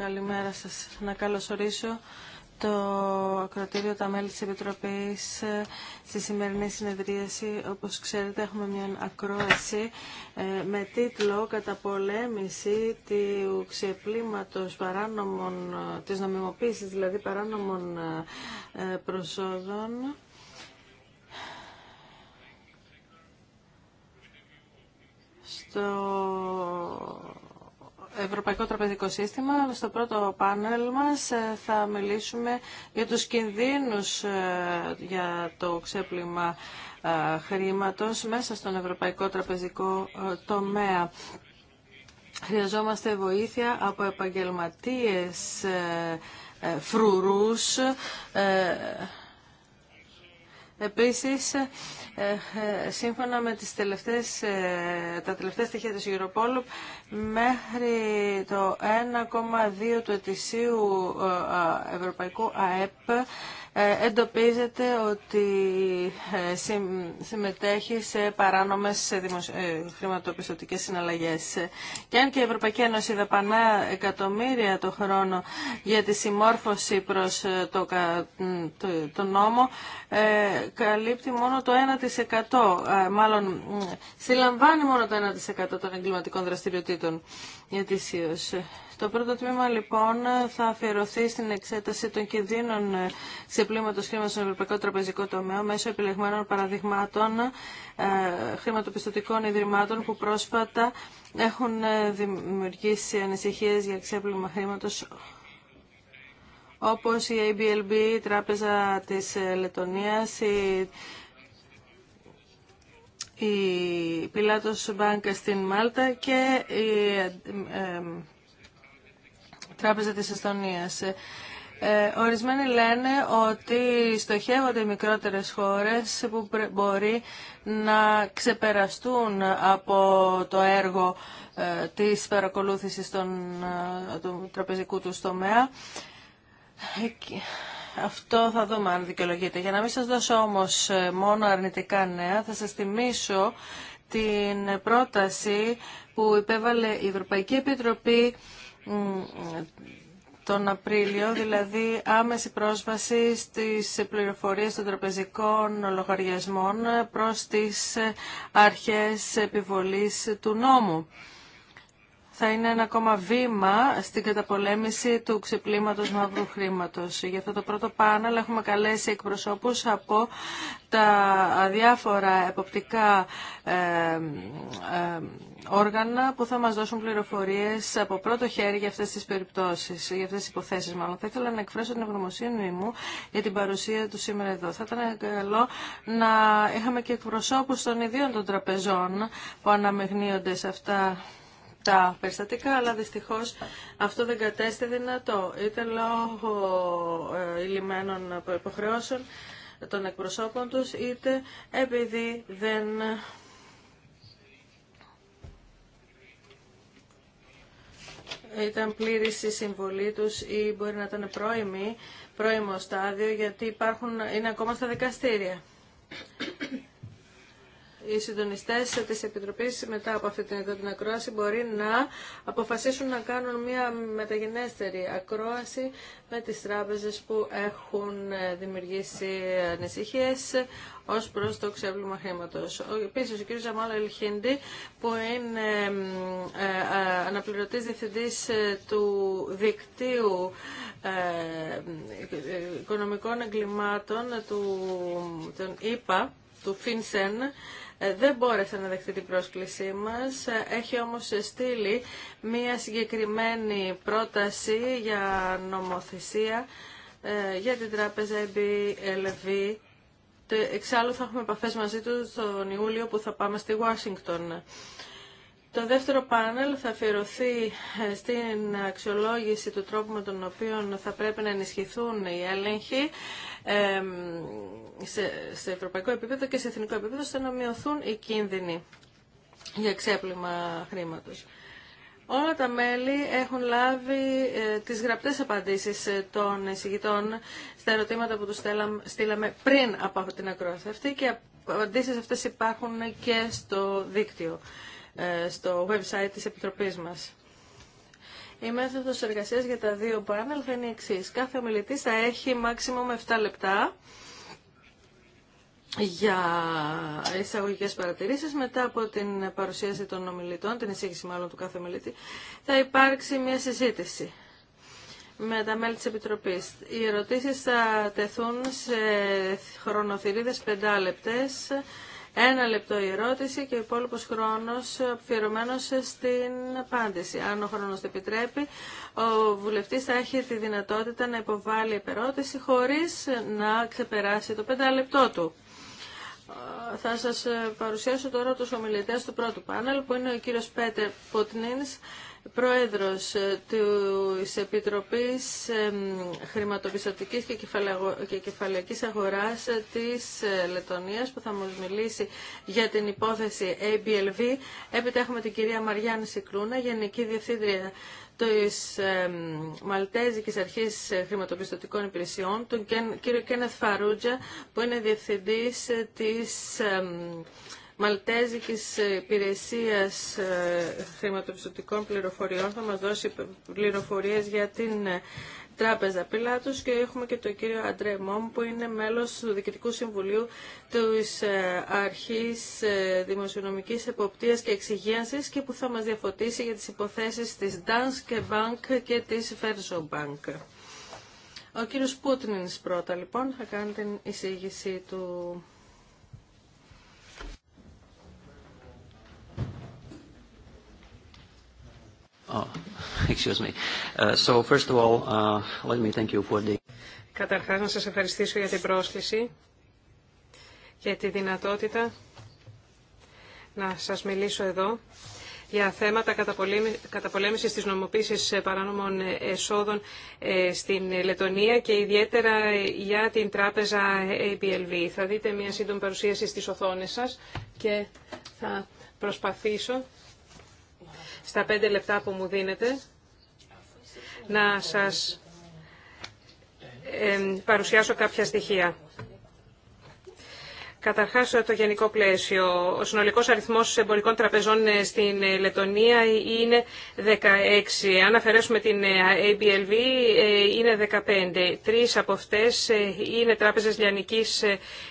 Καλημέρα σας. Να καλωσορίσω το ακροτήριο τα μέλη της Επιτροπής ε, στη σημερινή συνεδρίαση. Όπως ξέρετε έχουμε μια ακρόαση ε, με τίτλο «Καταπολέμηση του ξεπλήματος παράνομων, ε, της νομιμοποίησης δηλαδή παράνομων προσόδων». στο Ευρωπαϊκό Τραπεζικό Σύστημα. Στο πρώτο πάνελ μας ε, θα μιλήσουμε για τους κινδύνους ε, για το ξέπλυμα ε, χρήματος μέσα στον Ευρωπαϊκό Τραπεζικό τομέα. Χρειαζόμαστε βοήθεια από επαγγελματίες φρουρούς Επίσης, ε, ε, σύμφωνα με τις τελευταίες, ε, τα τελευταία στοιχεία της Europol, μέχρι το 1,2 του ετησίου ευρωπαϊκού ΑΕΠ ε, εντοπίζεται ότι ε, συμμετέχει σε παράνομες ε, χρηματοπιστωτικές συναλλαγές. Και αν και η Ευρωπαϊκή Ένωση δαπανά εκατομμύρια το χρόνο για τη συμμόρφωση προς το, το νόμο, καλύπτει μόνο το 1%. Μάλλον, συλλαμβάνει μόνο το 1% των εγκληματικών δραστηριοτήτων. Το πρώτο τμήμα λοιπόν θα αφιερωθεί στην εξέταση των κινδύνων του χρήματος στον Ευρωπαϊκό Τραπεζικό Τομέα μέσω επιλεγμένων παραδειγμάτων ε, χρηματοπιστωτικών ιδρυμάτων που πρόσφατα έχουν ε, δημιουργήσει ανησυχίες για ξέπλυμα χρήματος όπως η ABLB, η Τράπεζα της ε, Λετωνίας, η η Πιλάτος Μπάνκα στην Μάλτα και η ε, ε, Τράπεζα της Εστονίας. Ε, ορισμένοι λένε ότι στοχεύονται οι μικρότερες χώρες που μπορεί να ξεπεραστούν από το έργο ε, της παρακολούθησης των, ε, του τραπεζικού του τομέα αυτό θα δούμε αν δικαιολογείται. Για να μην σας δώσω όμως ε, μόνο αρνητικά νέα, θα σας θυμίσω την πρόταση που υπέβαλε η Ευρωπαϊκή Επιτροπή τον Απρίλιο, δηλαδή άμεση πρόσβαση στις πληροφορίες των τραπεζικών λογαριασμών προς τις αρχές επιβολής του νόμου θα είναι ένα ακόμα βήμα στην καταπολέμηση του ξεπλήματος μαύρου χρήματος. Για αυτό το πρώτο πάνελ έχουμε καλέσει εκπροσώπους από τα διάφορα εποπτικά ε, ε, όργανα που θα μας δώσουν πληροφορίες από πρώτο χέρι για αυτές τις περιπτώσεις, για αυτές τις υποθέσεις μάλλον. Θα ήθελα να εκφράσω την ευγνωμοσύνη μου για την παρουσία του σήμερα εδώ. Θα ήταν καλό να είχαμε και εκπροσώπους των ιδίων των τραπεζών που αναμεγνύονται σε αυτά τα περιστατικά, αλλά δυστυχώς αυτό δεν κατέστη δυνατό. Είτε λόγω ε, ηλυμένων υποχρεώσεων των εκπροσώπων τους, είτε επειδή δεν ήταν πλήρης η συμβολή τους ή μπορεί να ήταν πρώιμη, πρώιμο στάδιο, γιατί υπάρχουν, είναι ακόμα στα δικαστήρια οι συντονιστέ τη επιτροπή μετά από αυτή την ακρόαση μπορεί να αποφασίσουν να κάνουν μια μεταγενέστερη ακρόαση με τι τράπεζε που έχουν δημιουργήσει ανησυχίε ω προ το ξέβλημα χρήματο. Επίση, ο κ. Ζαμάλα Ελχίντη, που είναι ε, ε, αναπληρωτής διευθυντής ε, του δικτύου οικονομικών εγκλημάτων του, ΙΠΑ, του ΦΙΝΣΕΝ, ε, δεν μπόρεσε να δεχτεί την πρόσκλησή μας. Ε, έχει όμως στείλει μία συγκεκριμένη πρόταση για νομοθεσία ε, για την τράπεζα EBLV. Εξάλλου θα έχουμε επαφές μαζί του τον Ιούλιο που θα πάμε στη Ουάσιγκτον. Το δεύτερο πάνελ θα αφιερωθεί ε, στην αξιολόγηση του τρόπου με τον οποίο θα πρέπει να ενισχυθούν οι έλεγχοι σε, ευρωπαϊκό επίπεδο και σε εθνικό επίπεδο, ώστε να μειωθούν οι κίνδυνοι για ξέπλυμα χρήματος. Όλα τα μέλη έχουν λάβει ε, τις γραπτές απαντήσεις ε, των εισηγητών στα ερωτήματα που τους στείλαμε πριν από την ακρόαση αυτή και απαντήσεις αυτές υπάρχουν και στο δίκτυο. Ε, στο website της Επιτροπής μας. Η μέθοδος εργασίας για τα δύο πάνελ θα είναι η εξής. Κάθε ομιλητή θα έχει μάξιμο με 7 λεπτά για εισαγωγικέ παρατηρήσει. Μετά από την παρουσίαση των ομιλητών, την εισήγηση μάλλον του κάθε ομιλητή, θα υπάρξει μια συζήτηση με τα μέλη της Επιτροπής. Οι ερωτήσεις θα τεθούν σε χρονοθυρίδες πεντάλεπτες ένα λεπτό η ερώτηση και ο υπόλοιπο χρόνο αφιερωμένο στην απάντηση. Αν ο χρόνο το επιτρέπει, ο βουλευτή θα έχει τη δυνατότητα να υποβάλει υπερώτηση χωρί να ξεπεράσει το πεντάλεπτό του. Θα σας παρουσιάσω τώρα τους ομιλητές του πρώτου πάνελ που είναι ο κύριος Πέτερ Πουτνίν πρόεδρος ε, της Επιτροπής Χρηματοπιστωτικής και Κεφαλαιακής Αγοράς ε, της ε, Λετωνίας που θα μας μιλήσει για την υπόθεση ABLV. Έπειτα έχουμε την κυρία Μαριάννη Σικλούνα, Γενική Διευθύντρια της Μαλτέζικης Αρχής Χρηματοπιστωτικών Υπηρεσιών, τον κύριο Κένεθ Φαρούτζα, που είναι Διευθυντής της Μαλτέζικης Υπηρεσίας ε, Χρηματοπιστωτικών Πληροφοριών θα μας δώσει πληροφορίες για την ε, Τράπεζα Πιλάτους και έχουμε και τον κύριο Αντρέ Μόμ που είναι μέλος του Διοικητικού Συμβουλίου της ε, Αρχής Δημοσιονομικής Εποπτείας και Εξυγίανσης και που θα μας διαφωτίσει για τις υποθέσεις της Danske Bank και της Verso Bank. Ο κύριος Πούτνινς πρώτα λοιπόν θα κάνει την εισήγηση του excuse Καταρχάς να σας ευχαριστήσω για την πρόσκληση και τη δυνατότητα να σας μιλήσω εδώ για θέματα καταπολέμησης της νομοποίησης παράνομων εσόδων ε, στην Λετωνία και ιδιαίτερα για την τράπεζα APLV. Θα δείτε μια σύντομη παρουσίαση στις οθόνες σας και θα προσπαθήσω στα πέντε λεπτά που μου δίνετε να σας παρουσιάσω κάποια στοιχεία. Καταρχάς το γενικό πλαίσιο. Ο συνολικός αριθμός εμπορικών τραπεζών ε, στην ε, Λετωνία είναι 16. Αν αφαιρέσουμε την ABLV ε, είναι 15. Τρεις από αυτές είναι τράπεζες λιανικής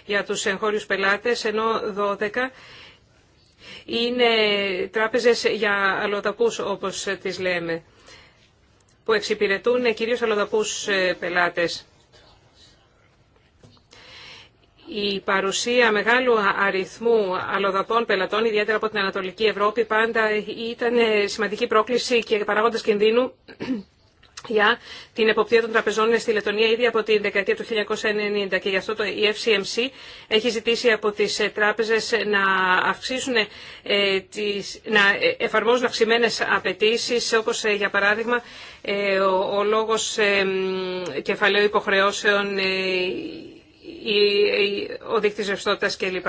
για τους εγχώριους πελάτες, ενώ 12 είναι τράπεζες για αλλοδαπούς όπως τις λέμε, που εξυπηρετούν κυρίως αλλοδαπούς ε, πελάτες. Η παρουσία μεγάλου αριθμού αλλοδαπών πελατών, ιδιαίτερα από την Ανατολική Ευρώπη, πάντα ήταν ε, σημαντική πρόκληση και παράγοντας κινδύνου για την εποπτεία των τραπεζών στη Λετωνία ήδη από τη δεκαετία του 1990 και γι' αυτό το FCMC έχει ζητήσει από τις ε, τράπεζες να, αυξήσουν, ε, τις, να ε, εφαρμόζουν αυξημένες απαιτήσει, όπως για παράδειγμα ο, ο, λόγος κεφαλαίου υποχρεώσεων, η, ο δείκτης ρευστότητας κλπ.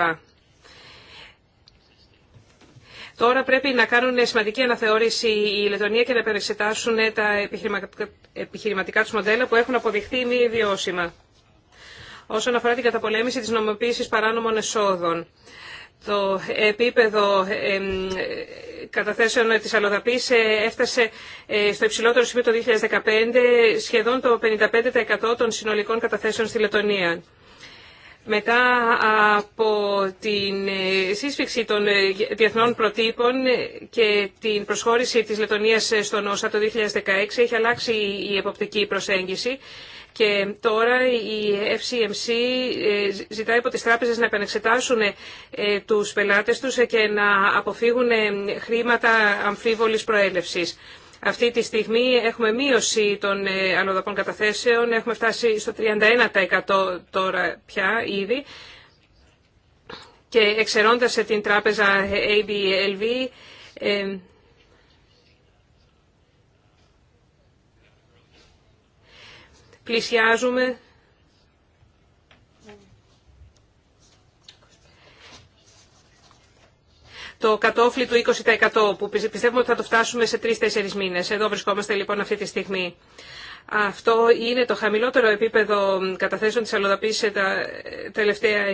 Τώρα πρέπει να κάνουν σημαντική αναθεώρηση η Λετωνία και να επεξετάσουν τα επιχειρηματικά τους μοντέλα που έχουν αποδειχθεί μη βιώσιμα. Όσον αφορά την καταπολέμηση της νομοποίησης παράνομων εσόδων, το επίπεδο καταθέσεων της αλλοδαπής ε, έφτασε ε, στο υψηλότερο σημείο το 2015, σχεδόν το 55% των συνολικών καταθέσεων στη Λετωνία. Μετά από την ε, σύσφυξη των ε, διεθνών προτύπων και την προσχώρηση της Λετωνίας ε, στον ΩΣΑ το 2016 έχει αλλάξει η εποπτική προσέγγιση και τώρα η FCMC ζητάει από τις τράπεζες να επανεξετάσουν τους πελάτες τους και να αποφύγουν χρήματα αμφίβολης προέλευσης. Αυτή τη στιγμή έχουμε μείωση των ε, ανωδοπών καταθέσεων, έχουμε φτάσει στο 31% τώρα πια ήδη και εξαιρώντας την τράπεζα ABLV ε, πλησιάζουμε το κατόφλι του 20% που πιστεύουμε ότι θα το φτάσουμε σε 3-4 μήνες. Εδώ βρισκόμαστε λοιπόν αυτή τη στιγμή. Αυτό είναι το χαμηλότερο επίπεδο καταθέσεων της αλλοδαπής σε τα τελευταία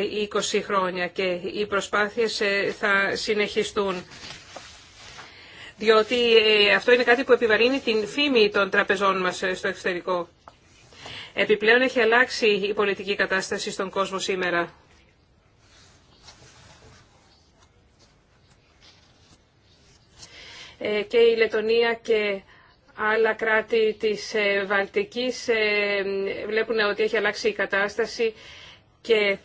20 χρόνια και οι προσπάθειες ε, θα συνεχιστούν. Διότι ε, αυτό είναι κάτι που επιβαρύνει την φήμη των τραπεζών μας ε, στο εξωτερικό. Επιπλέον έχει αλλάξει η πολιτική κατάσταση στον κόσμο σήμερα. Ε, και η Λετωνία και άλλα κράτη της ε, Βαλτικής ε, βλέπουν ότι έχει αλλάξει η κατάσταση και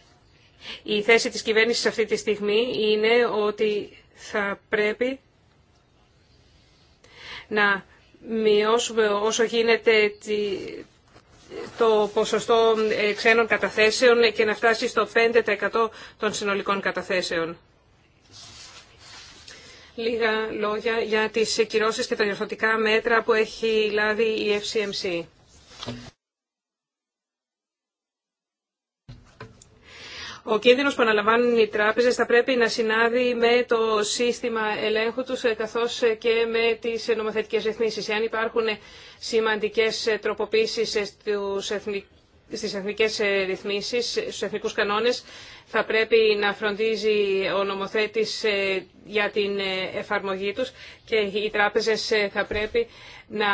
η θέση της κυβέρνησης αυτή τη στιγμή είναι ότι θα πρέπει να μειώσουμε όσο γίνεται το ποσοστό ξένων καταθέσεων και να φτάσει στο 5% των συνολικών καταθέσεων. Λίγα λόγια για τις κυρώσεις και τα διορθωτικά μέτρα που έχει λάβει η FCMC. Ο κίνδυνος που αναλαμβάνουν οι τράπεζες θα πρέπει να συνάδει με το σύστημα ελέγχου τους ε, καθώς και με τις νομοθετικές ρυθμίσεις. Εάν υπάρχουν σημαντικές τροποποίησεις ε, στους εθνικούς στις εθνικές ε, ρυθμίσεις, στους εθνικούς κανόνες, θα πρέπει να φροντίζει ο νομοθέτης ε, για την ε, εφαρμογή τους και οι τράπεζες θα πρέπει να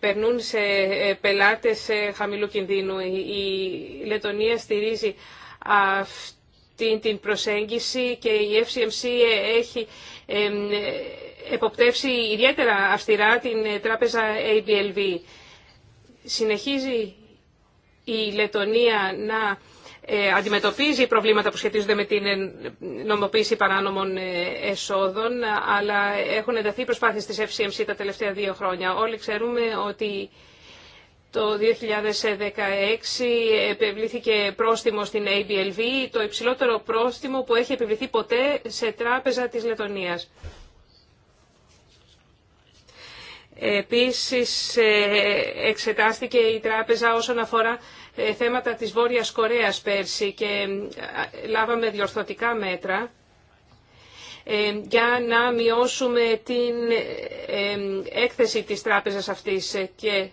περνούν σε πελάτες χαμηλού κινδύνου. Η Λετωνία στηρίζει αυτή την προσέγγιση και η FCMC έχει εποπτεύσει ιδιαίτερα αυστηρά την τράπεζα ABLV. Συνεχίζει η Λετωνία να ε, αντιμετωπίζει προβλήματα που σχετίζονται με την ε, νομοποίηση παράνομων ε, εσόδων, αλλά έχουν ενταθεί προσπάθειες της FCMC τα τελευταία δύο χρόνια. Όλοι ξέρουμε ότι το 2016 επιβλήθηκε πρόστιμο στην ABLV, το υψηλότερο πρόστιμο που έχει επιβληθεί ποτέ σε τράπεζα της Λετωνίας. Επίσης ε, εξετάστηκε η τράπεζα όσον αφορά ε, θέματα της Βόρειας Κορέας πέρσι και ε, λάβαμε διορθωτικά μέτρα για να μειώσουμε την έκθεση της τράπεζας αυτής και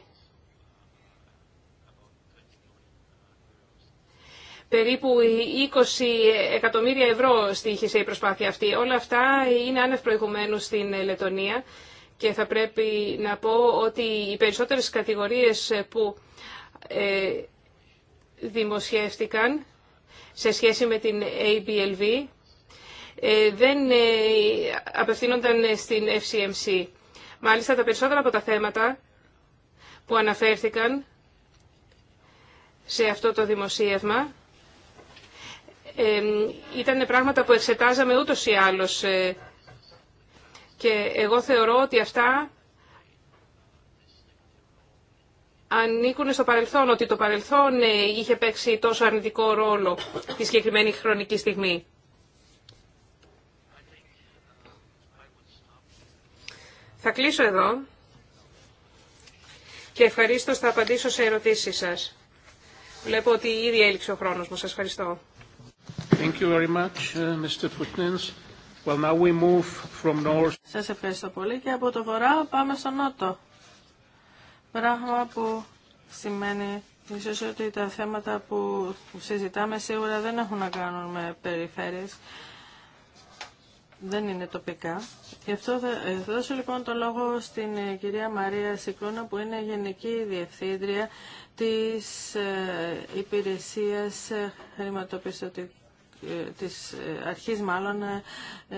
περίπου 20 εκατομμύρια ευρώ στήχησε η προσπάθεια αυτή. Όλα αυτά είναι άνευ προηγουμένου στην Λετωνία και θα πρέπει να πω ότι οι περισσότερες κατηγορίες που ε, δημοσιεύτηκαν σε σχέση με την ABLV ε, δεν ε, απευθύνονταν στην FCMC. Μάλιστα τα περισσότερα από τα θέματα που αναφέρθηκαν σε αυτό το δημοσίευμα ήταν πράγματα που εξετάζαμε ούτως ή άλλως και εγώ θεωρώ ότι αυτά ανήκουν στο παρελθόν, ότι το παρελθόν ε, είχε παίξει τόσο αρνητικό ρόλο τη συγκεκριμένη χρονική στιγμή. Θα κλείσω εδώ και ευχαρίστω θα απαντήσω σε ερωτήσεις σας. Βλέπω ότι ήδη έλειξε ο χρόνος μου. Σας ευχαριστώ. Uh, Well, now Σας ευχαριστώ πολύ και από το βορρά πάμε στο νότο. Πράγμα που σημαίνει ίσως ότι τα θέματα που συζητάμε σίγουρα δεν έχουν να κάνουν με περιφέρειες. Δεν είναι τοπικά. Γι' αυτό θα ε, δώσω λοιπόν το λόγο στην ε, κυρία Μαρία Σικρούνα που είναι Γενική Διευθύντρια της ε, Υπηρεσίας Χρηματοπιστωτικού ε, της ε, αρχής μάλλον ε,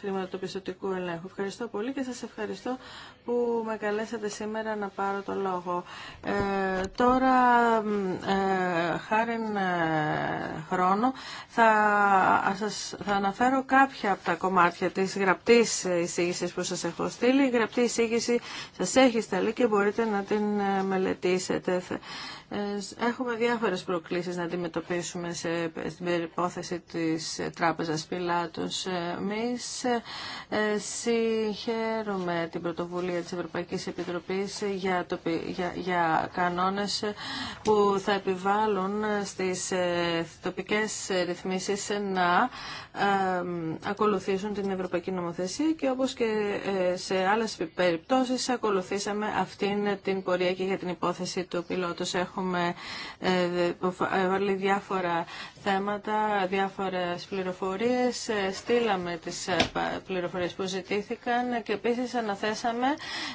χρηματοπιστωτικού ελέγχου. Ευχαριστώ πολύ και σας ευχαριστώ που με καλέσατε σήμερα να πάρω το λόγο. Ε, τώρα, ε, ε χρόνο, θα, σας, θα αναφέρω κάποια από τα κομμάτια της γραπτής εισήγησης που σας έχω στείλει. Η γραπτή εισήγηση σας έχει σταλεί και μπορείτε να την ε, μελετήσετε. Έχουμε διάφορες προκλήσεις να αντιμετωπίσουμε σε, στην περιπόθεση της Τράπεζας Πιλάτους. Εμείς συγχαίρουμε την πρωτοβουλία πρωτοβουλία της Ευρωπαϊκής Επιτροπής για, το, κανόνες που θα επιβάλλουν στις ε, τοπικές ρυθμίσεις να ακολουθήσουν την Ευρωπαϊκή Νομοθεσία και όπως και ε, σε άλλες περιπτώσεις ακολουθήσαμε αυτήν την πορεία και για την υπόθεση του πιλότου Έχουμε ε, βάλει διάφορα θέματα, διάφορες πληροφορίες. Ε, στείλαμε τις ε, πληροφορίες που ζητήθηκαν και επίσης αναθέσαμε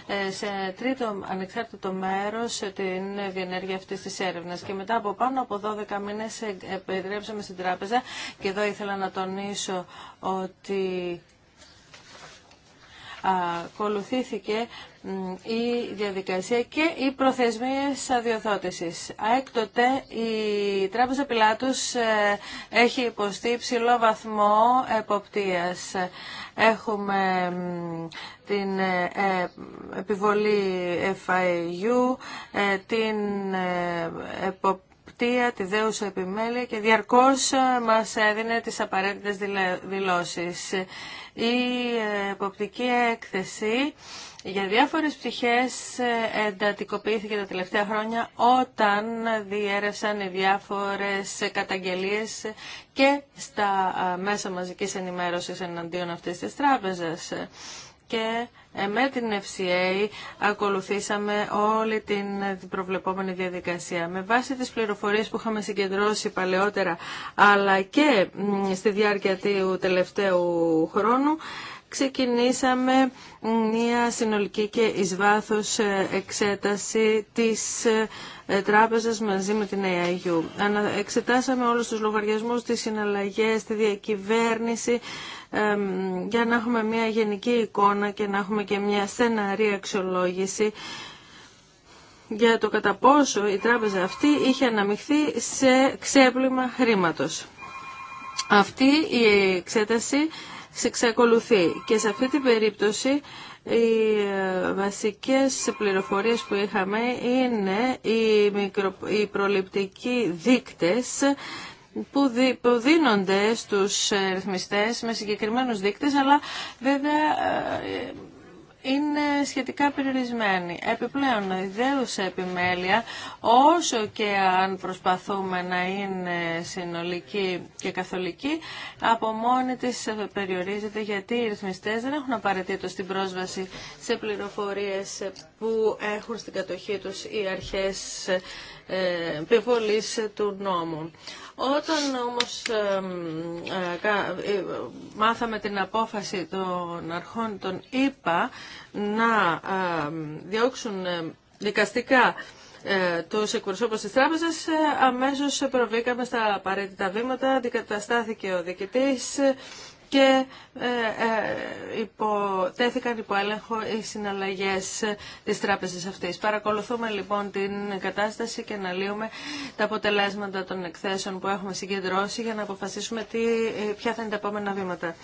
ε, σε τρίτο ανεξάρτητο μέρος την διενέργεια αυτής της έρευνας. Και μετά από πάνω από 12 μήνες επιτρέψαμε στην τράπεζα και εδώ ήθελα να τονίσω ότι ακολουθήθηκε η διαδικασία και οι προθεσμίες αδειοθότησης. Έκτοτε η Τράπεζα Πιλάτους ε, έχει υποστεί ψηλό βαθμό εποπτείας. Έχουμε την ε, ε, επιβολή FIU, την εποπτεία τη δέουσα επιμέλεια και διαρκώς μας έδινε τις απαραίτητες δηλώσεις. Η εποπτική έκθεση για διάφορες πτυχές ε, εντατικοποιήθηκε τα τελευταία χρόνια όταν διέρευσαν οι διάφορες καταγγελίες και στα ε, μέσα μαζικής ενημέρωσης εναντίον αυτής της τράπεζας. Και ε, με την FCA ακολουθήσαμε όλη την προβλεπόμενη διαδικασία. Με βάση τις πληροφορίες που είχαμε συγκεντρώσει παλαιότερα αλλά και στη διάρκεια του τελευταίου χρόνου ξεκινήσαμε μια συνολική και εις βάθος ε, εξέταση της ε, τράπεζας μαζί με την AIU. Εξετάσαμε όλους τους λογαριασμούς, τις συναλλαγές, τη διακυβέρνηση, για να έχουμε μια γενική εικόνα και να έχουμε και μια στεναρή αξιολόγηση για το κατά πόσο η τράπεζα αυτή είχε αναμειχθεί σε ξέπλυμα χρήματος. Αυτή η εξέταση εξακολουθεί. Και σε αυτή την περίπτωση οι ε, βασικές πληροφορίες που είχαμε είναι οι, προληπτικοί δείκτες που, δίνονται στους ρυθμιστές με συγκεκριμένους δείκτες, αλλά βέβαια ε, είναι σχετικά περιορισμένη. Επιπλέον, η δέουσα επιμέλεια, όσο και αν προσπαθούμε να είναι συνολική και καθολική, από μόνη της περιορίζεται γιατί οι ρυθμιστές δεν έχουν απαραίτητο στην πρόσβαση σε πληροφορίες που έχουν στην κατοχή τους οι αρχές ε, επιβολής του νόμου. Όταν όμως ε, ε, μάθαμε την απόφαση των αρχών των ΙΠΑ να ε, διώξουν δικαστικά τους εκπροσώπους της τράπεζας αμέσως προβήκαμε στα απαραίτητα βήματα, αντικαταστάθηκε ο διοικητής και ε, ε, υποτέθηκαν υπό έλεγχο οι συναλλαγές της τράπεζας αυτής. Παρακολουθούμε λοιπόν την κατάσταση και αναλύουμε τα αποτελέσματα των εκθέσεων που έχουμε συγκεντρώσει για να αποφασίσουμε τι, ποια θα είναι τα επόμενα βήματα.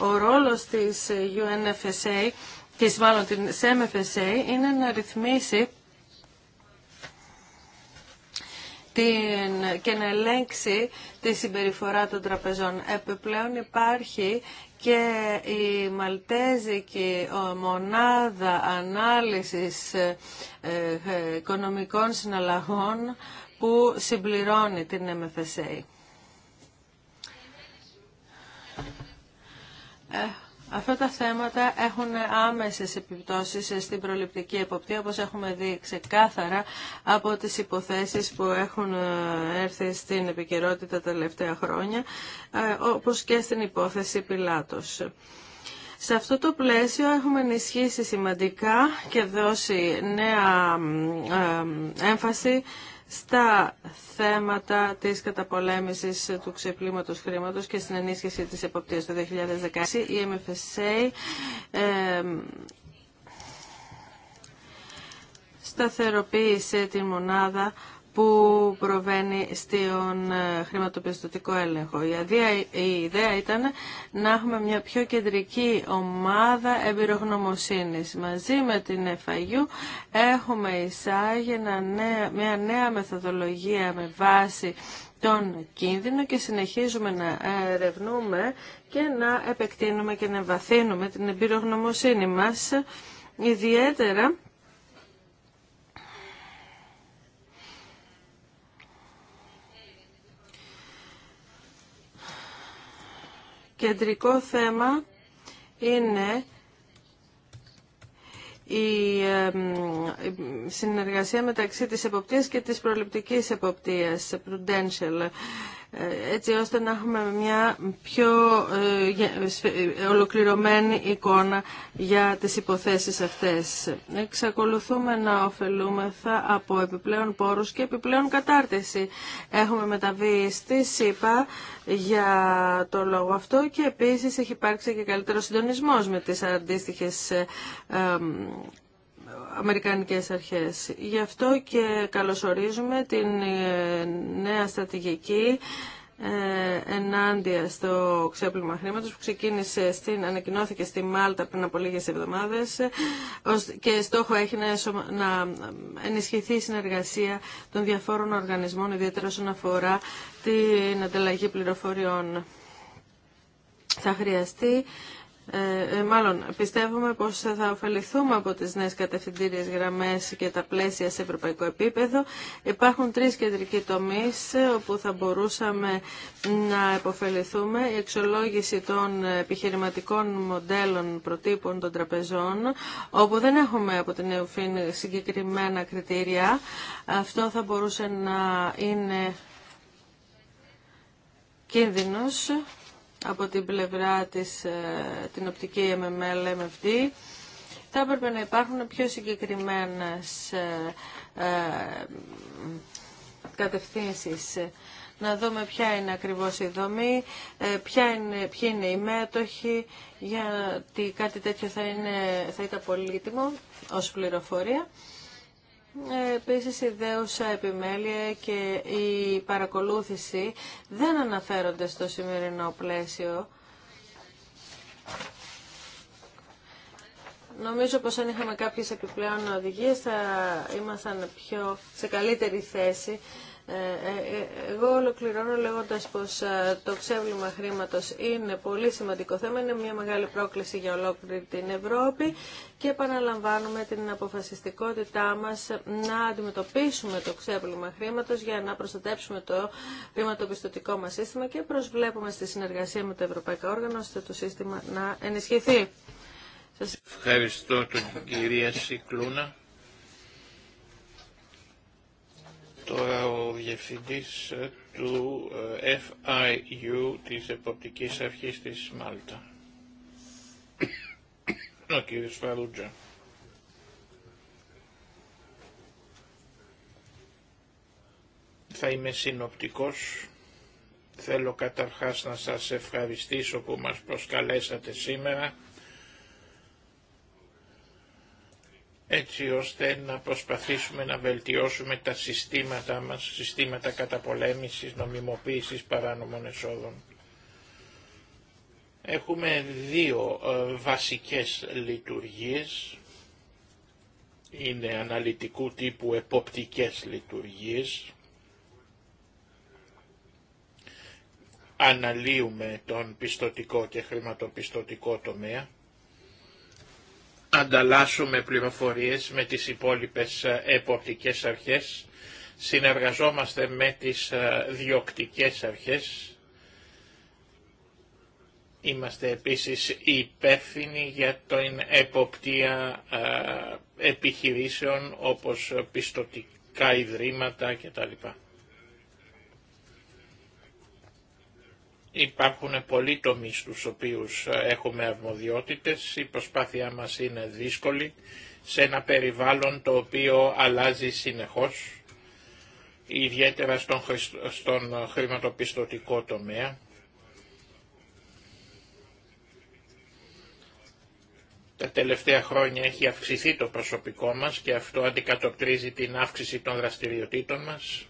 Ο ρόλος της UNFSA και μάλλον την MFSA είναι να ρυθμίσει την, και να ελέγξει τη συμπεριφορά των τραπεζών. Επιπλέον υπάρχει και η Μαλτέζικη Μονάδα Ανάλυσης ε, ε, Οικονομικών Συναλλαγών που συμπληρώνει την MFSA. Ε, Αυτά τα θέματα έχουν άμεσες επιπτώσεις στην προληπτική εποπτεία, όπως έχουμε δει ξεκάθαρα από τις υποθέσεις που έχουν ε, έρθει στην επικαιρότητα τα τελευταία χρόνια, ε, όπως και στην υπόθεση Πιλάτος. Σε αυτό το πλαίσιο έχουμε ενισχύσει σημαντικά και δώσει νέα ε, έμφαση στα θέματα της καταπολέμησης του ξεπλήματος χρήματος και στην ενίσχυση της εποπτείας το 2016. Η MFSA ε, σταθεροποίησε την μονάδα που προβαίνει στον ε, χρηματοπιστωτικό έλεγχο. Η, η ιδέα ήταν να έχουμε μια πιο κεντρική ομάδα εμπειρογνωμοσύνης. Μαζί με την FIU έχουμε εισάγει μια νέα μεθοδολογία με βάση τον κίνδυνο και συνεχίζουμε να ερευνούμε και να επεκτείνουμε και να βαθύνουμε την εμπειρογνωμοσύνη μας ιδιαίτερα κεντρικό θέμα είναι η συνεργασία μεταξύ της εποπτείας και της προληπτικής εποπτείας, prudential έτσι ώστε να έχουμε μια πιο ε, ε, ολοκληρωμένη εικόνα για τις υποθέσεις αυτές. Εξακολουθούμε να ωφελούμεθα από επιπλέον πόρους και επιπλέον κατάρτιση. Έχουμε μεταβεί στη ΣΥΠΑ για το λόγο αυτό και επίσης έχει υπάρξει και καλύτερο συντονισμός με τις αντίστοιχες ε, Αμερικανικές αρχές. Γι' αυτό και καλωσορίζουμε την ε, νέα στρατηγική ε, ενάντια στο ξέπλυμα χρήματος που ξεκίνησε στην, ανακοινώθηκε στη Μάλτα πριν από λίγες εβδομάδες και στόχο έχει να, ενισχυθεί η συνεργασία των διαφόρων οργανισμών ιδιαίτερα όσον αφορά την ανταλλαγή πληροφοριών. Θα χρειαστεί ε, ε, μάλλον πιστεύουμε πως θα ωφεληθούμε από τις νέες κατευθυντήριες γραμμές και τα πλαίσια σε ευρωπαϊκό επίπεδο. Υπάρχουν τρεις κεντρικοί τομείς ε, όπου θα μπορούσαμε να επωφεληθούμε. Η εξολόγηση των επιχειρηματικών μοντέλων προτύπων των τραπεζών, όπου δεν έχουμε από την ΕΟΦΗΝ συγκεκριμένα κριτήρια. Αυτό θα μπορούσε να είναι κίνδυνος από την πλευρά της, ε, την οπτική MML, MFD, θα έπρεπε να υπάρχουν πιο συγκεκριμένες ε, ε, κατευθύνσεις να δούμε ποια είναι ακριβώς η δομή, ποια είναι, ποιοι είναι οι μέτοχοι, γιατί κάτι τέτοιο θα, είναι, θα ήταν πολύτιμο ως πληροφορία. Επίσης, η δέουσα επιμέλεια και η παρακολούθηση δεν αναφέρονται στο σημερινό πλαίσιο. Νομίζω πως αν είχαμε κάποιες επιπλέον οδηγίες θα ήμασταν πιο σε καλύτερη θέση ε, ε, ε, εγώ ολοκληρώνω λέγοντας πως το ξέβλημα χρήματος είναι πολύ σημαντικό θέμα, είναι μια μεγάλη πρόκληση για ολόκληρη την Ευρώπη και επαναλαμβάνουμε την αποφασιστικότητά μας να αντιμετωπίσουμε το ξέβλημα χρήματος για να προστατέψουμε το χρηματοπιστωτικό μας σύστημα και προσβλέπουμε στη συνεργασία με το Ευρωπαϊκό Όργανο ώστε το σύστημα να ενισχυθεί. Ευχαριστώ τον κυρία Σικλούνα. τώρα ο Διευθυντής ε, του ε, FIU της Εποπτικής Αρχής της Μάλτα. Ο κύριος Φαρούτζα. Θα είμαι συνοπτικός. Θέλω καταρχάς να σας ευχαριστήσω που μας προσκαλέσατε σήμερα. έτσι ώστε να προσπαθήσουμε να βελτιώσουμε τα συστήματα μας, συστήματα καταπολέμησης, νομιμοποίησης παράνομων εσόδων. Έχουμε δύο ε, βασικές λειτουργίες, είναι αναλυτικού τύπου εποπτικές λειτουργίες, αναλύουμε τον πιστοτικό και χρηματοπιστωτικό τομέα, ανταλλάσσουμε πληροφορίες με τις υπόλοιπες ε, εποπτικές αρχές, συνεργαζόμαστε με τις ε, διοκτικές αρχές, είμαστε επίσης υπεύθυνοι για την εποπτεία ε, επιχειρήσεων όπως πιστοτικά ιδρύματα κτλ. Υπάρχουν πολλοί τομείς στους οποίους ε, έχουμε αρμοδιότητες, η προσπάθειά μας είναι δύσκολη σε ένα περιβάλλον το οποίο αλλάζει συνεχώς, ιδιαίτερα στον, στον χρηματοπιστωτικό τομέα. Τα τελευταία χρόνια έχει αυξηθεί το προσωπικό μας και αυτό αντικατοπτρίζει την αύξηση των δραστηριοτήτων μας.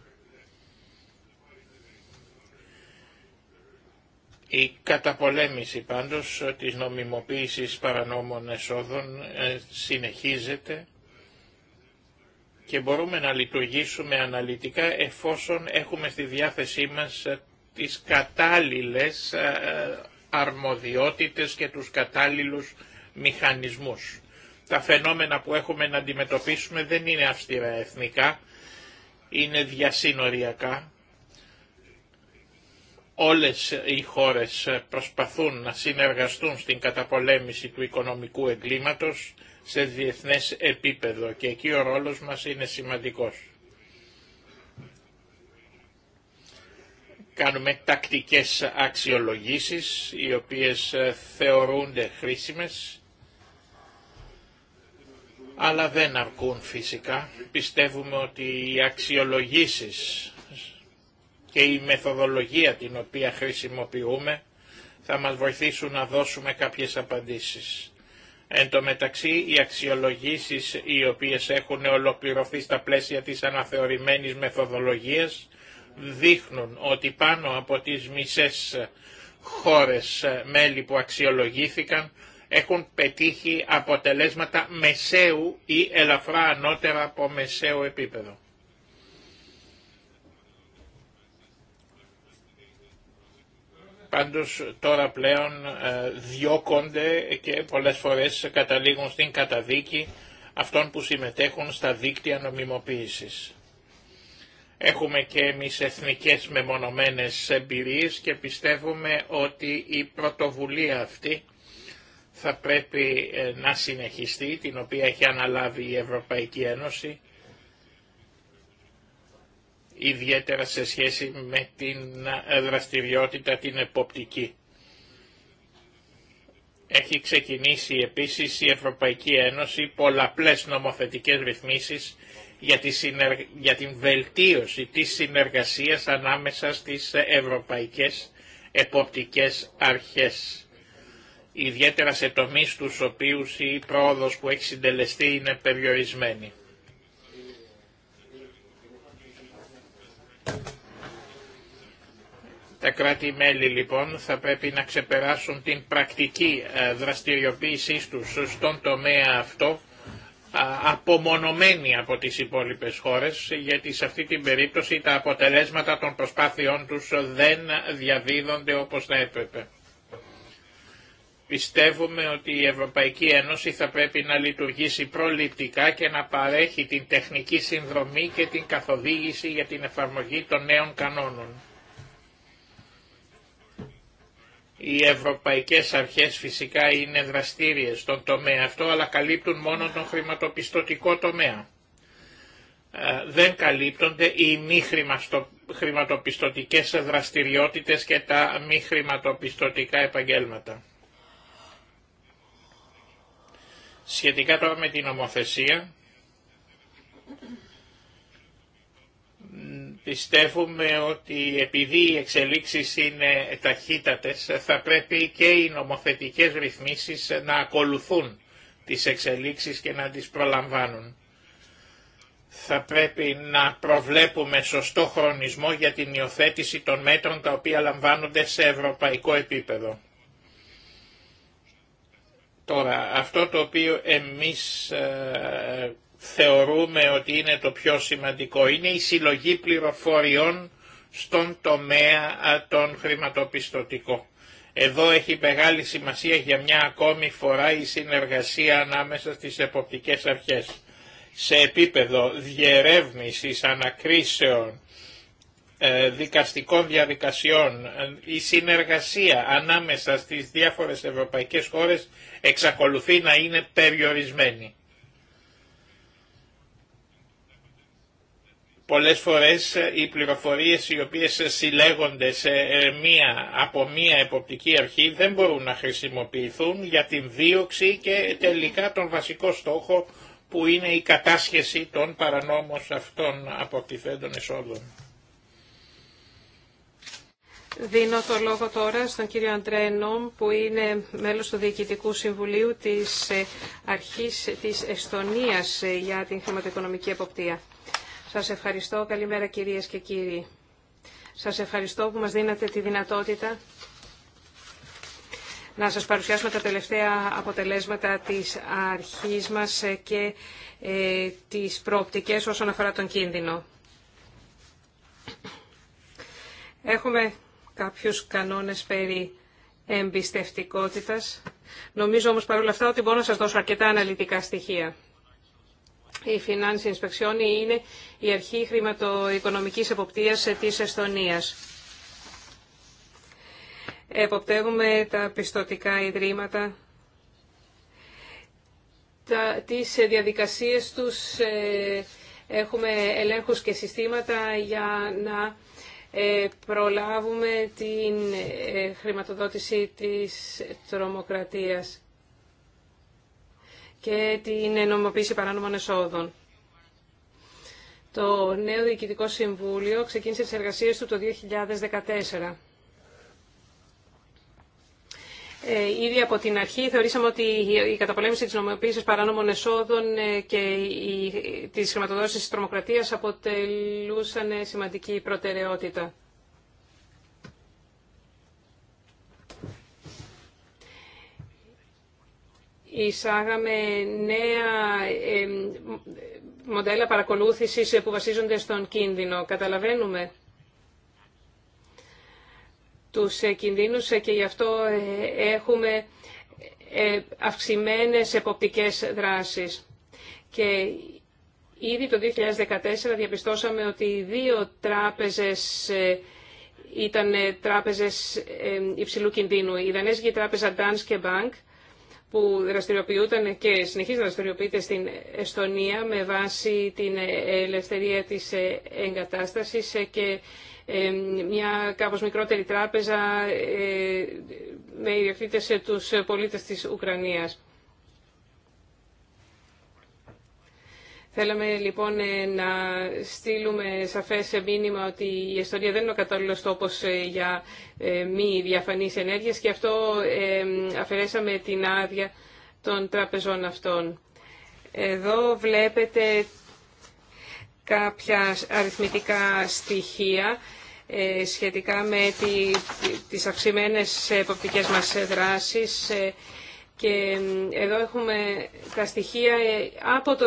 Η καταπολέμηση πάντως της νομιμοποίησης παρανόμων εσόδων ε, συνεχίζεται και μπορούμε να λειτουργήσουμε αναλυτικά εφόσον έχουμε στη διάθεσή μας ε, τις κατάλληλες ε, αρμοδιότητες και τους κατάλληλους μηχανισμούς. Τα φαινόμενα που έχουμε να αντιμετωπίσουμε δεν είναι αυστηρά εθνικά, είναι διασύνοριακά όλες οι χώρες προσπαθούν να συνεργαστούν στην καταπολέμηση του οικονομικού εγκλήματος σε διεθνές επίπεδο και εκεί ο ρόλος μας είναι σημαντικός. Κάνουμε τακτικές αξιολογήσεις οι οποίες θεωρούνται χρήσιμες αλλά δεν αρκούν φυσικά. Πιστεύουμε ότι οι αξιολογήσεις και η μεθοδολογία την οποία χρησιμοποιούμε θα μας βοηθήσουν να δώσουμε κάποιες απαντήσεις. Εν τω μεταξύ οι αξιολογήσεις οι οποίες έχουν ολοκληρωθεί στα πλαίσια της αναθεωρημένης μεθοδολογίας δείχνουν ότι πάνω από τις μισές χώρες μέλη που αξιολογήθηκαν έχουν πετύχει αποτελέσματα μεσαίου ή ελαφρά ανώτερα από μεσαίο επίπεδο. πάντως τώρα πλέον ε, διώκονται και πολλές φορές καταλήγουν στην καταδίκη αυτών που συμμετέχουν στα δίκτυα νομιμοποίησης. Έχουμε και εμείς εθνικές μεμονωμένες εμπειρίες και πιστεύουμε ότι η πρωτοβουλία αυτή θα πρέπει ε, να συνεχιστεί, την οποία έχει αναλάβει η Ευρωπαϊκή Ένωση ιδιαίτερα σε σχέση με την ε, δραστηριότητα την εποπτική. Έχει ξεκινήσει επίσης η Ευρωπαϊκή Ένωση πολλαπλές νομοθετικές ρυθμίσεις για, την βελτίωση της συνεργασίας ανάμεσα στις ευρωπαϊκές εποπτικές αρχές. Ιδιαίτερα σε τομείς τους οποίους η πρόοδος που έχει συντελεστεί είναι περιορισμένη. Τα κράτη-μέλη λοιπόν θα πρέπει να ξεπεράσουν την πρακτική ε, δραστηριοποίησή τους στον τομέα αυτό ε, απομονωμένοι από τις υπόλοιπες χώρες γιατί σε αυτή την περίπτωση τα αποτελέσματα των προσπάθειών τους δεν διαδίδονται όπως θα έπρεπε. Πιστεύουμε ότι η Ευρωπαϊκή Ένωση θα πρέπει να λειτουργήσει προληπτικά και να παρέχει την τεχνική συνδρομή και την καθοδήγηση για την εφαρμογή των νέων κανόνων. Οι ευρωπαϊκές αρχές φυσικά είναι δραστήριες στον τομέα αυτό, αλλά καλύπτουν μόνο τον χρηματοπιστωτικό τομέα. Ε, δεν καλύπτονται οι μη χρηματοπιστωτικές δραστηριότητες και τα μη χρηματοπιστωτικά επαγγέλματα. Σχετικά τώρα με την νομοθεσία, πιστεύουμε ότι επειδή οι εξελίξεις είναι ταχύτατες θα πρέπει και οι νομοθετικές ρυθμίσεις να ακολουθούν τις εξελίξεις και να τις προλαμβάνουν. Θα πρέπει να προβλέπουμε σωστό χρονισμό για την υιοθέτηση των μέτρων τα οποία λαμβάνονται σε ευρωπαϊκό επίπεδο. Τώρα, αυτό το οποίο εμείς ε, θεωρούμε ότι είναι το πιο σημαντικό είναι η συλλογή πληροφοριών στον τομέα των χρηματοπιστωτικών. Εδώ έχει μεγάλη σημασία για μια ακόμη φορά η συνεργασία ανάμεσα στις εποπτικές αρχές. Σε επίπεδο διερεύνησης ανακρίσεων ε, δικαστικών διαδικασιών, ε, η συνεργασία ανάμεσα στις διάφορες ευρωπαϊκές χώρες εξακολουθεί να είναι περιορισμένη. Πολλές φορές ε, οι πληροφορίες οι οποίες συλλέγονται σε μία, από μία εποπτική αρχή δεν μπορούν να χρησιμοποιηθούν για την δίωξη και τελικά τον βασικό στόχο που είναι η κατάσχεση των παρανόμων αυτών αποκτηθέντων εσόδων. Δίνω το λόγο τώρα στον κύριο Αντρέ Νόμ, που είναι μέλος του Διοικητικού Συμβουλίου της ε, Αρχής της Εστονίας ε, για την χρηματοοικονομική εποπτεία. Σας ευχαριστώ. Καλημέρα κυρίες και κύριοι. Σας ευχαριστώ που μας δίνατε τη δυνατότητα να σας παρουσιάσουμε τα τελευταία αποτελέσματα της αρχής μας ε, και ε, τις προοπτικές όσον αφορά τον κίνδυνο. Έχουμε κάποιους κανόνες περί εμπιστευτικότητας. Νομίζω όμως παρόλα αυτά ότι μπορώ να σας δώσω αρκετά αναλυτικά στοιχεία. Η Finance Inspection είναι η αρχή χρηματοοικονομικής εποπτείας της Εστονίας. Εποπτεύουμε τα πιστοτικά ιδρύματα, τα, τις διαδικασίες τους, ε, έχουμε ελέγχους και συστήματα για να ε, προλάβουμε την ε, χρηματοδότηση της τρομοκρατίας και την νομοποίηση παράνομων εσόδων. Το νέο Διοικητικό Συμβούλιο ξεκίνησε τις εργασίες του το 2014. Ε, ήδη από την αρχή θεωρήσαμε ότι η καταπολέμηση της νομοποίησης παράνομων εσόδων ε, και της χρηματοδότησης της τρομοκρατίας αποτελούσαν ε, σημαντική προτεραιότητα. Εισάγαμε νέα μοντέλα παρακολούθησης που βασίζονται στον κίνδυνο. Καταλαβαίνουμε τους ε, κινδύνους ε, και γι' αυτό ε, έχουμε αυξημένες εποπτικές δράσεις. Και ήδη το 2014 διαπιστώσαμε ότι δύο τράπεζες ήταν τράπεζες υψηλού κινδύνου. Η Δανέζικη τράπεζα Danske Bank που δραστηριοποιούταν και συνεχίζει να δραστηριοποιείται στην Εστονία με βάση την ελευθερία της εγκατάστασης και ε, μια κάπως μικρότερη τράπεζα ε, με σε τους πολίτες της Ουκρανίας. Θέλαμε λοιπόν ε, να στείλουμε σαφές μήνυμα ότι η ιστορία δεν είναι ο κατάλληλος τόπος για μη διαφανείς ενέργειες και αυτό αφαιρέσαμε την άδεια των τραπεζών αυτών. Εδώ βλέπετε κάποια αριθμητικά στοιχεία ε, σχετικά με τις αυξημένες εποπτικές μας δράσεις ε, και εδώ έχουμε τα στοιχεία ε, από το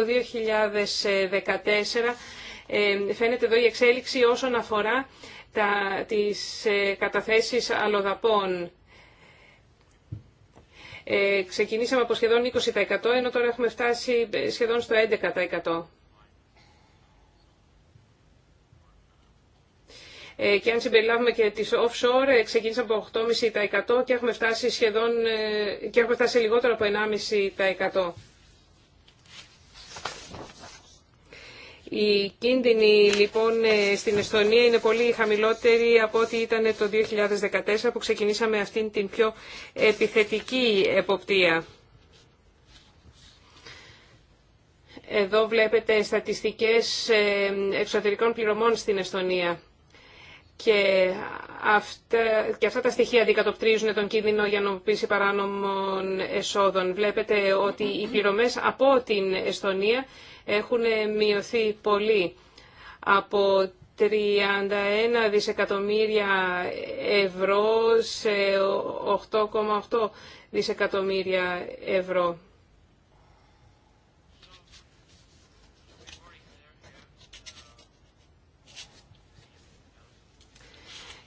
2014. Φαίνεται εδώ η εξέλιξη όσον αφορά τα, τις καταθέσεις αλλοδαπών. ξεκινήσαμε από σχεδόν 20% ενώ τώρα έχουμε φτάσει σχεδόν στο 11%. Ε, και αν συμπεριλάβουμε και τις offshore, ε, ξεκίνησαμε από 8,5% και έχουμε φτάσει σχεδόν, ε, και έχουμε φτάσει λιγότερο από 1,5%. Η κίνδυνη, λοιπόν στην Εστονία είναι πολύ χαμηλότερη από ό,τι ήταν το 2014 που ξεκινήσαμε αυτήν την πιο επιθετική εποπτεία. Εδώ βλέπετε στατιστικές εξωτερικών πληρωμών στην Εστονία και αυτά, τα στοιχεία αντικατοπτρίζουν τον κίνδυνο για νομοποίηση παράνομων εσόδων. Βλέπετε ότι οι πληρωμές από την Εστονία έχουν μειωθεί πολύ. Από 31 δισεκατομμύρια ευρώ σε 8,8 δισεκατομμύρια ευρώ.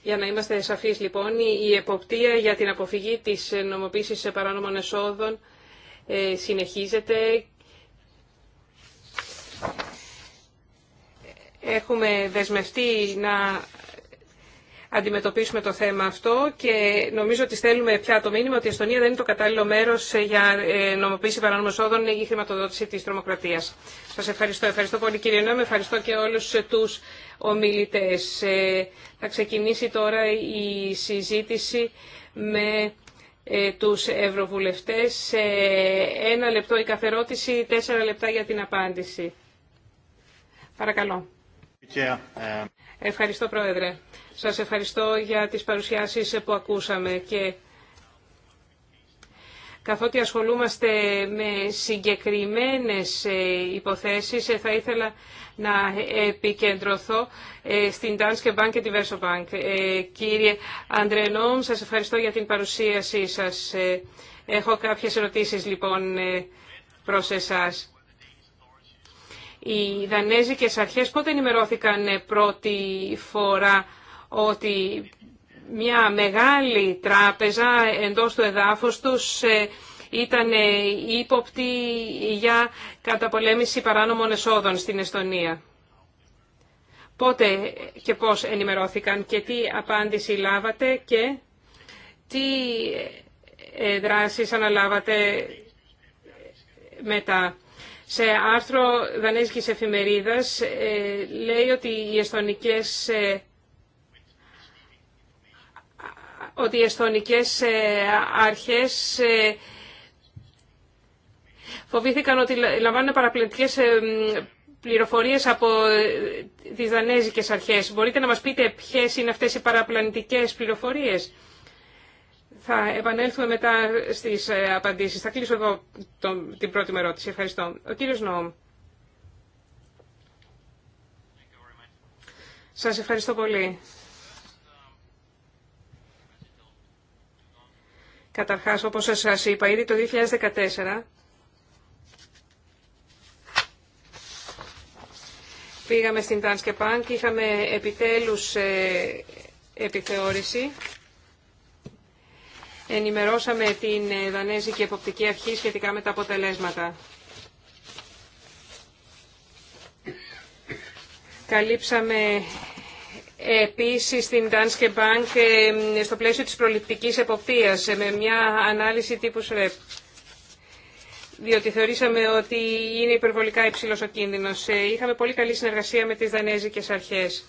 Για να είμαστε σαφείς λοιπόν, η εποπτεία για την αποφυγή της νομοποίησης παράνομων εσόδων ε, συνεχίζεται. Έχουμε δεσμευτεί να αντιμετωπίσουμε το θέμα αυτό και νομίζω ότι στέλνουμε πια το μήνυμα ότι η Εστονία δεν είναι το κατάλληλο μέρος ε, για ε, νομοποίηση παράνομων εσόδων ή χρηματοδότηση της τρομοκρατίας. Σας ευχαριστώ. Ευχαριστώ πολύ κύριε Νόμε, ευχαριστώ ε, η χρηματοδοτηση Νήμε, ευχαριστώ και σας ευχαριστω ευχαριστω πολυ κυριε νομε ευχαριστω και ολους τους ομιλητες θα ξεκινησει τωρα η συζητηση με τους ευρωβουλευτές. Ένα λεπτό η καθερώτηση, τέσσερα λεπτά για την απάντηση. Παρακαλώ. Ευχαριστώ, Πρόεδρε. Σας ευχαριστώ για τις παρουσιάσεις που ακούσαμε και καθότι ασχολούμαστε με συγκεκριμένες ε, υποθέσεις, ε, θα ήθελα να επικεντρωθώ ε, στην Danske Bank και τη Bank. Κύριε Αντρενόμ, σας ευχαριστώ για την παρουσίασή σας. Έχω κάποιες ερωτήσεις, λοιπόν, προς εσάς. Οι δανέζικες αρχές πότε ενημερώθηκαν ε, πρώτη φορά ότι μια μεγάλη τράπεζα εντός του εδάφους τους ε, ήταν ε, ύποπτη για καταπολέμηση παράνομων εσόδων στην Εστονία. Πότε και πώς ενημερώθηκαν και τι απάντηση λάβατε και τι δράσεις αναλάβατε μετά. Σε άρθρο δανέζικης εφημερίδας ε, λέει ότι οι εστονικές ε, ότι οι ε, αρχές φοβήθηκαν ότι λαμβάνουν παραπλανητικές πληροφορίες από τις δανέζικες αρχές. Μπορείτε να μας πείτε ποιες είναι αυτές οι παραπλανητικές πληροφορίες. Θα επανέλθουμε μετά στις ε, απαντήσεις. Θα κλείσω εδώ την πρώτη μου ερώτηση. Ευχαριστώ. Ο κύριος Νόμ. Σας ευχαριστώ πολύ. Καταρχάς, όπως σας είπα, ήδη το 2014 πήγαμε στην Τάνσκε και είχαμε επιτέλους ε, επιθεώρηση ενημερώσαμε την ε, Δανέζικη Εποπτική Αρχή σχετικά με τα αποτελέσματα. Καλύψαμε ε, επίσης την Danske Bank ε, στο πλαίσιο της προληπτικής εποπτείας με μια ανάλυση τύπου ΣΡΕΠ διότι θεωρήσαμε ότι είναι υπερβολικά υψηλός ο κίνδυνος. Είχαμε πολύ καλή συνεργασία με τις δανέζικες αρχές.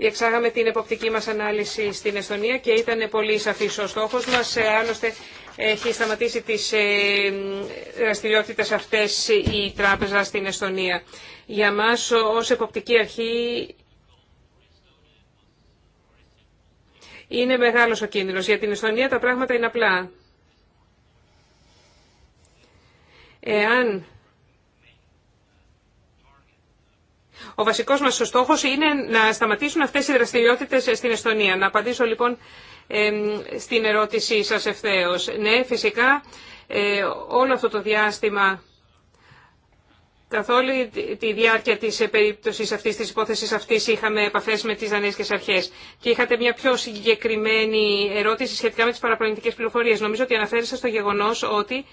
Διεξάγαμε την εποπτική μας ανάλυση στην Εστονία και ήταν πολύ σαφής ο στόχος μας. Ε, άλλωστε έχει σταματήσει τις ε, δραστηριότητε αυτές η τράπεζα στην Εστονία. Για μας ως εποπτική αρχή είναι μεγάλος ο κίνδυνος. Για την Εστονία τα πράγματα είναι απλά. Εάν Ο βασικός μας στόχος είναι να σταματήσουν αυτές οι δραστηριότητε στην Εστονία. Να απαντήσω λοιπόν στην ερώτησή σας ευθέω. Ναι, φυσικά ε, όλο αυτό το διάστημα Καθ' όλη τη διάρκεια της περίπτωση αυτής, της υπόθεσης αυτής, είχαμε επαφές με τις δανέζικες αρχές. Και είχατε μια πιο συγκεκριμένη ερώτηση σχετικά με τις παραπλανητικές πληροφορίες. Νομίζω ότι αναφέρεσα στο γεγονός ότι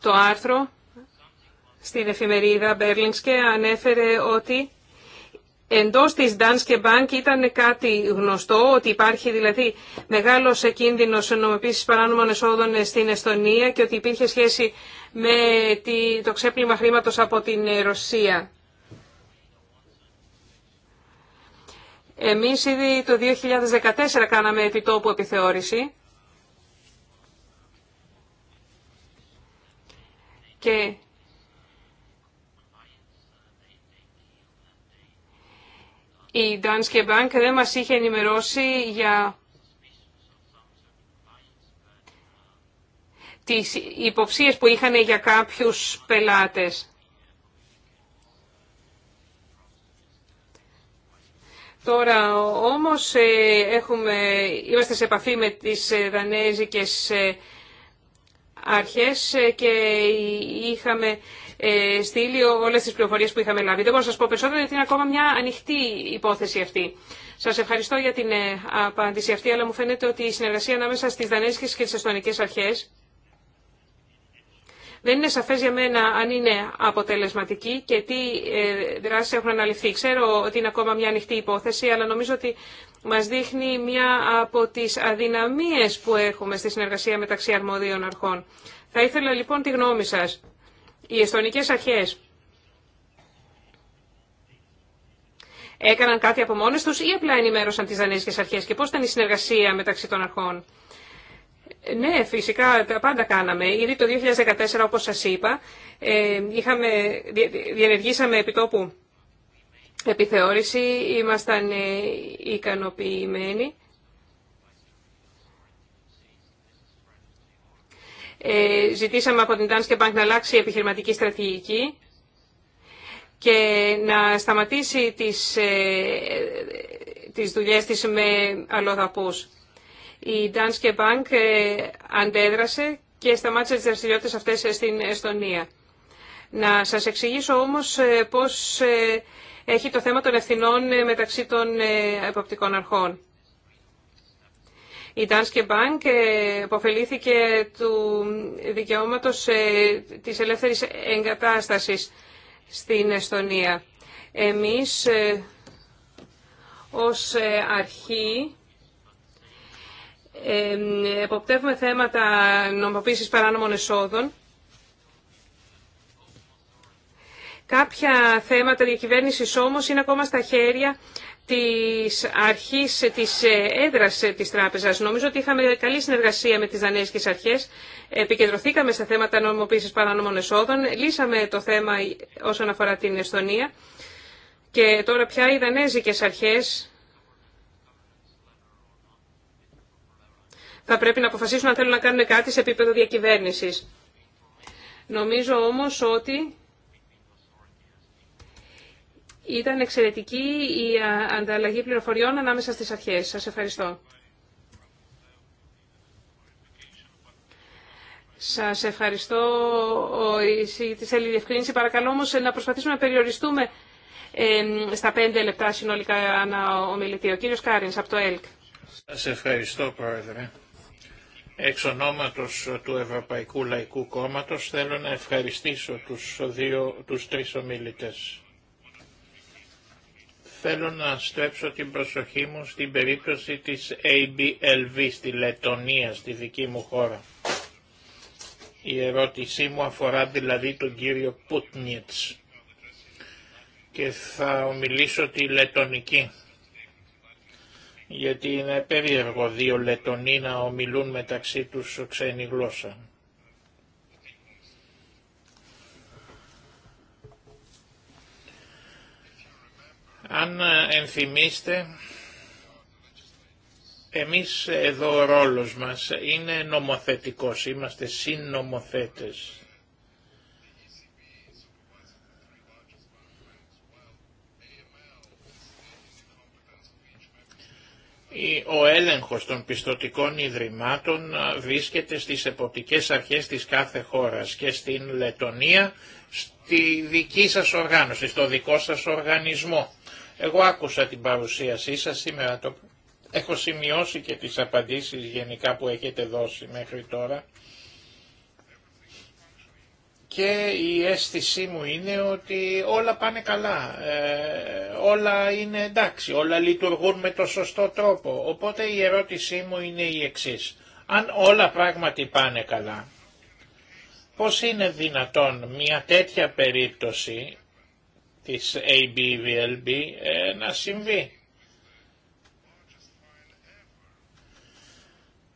το άρθρο στην εφημερίδα και ανέφερε ότι εντός της Danske Bank ήταν κάτι γνωστό, ότι υπάρχει δηλαδή μεγάλος κίνδυνος νομοποίησης παράνομων εσόδων στην Εστονία και ότι υπήρχε σχέση με το ξέπλυμα χρήματος από την Ρωσία. Εμείς ήδη το 2014 κάναμε επιτόπου επιθεώρηση και η Danske Bank δεν μας είχε ενημερώσει για τις υποψίες που είχαν για κάποιους πελάτες. Τώρα όμως ε, έχουμε, είμαστε σε επαφή με τις ε, δανέζικες ε, αρχές και είχαμε ε, στείλει όλε τι πληροφορίε που είχαμε λάβει. Δεν μπορώ να σα πω περισσότερο γιατί είναι ακόμα μια ανοιχτή υπόθεση αυτή. Σα ευχαριστώ για την ε, απάντηση αυτή, αλλά μου φαίνεται ότι η συνεργασία ανάμεσα στι Δανέζικε και τι Εστονικέ Αρχέ δεν είναι σαφές για μένα αν είναι αποτελεσματική και τι ε, δράσεις έχουν αναλυφθεί. Ξέρω ότι είναι ακόμα μια ανοιχτή υπόθεση, αλλά νομίζω ότι μας δείχνει μια από τις αδυναμίες που έχουμε στη συνεργασία μεταξύ αρμοδίων αρχών. Θα ήθελα λοιπόν τη γνώμη σας. Οι εστονικές αρχές έκαναν κάτι από μόνες τους ή απλά ενημέρωσαν τις δανέζικες αρχές και πώς ήταν η συνεργασία μεταξύ των αρχών. Ναι, φυσικά τα πάντα κάναμε. Ήδη το 2014, όπως σας είπα, ε, είχαμε, διενεργήσαμε επιτόπου επιθεώρηση, ήμασταν ε, ικανοποιημένοι. Ε, ζητήσαμε από την Danske Bank να αλλάξει η επιχειρηματική στρατηγική και να σταματήσει τις, ε, τις δουλειές της με αλλοδαπούς. Η Danske Bank ε, αντέδρασε και σταμάτησε τις δραστηριότητες αυτές στην Εστονία. Να σας εξηγήσω όμως πώς έχει το θέμα των ευθυνών μεταξύ των εποπτικών αρχών. Η Danske Bank υποφελήθηκε ε, του δικαιώματος ε, της ελεύθερης εγκατάστασης στην Εστονία. Εμείς ε, ως αρχή εποπτεύουμε θέματα νομοποίησης παράνομων εσόδων. Κάποια θέματα διακυβέρνησης όμως είναι ακόμα στα χέρια της αρχή της ε, έδρα ε, της τράπεζας. Νομίζω ότι είχαμε καλή συνεργασία με τις δανέζικες αρχές. Επικεντρωθήκαμε στα θέματα νομοποίησης παράνομων εσόδων. Λύσαμε το θέμα όσον αφορά την Εστονία. Και τώρα πια οι δανέζικες αρχές θα πρέπει να αποφασίσουν αν θέλουν να κάνουν κάτι σε επίπεδο διακυβέρνησης. Νομίζω όμως ότι ήταν εξαιρετική η ανταλλαγή πληροφοριών ανάμεσα στις αρχές. Σας ευχαριστώ. Σας ευχαριστώ. Τη θέλει διευκρίνηση. Παρακαλώ όμως να προσπαθήσουμε να περιοριστούμε στα πέντε λεπτά συνολικά ανά ομιλητή. Ο κύριος Κάρινς από το ΕΛΚ. Σας ευχαριστώ Πρόεδρε. Εξ ονόματος του Ευρωπαϊκού Λαϊκού Κόμματος θέλω να ευχαριστήσω τους, δύο, τους τρεις ομιλητές θέλω να στρέψω την προσοχή μου στην περίπτωση της ABLV στη Λετωνία, στη δική μου χώρα. Η ερώτησή μου αφορά δηλαδή τον κύριο Πούτνιτς και θα ομιλήσω τη Λετωνική γιατί είναι περίεργο δύο Λετωνοί να ομιλούν μεταξύ τους ξένη γλώσσα. Αν ε, ενθυμίστε, εμείς εδώ ο ρόλος μας είναι νομοθετικός, είμαστε συνομοθέτες. Ο έλεγχος των πιστοτικών ιδρυμάτων ε, βρίσκεται στις εποπτικές αρχές της κάθε χώρας και στην Λετωνία στη δική σας οργάνωση, στο δικό σας οργανισμό. Εγώ άκουσα την παρουσίασή σας σήμερα, το... έχω σημειώσει και τις απαντήσεις γενικά που έχετε δώσει μέχρι τώρα και η αίσθησή μου είναι ότι όλα πάνε καλά, ε, όλα είναι εντάξει, όλα λειτουργούν με το σωστό τρόπο. Οπότε η ερώτησή μου είναι η εξής. Αν όλα πράγματι πάνε καλά, πώς είναι δυνατόν μια τέτοια περίπτωση της ABVLB ε, να συμβεί.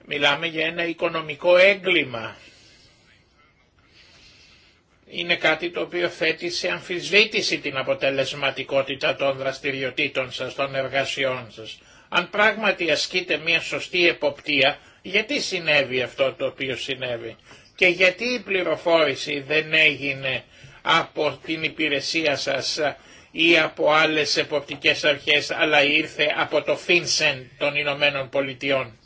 Μιλάμε για ένα οικονομικό έγκλημα. Είναι κάτι το οποίο θέτει σε αμφισβήτηση την αποτελεσματικότητα των δραστηριοτήτων σας, των εργασιών σας. Αν πράγματι ασκείτε μια σωστή εποπτεία, γιατί συνέβη αυτό το οποίο συνέβη και γιατί η πληροφόρηση δεν έγινε από την υπηρεσία σας ή από άλλες εποπτικές αρχές, αλλά ήρθε από το Φίνσεν των Ηνωμένων Πολιτειών.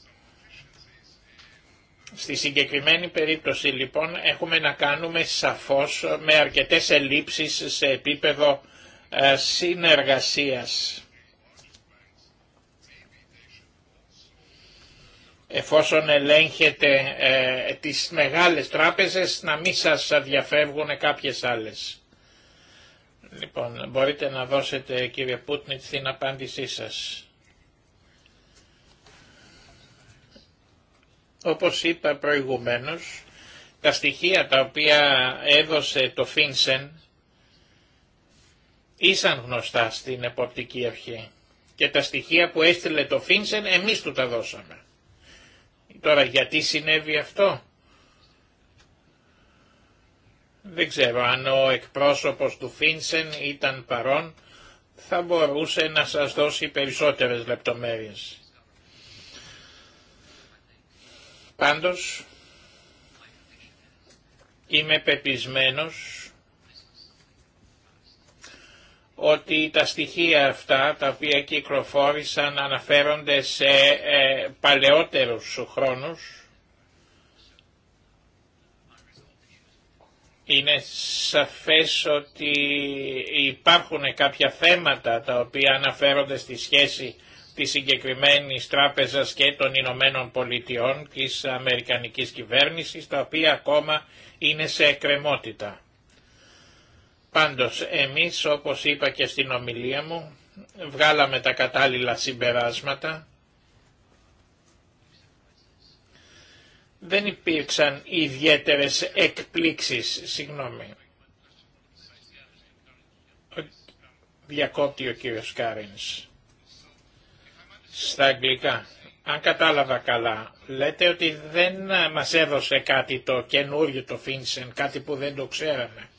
Στη συγκεκριμένη περίπτωση λοιπόν έχουμε να κάνουμε σαφώς με αρκετές ελλείψεις σε επίπεδο ε, συνεργασίας. εφόσον ελέγχετε ε, τις μεγάλες τράπεζες να μην σας διαφεύγουν κάποιες άλλες. Λοιπόν, μπορείτε να δώσετε κύριε Πούτνιτ την απάντησή σας. Όπως είπα προηγουμένως, τα στοιχεία τα οποία έδωσε το Φίνσεν ήσαν γνωστά στην εποπτική αρχή και τα στοιχεία που έστειλε το Φίνσεν εμείς του τα δώσαμε. Τώρα γιατί συνέβη αυτό. Δεν ξέρω αν ο εκπρόσωπος του Φίνσεν ήταν παρόν θα μπορούσε να σας δώσει περισσότερες λεπτομέρειες. Πάντως είμαι πεπισμένος ότι τα στοιχεία αυτά τα οποία κυκλοφόρησαν αναφέρονται σε ε, παλαιότερους χρόνους. Είναι σαφές ότι υπάρχουν κάποια θέματα τα οποία αναφέρονται στη σχέση της συγκεκριμένης τράπεζας και των Ηνωμένων Πολιτειών της Αμερικανικής κυβέρνησης τα οποία ακόμα είναι σε εκκρεμότητα. Πάντως εμείς όπως είπα και στην ομιλία μου βγάλαμε τα κατάλληλα συμπεράσματα δεν υπήρξαν ιδιαίτερες εκπλήξεις, συγγνώμη. Διακόπτει ο κύριος Κάρινς. Στα αγγλικά. Αν κατάλαβα καλά, λέτε ότι δεν μας έδωσε κάτι το καινούριο το Φίνσεν, κάτι που δεν το ξέραμε.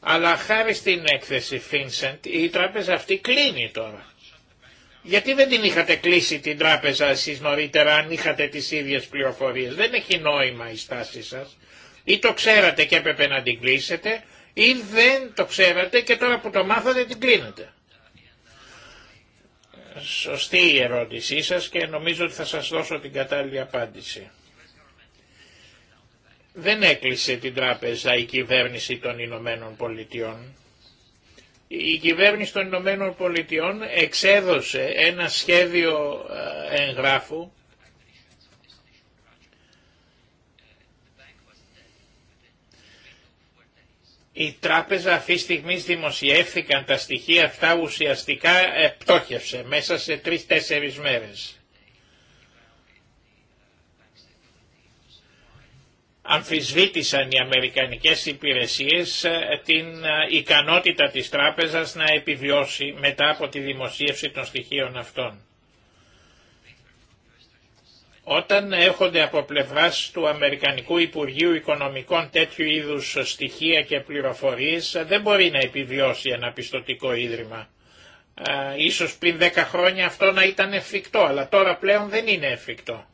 Αλλά χάρη στην έκθεση Φίνσεντ η τράπεζα αυτή κλείνει τώρα. Γιατί δεν την είχατε κλείσει την τράπεζα εσείς νωρίτερα αν είχατε τις ίδιες πληροφορίες. Δεν έχει νόημα η στάση σας. Ή το ξέρατε και έπρεπε να την κλείσετε ή δεν το ξέρατε και τώρα που το μάθατε την κλείνετε. Σωστή η ερώτησή σας και νομίζω ότι θα σας δώσω την κατάλληλη απάντηση δεν έκλεισε την τράπεζα η κυβέρνηση των Ηνωμένων Πολιτειών. Η κυβέρνηση των Ηνωμένων Πολιτειών εξέδωσε ένα σχέδιο ε, εγγράφου Η τράπεζα αυτή τη στιγμή δημοσιεύθηκαν τα στοιχεία αυτά ουσιαστικά ε, πτώχευσε μέσα σε τρεις-τέσσερις μέρες. αμφισβήτησαν οι Αμερικανικές υπηρεσίες ε, την ε, ικανότητα της τράπεζας να επιβιώσει μετά από τη δημοσίευση των στοιχείων αυτών. Όταν έρχονται από πλευράς του Αμερικανικού Υπουργείου Οικονομικών τέτοιου είδους στοιχεία και πληροφορίες ε, δεν μπορεί να επιβιώσει ένα πιστοτικό ίδρυμα. Ίσως πριν 10 χρόνια αυτό να ήταν εφικτό, αλλά τώρα πλέον δεν είναι εφικτό.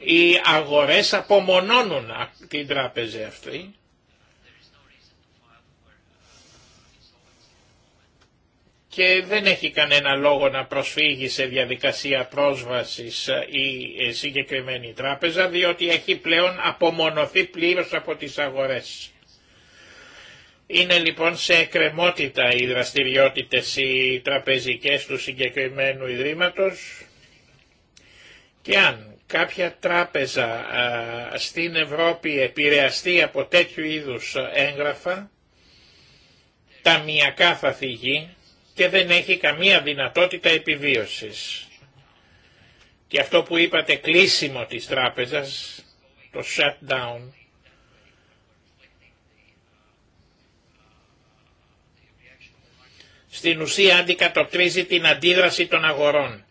Οι αγορές απομονώνουν την τράπεζα αυτή. και δεν έχει κανένα λόγο να προσφύγει σε διαδικασία πρόσβασης η συγκεκριμένη τράπεζα διότι έχει πλέον απομονωθεί πλήρως από τις αγορές. Είναι λοιπόν σε εκκρεμότητα οι δραστηριότητες οι τραπεζικές του συγκεκριμένου ιδρύματος και αν κάποια τράπεζα στην Ευρώπη επηρεαστεί από τέτοιου είδους έγγραφα, ταμιακά θα φύγει και δεν έχει καμία δυνατότητα επιβίωσης. Και αυτό που είπατε κλείσιμο της τράπεζας, το shutdown, στην ουσία αντικατοπτρίζει την αντίδραση των αγορών.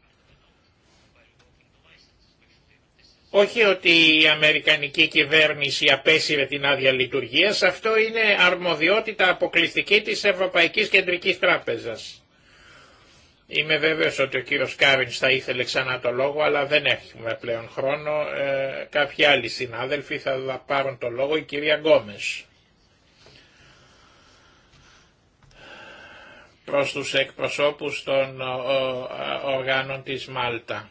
Όχι ότι η Αμερικανική κυβέρνηση απέσυρε την άδεια λειτουργίας, αυτό είναι αρμοδιότητα αποκλειστική της Ευρωπαϊκής Κεντρικής Τράπεζας. Είμαι βέβαιος ότι ο κύριος Κάριν θα ήθελε ξανά το λόγο, αλλά δεν έχουμε πλέον χρόνο. Ε, κάποιοι άλλοι συνάδελφοι θα πάρουν το λόγο, η κυρία Γκόμες. προς τους εκπροσώπους των οργάνων της Μάλτα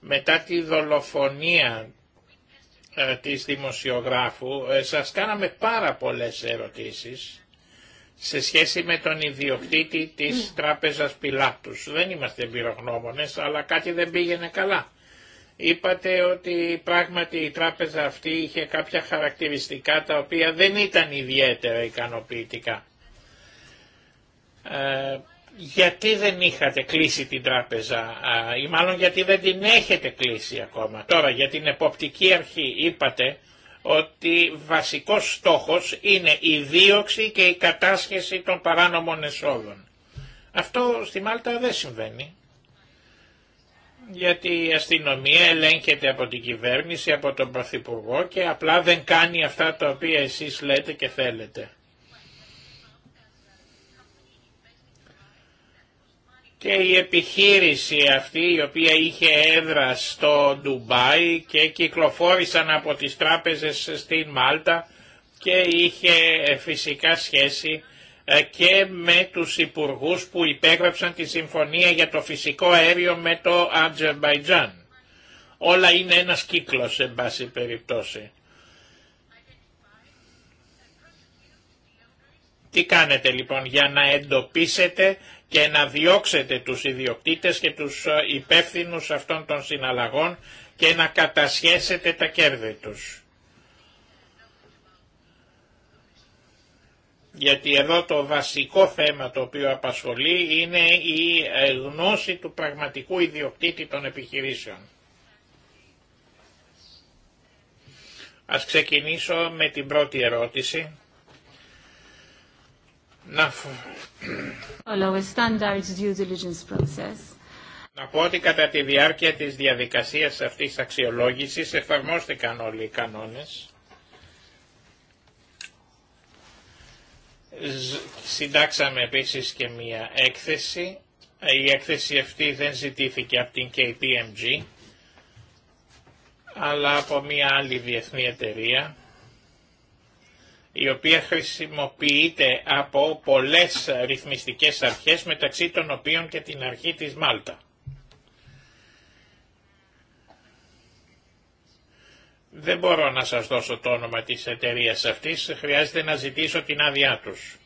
μετά τη δολοφονία ε, της δημοσιογράφου ε, σας κάναμε πάρα πολλές ερωτήσεις σε σχέση με τον ιδιοκτήτη της mm. τράπεζας Πιλάτους. Δεν είμαστε εμπειρογνώμονες, αλλά κάτι δεν πήγαινε καλά. Είπατε ότι πράγματι η τράπεζα αυτή είχε κάποια χαρακτηριστικά τα οποία δεν ήταν ιδιαίτερα ικανοποιητικά. Ε, γιατί δεν είχατε κλείσει την τράπεζα ή μάλλον γιατί δεν την έχετε κλείσει ακόμα. Τώρα για την εποπτική αρχή είπατε ότι βασικός στόχος είναι η δίωξη και η κατάσχεση των παράνομων εσόδων. Αυτό στη Μάλτα δεν συμβαίνει. Γιατί η αστυνομία ελέγχεται από την κυβέρνηση, από τον Πρωθυπουργό και απλά δεν κάνει αυτά τα οποία εσείς λέτε και θέλετε. και η επιχείρηση αυτή η οποία είχε έδρα στο Ντουμπάι και κυκλοφόρησαν από τις τράπεζες στην Μάλτα και είχε ε, φυσικά σχέση ε, και με τους υπουργούς που υπέγραψαν τη συμφωνία για το φυσικό αέριο με το Ατζερμπαϊτζάν. Όλα είναι ένας κύκλος, σε πάση περιπτώσει. Τι κάνετε λοιπόν για να εντοπίσετε και να διώξετε τους ιδιοκτήτες και τους ε, υπεύθυνους αυτών των συναλλαγών και να κατασχέσετε τα κέρδη τους. Γιατί εδώ το βασικό θέμα το οποίο απασχολεί είναι η ε, γνώση του πραγματικού ιδιοκτήτη των επιχειρήσεων. Ας ξεκινήσω με την πρώτη ερώτηση να... πω ότι κατά τη διάρκεια της διαδικασίας αυτής αξιολόγησης εφαρμόστηκαν όλοι οι κανόνες. Συντάξαμε επίσης και μία έκθεση. Η έκθεση αυτή δεν ζητήθηκε από την KPMG, αλλά από μία άλλη διεθνή εταιρεία η οποία χρησιμοποιείται από πολλές ρυθμιστικές αρχές μεταξύ των οποίων και την αρχή της Μάλτα. Δεν μπορώ να σας δώσω το όνομα της εταιρείας αυτής, χρειάζεται να ζητήσω την άδειά τους.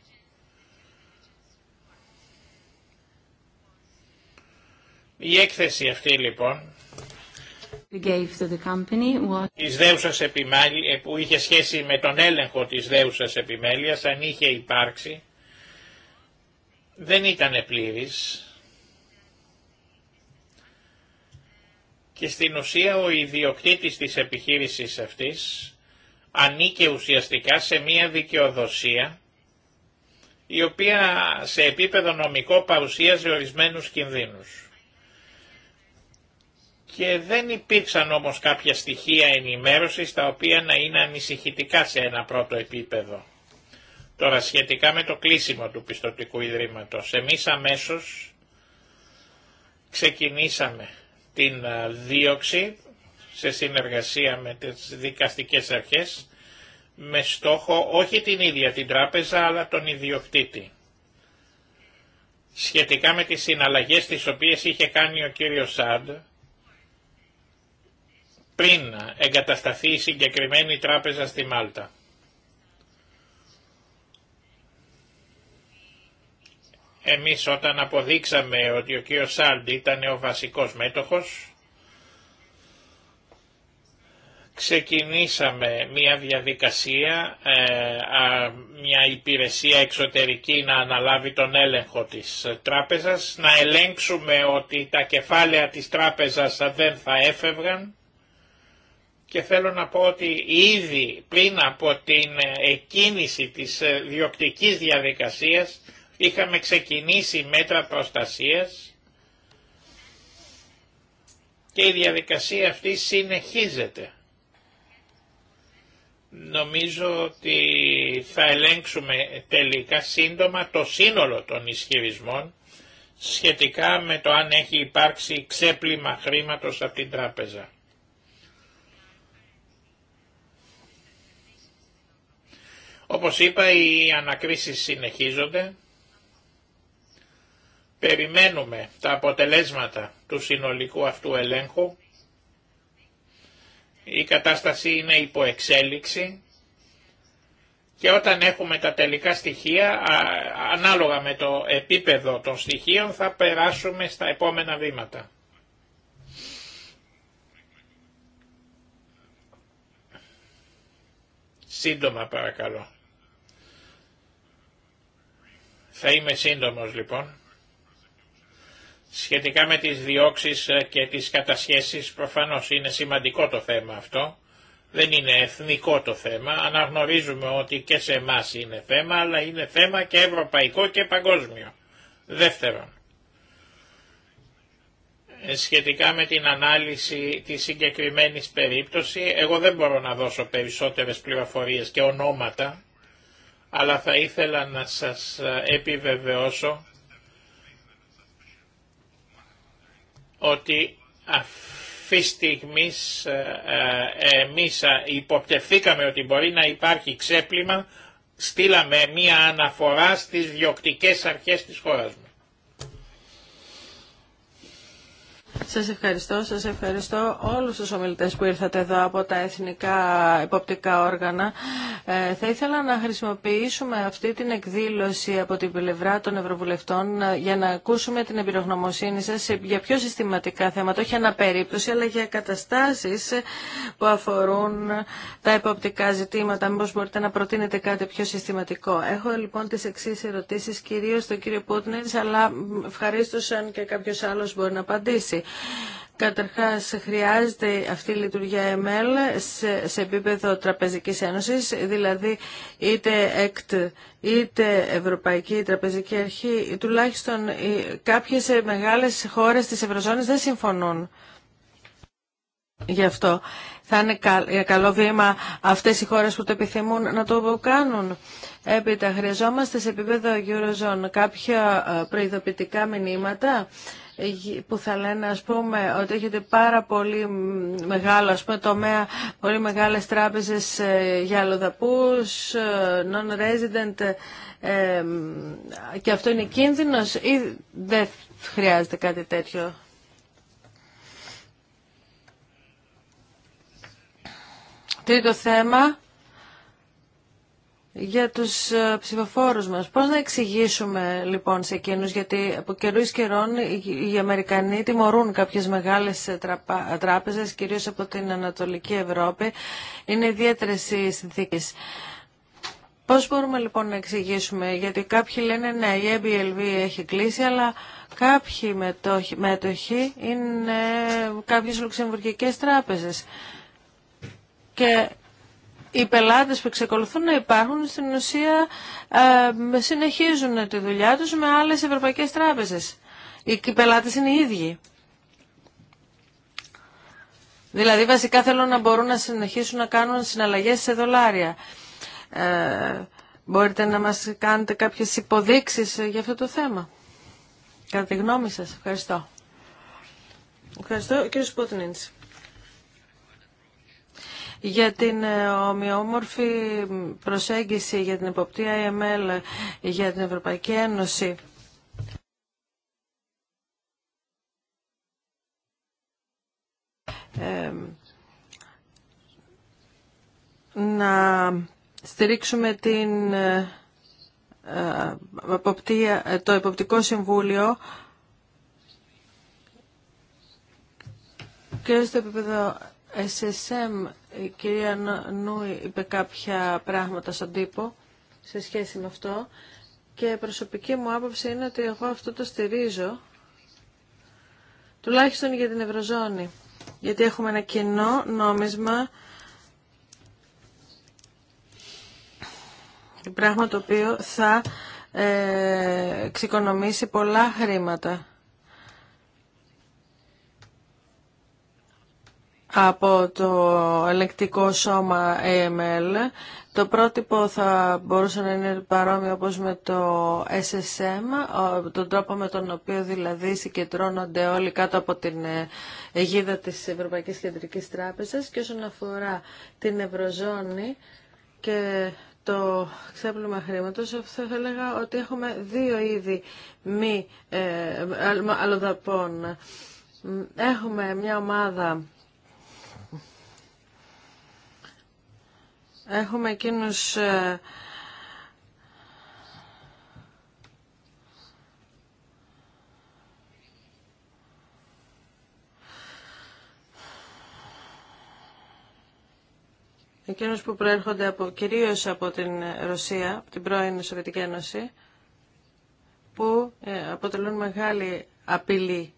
Η έκθεση αυτή λοιπόν της δέουσας ε, που είχε σχέση με τον έλεγχο της δέουσας επιμέλειας, αν είχε υπάρξει, δεν ήταν πλήρης. Και στην ουσία ο ιδιοκτήτης της επιχείρησης αυτής ανήκε ουσιαστικά σε μία δικαιοδοσία η οποία σε επίπεδο νομικό παρουσίαζε ορισμένους κινδύνους και δεν υπήρξαν όμως κάποια στοιχεία ενημέρωσης τα οποία να είναι ανησυχητικά σε ένα πρώτο επίπεδο. Τώρα σχετικά με το κλείσιμο του πιστοτικού ιδρύματος, εμείς αμέσως ξεκινήσαμε την δίωξη σε συνεργασία με τις δικαστικές αρχές με στόχο όχι την ίδια την τράπεζα αλλά τον ιδιοκτήτη. Σχετικά με τις συναλλαγές τις οποίες είχε κάνει ο κύριος Σάντ, πριν εγκατασταθεί η συγκεκριμένη τράπεζα στη Μάλτα. Εμείς όταν αποδείξαμε ότι ο κ. Σάλντι ήταν ο βασικός μέτοχος, ξεκινήσαμε μια διαδικασία, ε, μια υπηρεσία εξωτερική να αναλάβει τον έλεγχο της τράπεζας, να ελέγξουμε ότι τα κεφάλαια της τράπεζας δεν θα έφευγαν και θέλω να πω ότι ήδη πριν από την ε, εκκίνηση της ε, διοκτικής διαδικασίας είχαμε ξεκινήσει μέτρα προστασίας και η διαδικασία αυτή συνεχίζεται. Νομίζω ότι θα ελέγξουμε τελικά σύντομα το σύνολο των ισχυρισμών σχετικά με το αν έχει υπάρξει ξέπλυμα χρήματος από την τράπεζα. Όπως είπα οι ανακρίσεις συνεχίζονται. Περιμένουμε τα αποτελέσματα του συνολικού αυτού ελέγχου. Η κατάσταση είναι υπό εξέλιξη και όταν έχουμε τα τελικά στοιχεία, ανάλογα με το επίπεδο των στοιχείων, θα περάσουμε στα επόμενα βήματα. Σύντομα παρακαλώ. Θα είμαι σύντομος λοιπόν. Σχετικά με τις διώξεις ε, και τις κατασχέσεις προφανώς είναι σημαντικό το θέμα αυτό. Δεν είναι εθνικό το θέμα. Αναγνωρίζουμε ότι και σε εμά είναι θέμα, αλλά είναι θέμα και ευρωπαϊκό και παγκόσμιο. Δεύτερον, ε, σχετικά με την ανάλυση της συγκεκριμένης περίπτωση, εγώ δεν μπορώ να δώσω περισσότερες πληροφορίες και ονόματα, αλλά θα ήθελα να σας ε, επιβεβαιώσω ότι αυτή στιγμή ε, ε, εμείς υποπτευθήκαμε ότι μπορεί να υπάρχει ξέπλυμα, στείλαμε μία αναφορά στις διοκτικές αρχές της χώρας μας. Σας ευχαριστώ. Σας ευχαριστώ όλους τους ομιλητές που ήρθατε εδώ από τα εθνικά υποπτικά όργανα. Ε, θα ήθελα να χρησιμοποιήσουμε αυτή την εκδήλωση από την πλευρά των Ευρωβουλευτών ε, για να ακούσουμε την εμπειρογνωμοσύνη σας για πιο συστηματικά θέματα, όχι αναπερίπτωση, αλλά για καταστάσεις που αφορούν τα υποπτικά ζητήματα. Μήπως μπορείτε να προτείνετε κάτι πιο συστηματικό. Έχω λοιπόν τις εξή ερωτήσεις κυρίως στον κύριο Πούτνερς, αλλά ευχαρίστω αν και κάποιος άλλος μπορεί να απαντήσει. Καταρχάς χρειάζεται αυτή η λειτουργία ML σε, επίπεδο Τραπεζικής Ένωσης, δηλαδή είτε ΕΚΤ είτε Ευρωπαϊκή Τραπεζική Αρχή, τουλάχιστον κάποιες μεγάλες χώρες της Ευρωζώνης δεν συμφωνούν. Γι' αυτό θα είναι καλό βήμα αυτές οι χώρες που το επιθυμούν να το κάνουν. Έπειτα χρειαζόμαστε σε επίπεδο Eurozone κάποια ε, προειδοποιητικά μηνύματα που θα λένε ας πούμε ότι έχετε πάρα πολύ μεγάλο ας πούμε, τομέα, πολύ μεγάλες τράπεζες ε, για αλλοδαπούς, ε, non-resident ε, και αυτό είναι κίνδυνος ή δεν χρειάζεται κάτι τέτοιο. Τρίτο θέμα για τους ε, ψηφοφόρου μα, Πώ να εξηγήσουμε λοιπόν σε εκείνου, γιατί από καιρούς καιρών οι Αμερικανοί τιμωρούν κάποιες μεγάλες ε, τράπεζε, κυρίως από την Ανατολική Ευρώπη. Είναι ιδιαίτερε οι συνθήκε. Πώ μπορούμε λοιπόν να εξηγήσουμε, γιατί κάποιοι λένε ναι, η MBLV έχει κλείσει, αλλά κάποιοι μέτοχοι είναι κάποιε λουξεμβουργικέ τράπεζε. Και οι πελάτες που εξεκολουθούν να υπάρχουν στην ουσία ε, συνεχίζουν τη δουλειά τους με άλλες ευρωπαϊκές τράπεζες. Οι πελάτες είναι οι ίδιοι. Δηλαδή βασικά θέλουν να μπορούν να συνεχίσουν να κάνουν συναλλαγές σε δολάρια. Ε, μπορείτε να μας κάνετε κάποιες υποδείξεις για αυτό το θέμα. Κατά τη γνώμη σας. Ευχαριστώ. Ευχαριστώ. Κύριε για την ε, ομοιόμορφη προσέγγιση για την υποπτία IML για την Ευρωπαϊκή Ένωση. να στηρίξουμε την, ε, ε, ε, το Εποπτικό Συμβούλιο και στο επίπεδο SSM, η κυρία Νούι είπε κάποια πράγματα στον τύπο σε σχέση με αυτό και προσωπική μου άποψη είναι ότι εγώ αυτό το στηρίζω τουλάχιστον για την Ευρωζώνη γιατί έχουμε ένα κοινό νόμισμα πράγμα το οποίο θα ε, πολλά χρήματα από το ελεκτικό σώμα AML. Το πρότυπο θα μπορούσε να είναι παρόμοιο όπως με το SSM, τον τρόπο με τον οποίο δηλαδή συγκεντρώνονται όλοι κάτω από την ε, αιγίδα της Ευρωπαϊκής Κεντρικής Τράπεζας και όσον αφορά την Ευρωζώνη και το ξέπλυμα χρήματος, θα έλεγα ότι έχουμε δύο είδη μη ε, αλλοδαπών. Έχουμε μια ομάδα Έχουμε εκείνους ε, εκείνους που προέρχονται από, κυρίως από την Ρωσία, από την πρώην Σοβιετική Ένωση, που ε, αποτελούν μεγάλη απειλή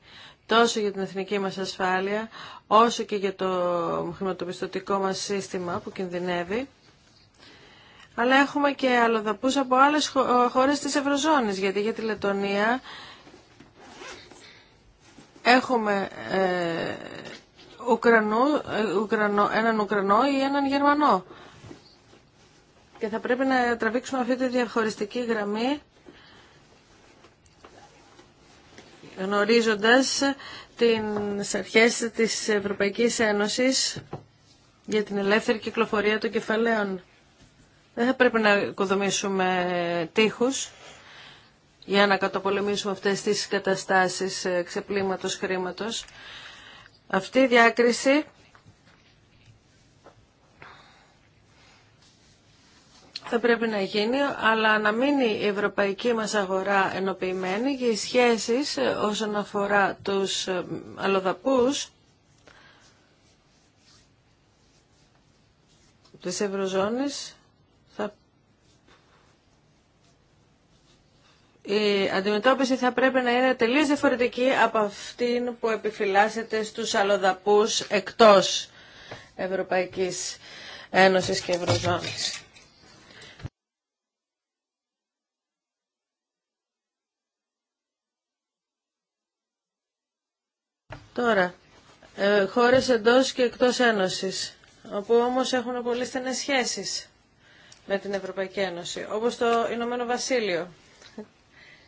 τόσο για την εθνική μας ασφάλεια, όσο και για το χρηματοπιστωτικό μας σύστημα που κινδυνεύει αλλά έχουμε και αλλοδαπούς από άλλες ε, χώρες της Ευρωζώνης, γιατί για τη Λετωνία έχουμε ε, Ουκρανού, ε, Ουκρανό, έναν Ουκρανό ή έναν Γερμανό. Και θα πρέπει να τραβήξουμε αυτή τη διαχωριστική γραμμή γνωρίζοντας την αρχές της Ευρωπαϊκής Ένωσης για την ελεύθερη κυκλοφορία των κεφαλαίων. Δεν θα πρέπει να οικοδομήσουμε τείχους για να καταπολεμήσουμε αυτές τις καταστάσεις ε, ξεπλήματος χρήματος. Αυτή η διάκριση θα πρέπει να γίνει, αλλά να μείνει η ευρωπαϊκή μας αγορά ενοποιημένη και οι σχέσεις ε, όσον αφορά τους ε, αλλοδαπούς της Ευρωζώνης η αντιμετώπιση θα πρέπει να είναι τελείως διαφορετική από αυτήν που επιφυλάσσεται στους αλλοδαπούς εκτός Ευρωπαϊκής Ένωσης και Ευρωζώνης. Τώρα, ε, χώρες εντός και εκτός Ένωσης, όπου όμως έχουν πολύ στενές σχέσεις με την Ευρωπαϊκή Ένωση, όπως το Ηνωμένο Βασίλειο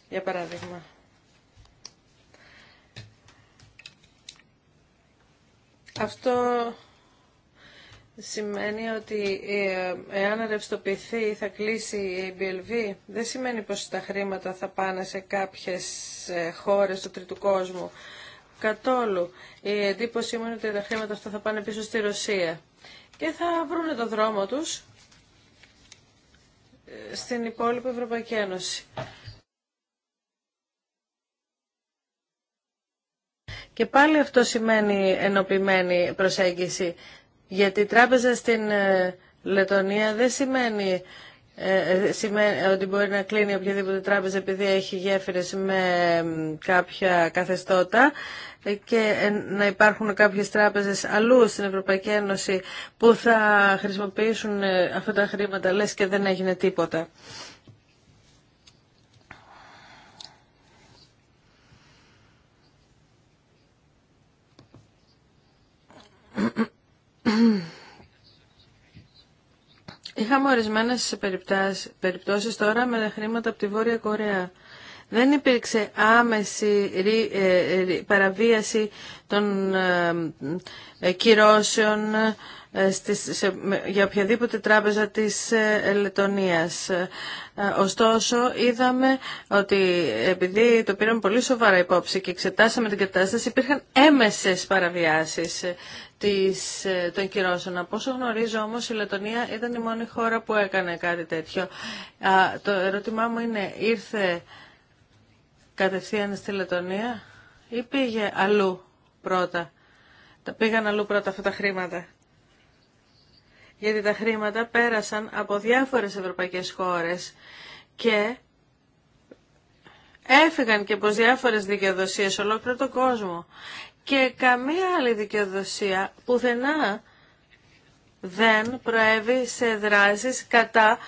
για παράδειγμα. Αυτό σημαίνει ότι ε, εάν ρευστοποιηθεί θα κλείσει η BLV. Δεν σημαίνει πως τα χρήματα θα πάνε σε κάποιες ε, χώρες του τρίτου κόσμου. Κατόλου. Η εντύπωσή μου είναι ότι τα χρήματα αυτά θα πάνε πίσω στη Ρωσία. Και θα βρούνε το δρόμο τους ε, στην υπόλοιπη Ευρωπαϊκή Ένωση. Και πάλι αυτό σημαίνει ενοποιημένη προσέγγιση, γιατί η τράπεζα στην ε, Λετωνία δεν σημαίνει ε, ε, σημαίνει ότι μπορεί να κλείνει οποιαδήποτε τράπεζα επειδή έχει γέφυρες με κάποια καθεστώτα και να υπάρχουν κάποιες τράπεζες αλλού στην Ευρωπαϊκή Ένωση που θα χρησιμοποιήσουν αυτά τα χρήματα λες και δεν έγινε τίποτα. Είχαμε ορισμένε περιπτώσει τώρα με χρήματα από τη Βόρεια Κορέα. Δεν υπήρξε άμεση ε, ε, παραβίαση των ε, κυρώσεων ε, σε, για οποιαδήποτε τράπεζα της ε, Λετωνίας. Ε, ωστόσο, είδαμε ότι επειδή το πήραμε πολύ σοβαρά υπόψη και εξετάσαμε την κατάσταση, υπήρχαν έμεσες παραβιάσεις της, των κυρώσεων. Από όσο γνωρίζω όμως η Λετωνία ήταν η μόνη χώρα που έκανε κάτι τέτοιο. το ερώτημά μου είναι, ήρθε κατευθείαν στη Λετωνία ή πήγε αλλού πρώτα. Τα πήγαν αλλού πρώτα αυτά τα χρήματα γιατί τα χρήματα πέρασαν από διάφορες ευρωπαϊκές χώρες και έφυγαν και από διάφορες δικαιοδοσίες σε ολόκληρο τον κόσμο. Και καμία άλλη δικαιοδοσία πουθενά δεν προέβη σε δράσεις κατά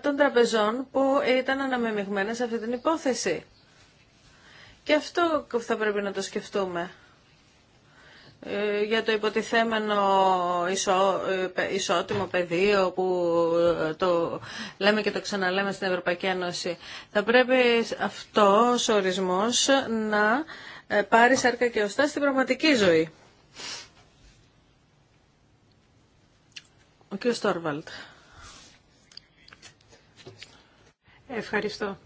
των τραπεζών που ήταν αναμεμειγμένες σε αυτή την υπόθεση. Και αυτό θα πρέπει να το σκεφτούμε. Ε, για το υποτιθέμενο ε, ισότιμο πεδίο που ε, το λέμε και το ξαναλέμε στην Ευρωπαϊκή Ένωση. Θα πρέπει αυτός ο ορισμός να πάρει σάρκα και οστά στην πραγματική ζωή. Ο κ. Στόρβαλτ. Ευχαριστώ.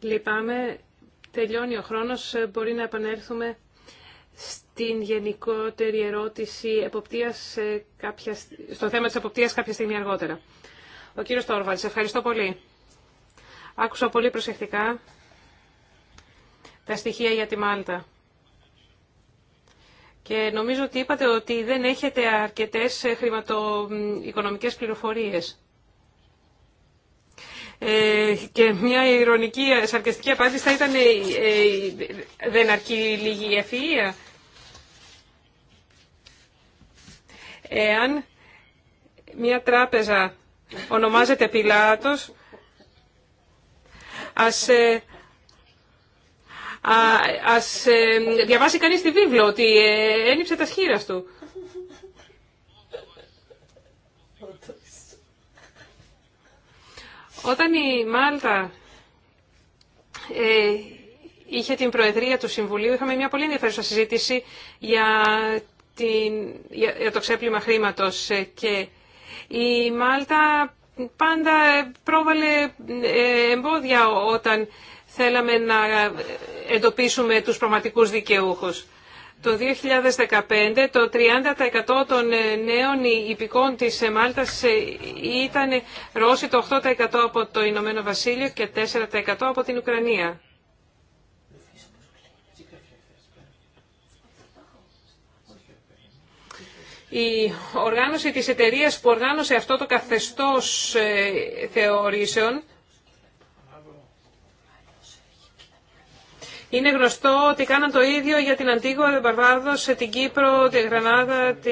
Λυπάμαι τελειώνει ο χρόνος, ε, μπορεί να επανέλθουμε στην γενικότερη ερώτηση εποπτείας ε, κάποια, στο θέμα της εποπτείας κάποια στιγμή αργότερα. Ο κύριος Τόρβαλς, ευχαριστώ πολύ. Άκουσα πολύ προσεκτικά τα στοιχεία για τη Μάλτα. Και νομίζω ότι είπατε ότι δεν έχετε αρκετές ε, χρηματοοικονομικές πληροφορίες. Ε, και μια ηρωνική, σαρκαστική απάντηση θα ήταν ε, ε, δεν αρκεί λίγη ευφυΐα. Εάν μια τράπεζα ονομάζεται Πιλάτος, ας, ας διαβάσει κανείς τη βίβλο ότι ένιψε τα σχήρας του. Όταν η Μάλτα ε, είχε την Προεδρία του Συμβουλίου, είχαμε μια πολύ ενδιαφέρουσα συζήτηση για, την, για, για το ξέπλυμα χρήματος ε, και η Μάλτα πάντα πρόβαλε ε, εμπόδια όταν θέλαμε να εντοπίσουμε τους πραγματικούς δικαιούχους. Το 2015 το 30% των ε, νέων υπηκών της ε, Μάλτας ε, ήταν Ρώσοι, το 8% από το Ηνωμένο Βασίλειο και 4% από την Ουκρανία. Η οργάνωση της εταιρείας που οργάνωσε αυτό το καθεστώς θεωρήσεων Είναι γνωστό ότι κάναν το ίδιο για την Αντίγουα, την σε την Κύπρο, τη Γρανάδα, τη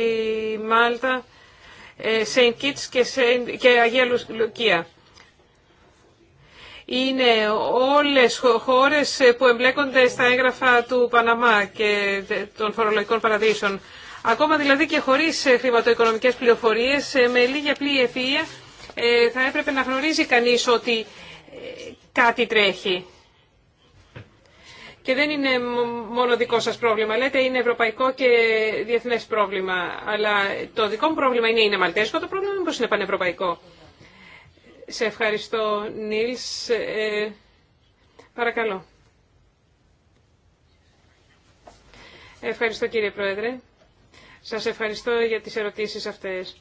Μάλτα, Σέιν ε, Κίτς και, Saint... και Αγία Λουκία. Είναι όλες χώρες ε, που εμπλέκονται στα έγγραφα του Παναμά και των φορολογικών παραδείσων. Ακόμα δηλαδή και χωρίς ε, χρηματοοικονομικές πληροφορίες, με λίγη απλή ευφυΐα, θα έπρεπε να γνωρίζει κανείς ότι κάτι τρέχει. Και δεν είναι μόνο δικό σας πρόβλημα. Λέτε είναι ευρωπαϊκό και διεθνές πρόβλημα. Αλλά το δικό μου πρόβλημα είναι, είναι μαλτέσκο, το πρόβλημα μήπως είναι πανευρωπαϊκό. Σε ευχαριστώ, Νίλς. Ε, παρακαλώ. Ευχαριστώ, κύριε Πρόεδρε. Σας ευχαριστώ για τις ερωτήσεις αυτές.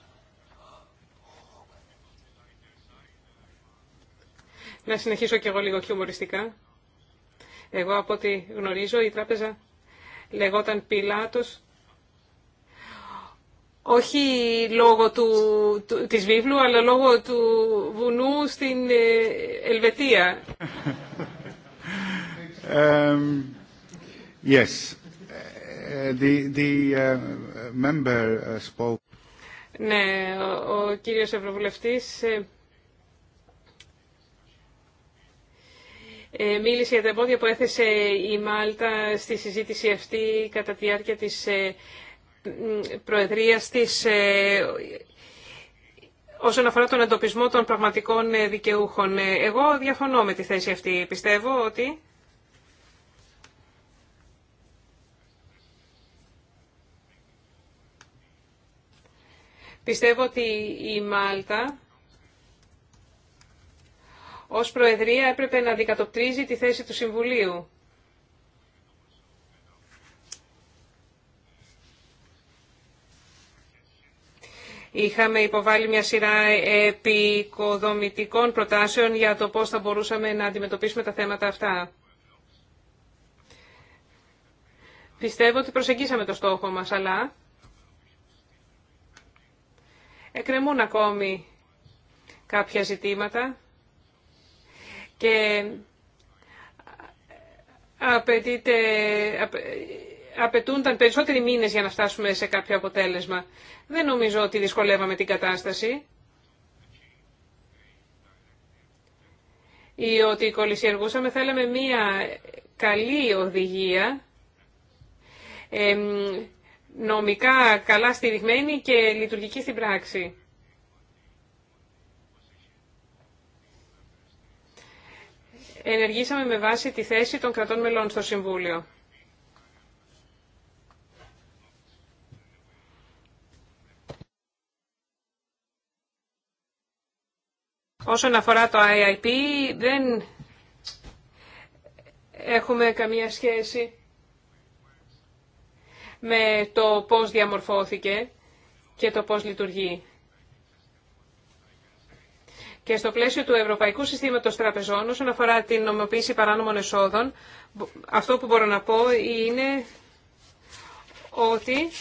Να συνεχίσω κι εγώ λίγο χιουμοριστικά. Εγώ από ό,τι γνωρίζω η τράπεζα λεγόταν Πιλάτος, όχι λόγω του, της βίβλου, αλλά λόγω του βουνού στην ε, Ελβετία. yes. Ε, the, the ε, member spoke. Ναι, ο, ο κύριος Ευρωβουλευτής Ε, μίλησε για τα εμπόδια που έθεσε η Μάλτα στη συζήτηση αυτή κατά τη διάρκεια της ε, Προεδρίας της ε, όσον αφορά τον εντοπισμό των πραγματικών δικαιούχων. Εγώ διαφωνώ με τη θέση αυτή. Πιστεύω ότι... Πιστεύω ότι η Μάλτα ως Προεδρία έπρεπε να αντικατοπτρίζει τη θέση του Συμβουλίου. Είχαμε υποβάλει μια σειρά επικοδομητικών προτάσεων για το πώς θα μπορούσαμε να αντιμετωπίσουμε τα θέματα αυτά. Πιστεύω ότι προσεγγίσαμε το στόχο μας, αλλά εκκρεμούν ακόμη κάποια ζητήματα και απαιτείται, απαιτούνταν περισσότεροι μήνες για να φτάσουμε σε κάποιο αποτέλεσμα. Δεν νομίζω ότι δυσκολεύαμε την κατάσταση. Ή ότι κολλησιεργούσαμε, θέλαμε μία καλή οδηγία, νομικά καλά στηριχμένη και λειτουργική στην πράξη. ενεργήσαμε με βάση τη θέση των κρατών μελών στο Συμβούλιο. Όσον αφορά το IIP, δεν έχουμε καμία σχέση με το πώς διαμορφώθηκε και το πώς λειτουργεί και στο πλαίσιο του Ευρωπαϊκού Συστήματος Τραπεζών όσον αφορά την νομοποίηση παράνομων εσόδων, αυτό που μπορώ να πω είναι ότι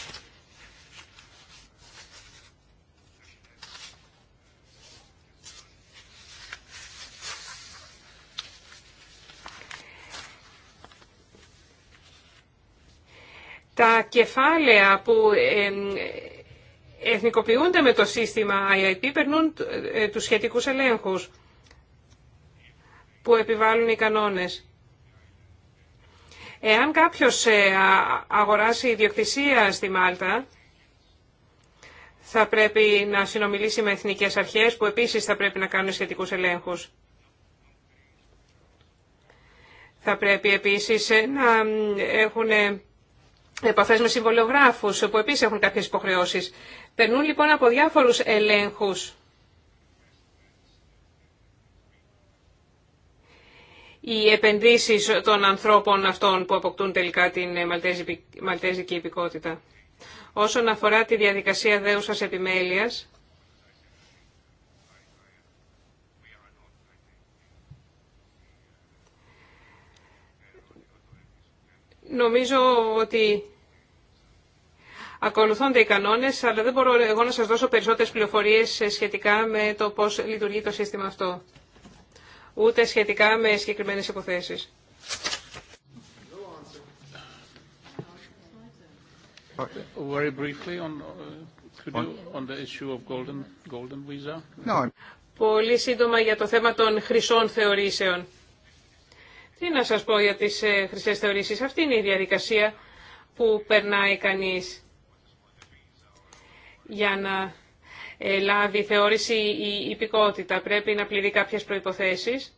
τα κεφάλαια που εθνικοποιούνται με το σύστημα IIP, περνούν ε, τους σχετικούς ελέγχους που επιβάλλουν οι κανόνες. Εάν κάποιος ε, αγοράσει ιδιοκτησία στη Μάλτα, θα πρέπει να συνομιλήσει με εθνικές αρχές που επίσης θα πρέπει να κάνουν σχετικούς ελέγχους. Θα πρέπει επίσης ε, να έχουν επαφέ με συμβολιογράφου, που επίσης έχουν κάποιες υποχρεώσει. Περνούν λοιπόν από διάφορους ελέγχους. οι επενδύσεις των ανθρώπων αυτών που αποκτούν τελικά την μαλτέζικη υπηκότητα. Όσον αφορά τη διαδικασία δέουσας επιμέλειας, Νομίζω ότι ακολουθούνται οι κανόνες, αλλά δεν μπορώ εγώ να σας δώσω περισσότερες πληροφορίες σχετικά με το πώς λειτουργεί το σύστημα αυτό, ούτε σχετικά με συγκεκριμένες υποθέσεις. Πολύ σύντομα για το θέμα των χρυσών θεωρήσεων. Τι να σας πω για τις ε, χρυσές θεωρήσεις. Αυτή είναι η διαδικασία που περνάει κανείς για να ε, λάβει θεώρηση η υπηκότητα. Πρέπει να πληρεί κάποιες προϋποθέσεις.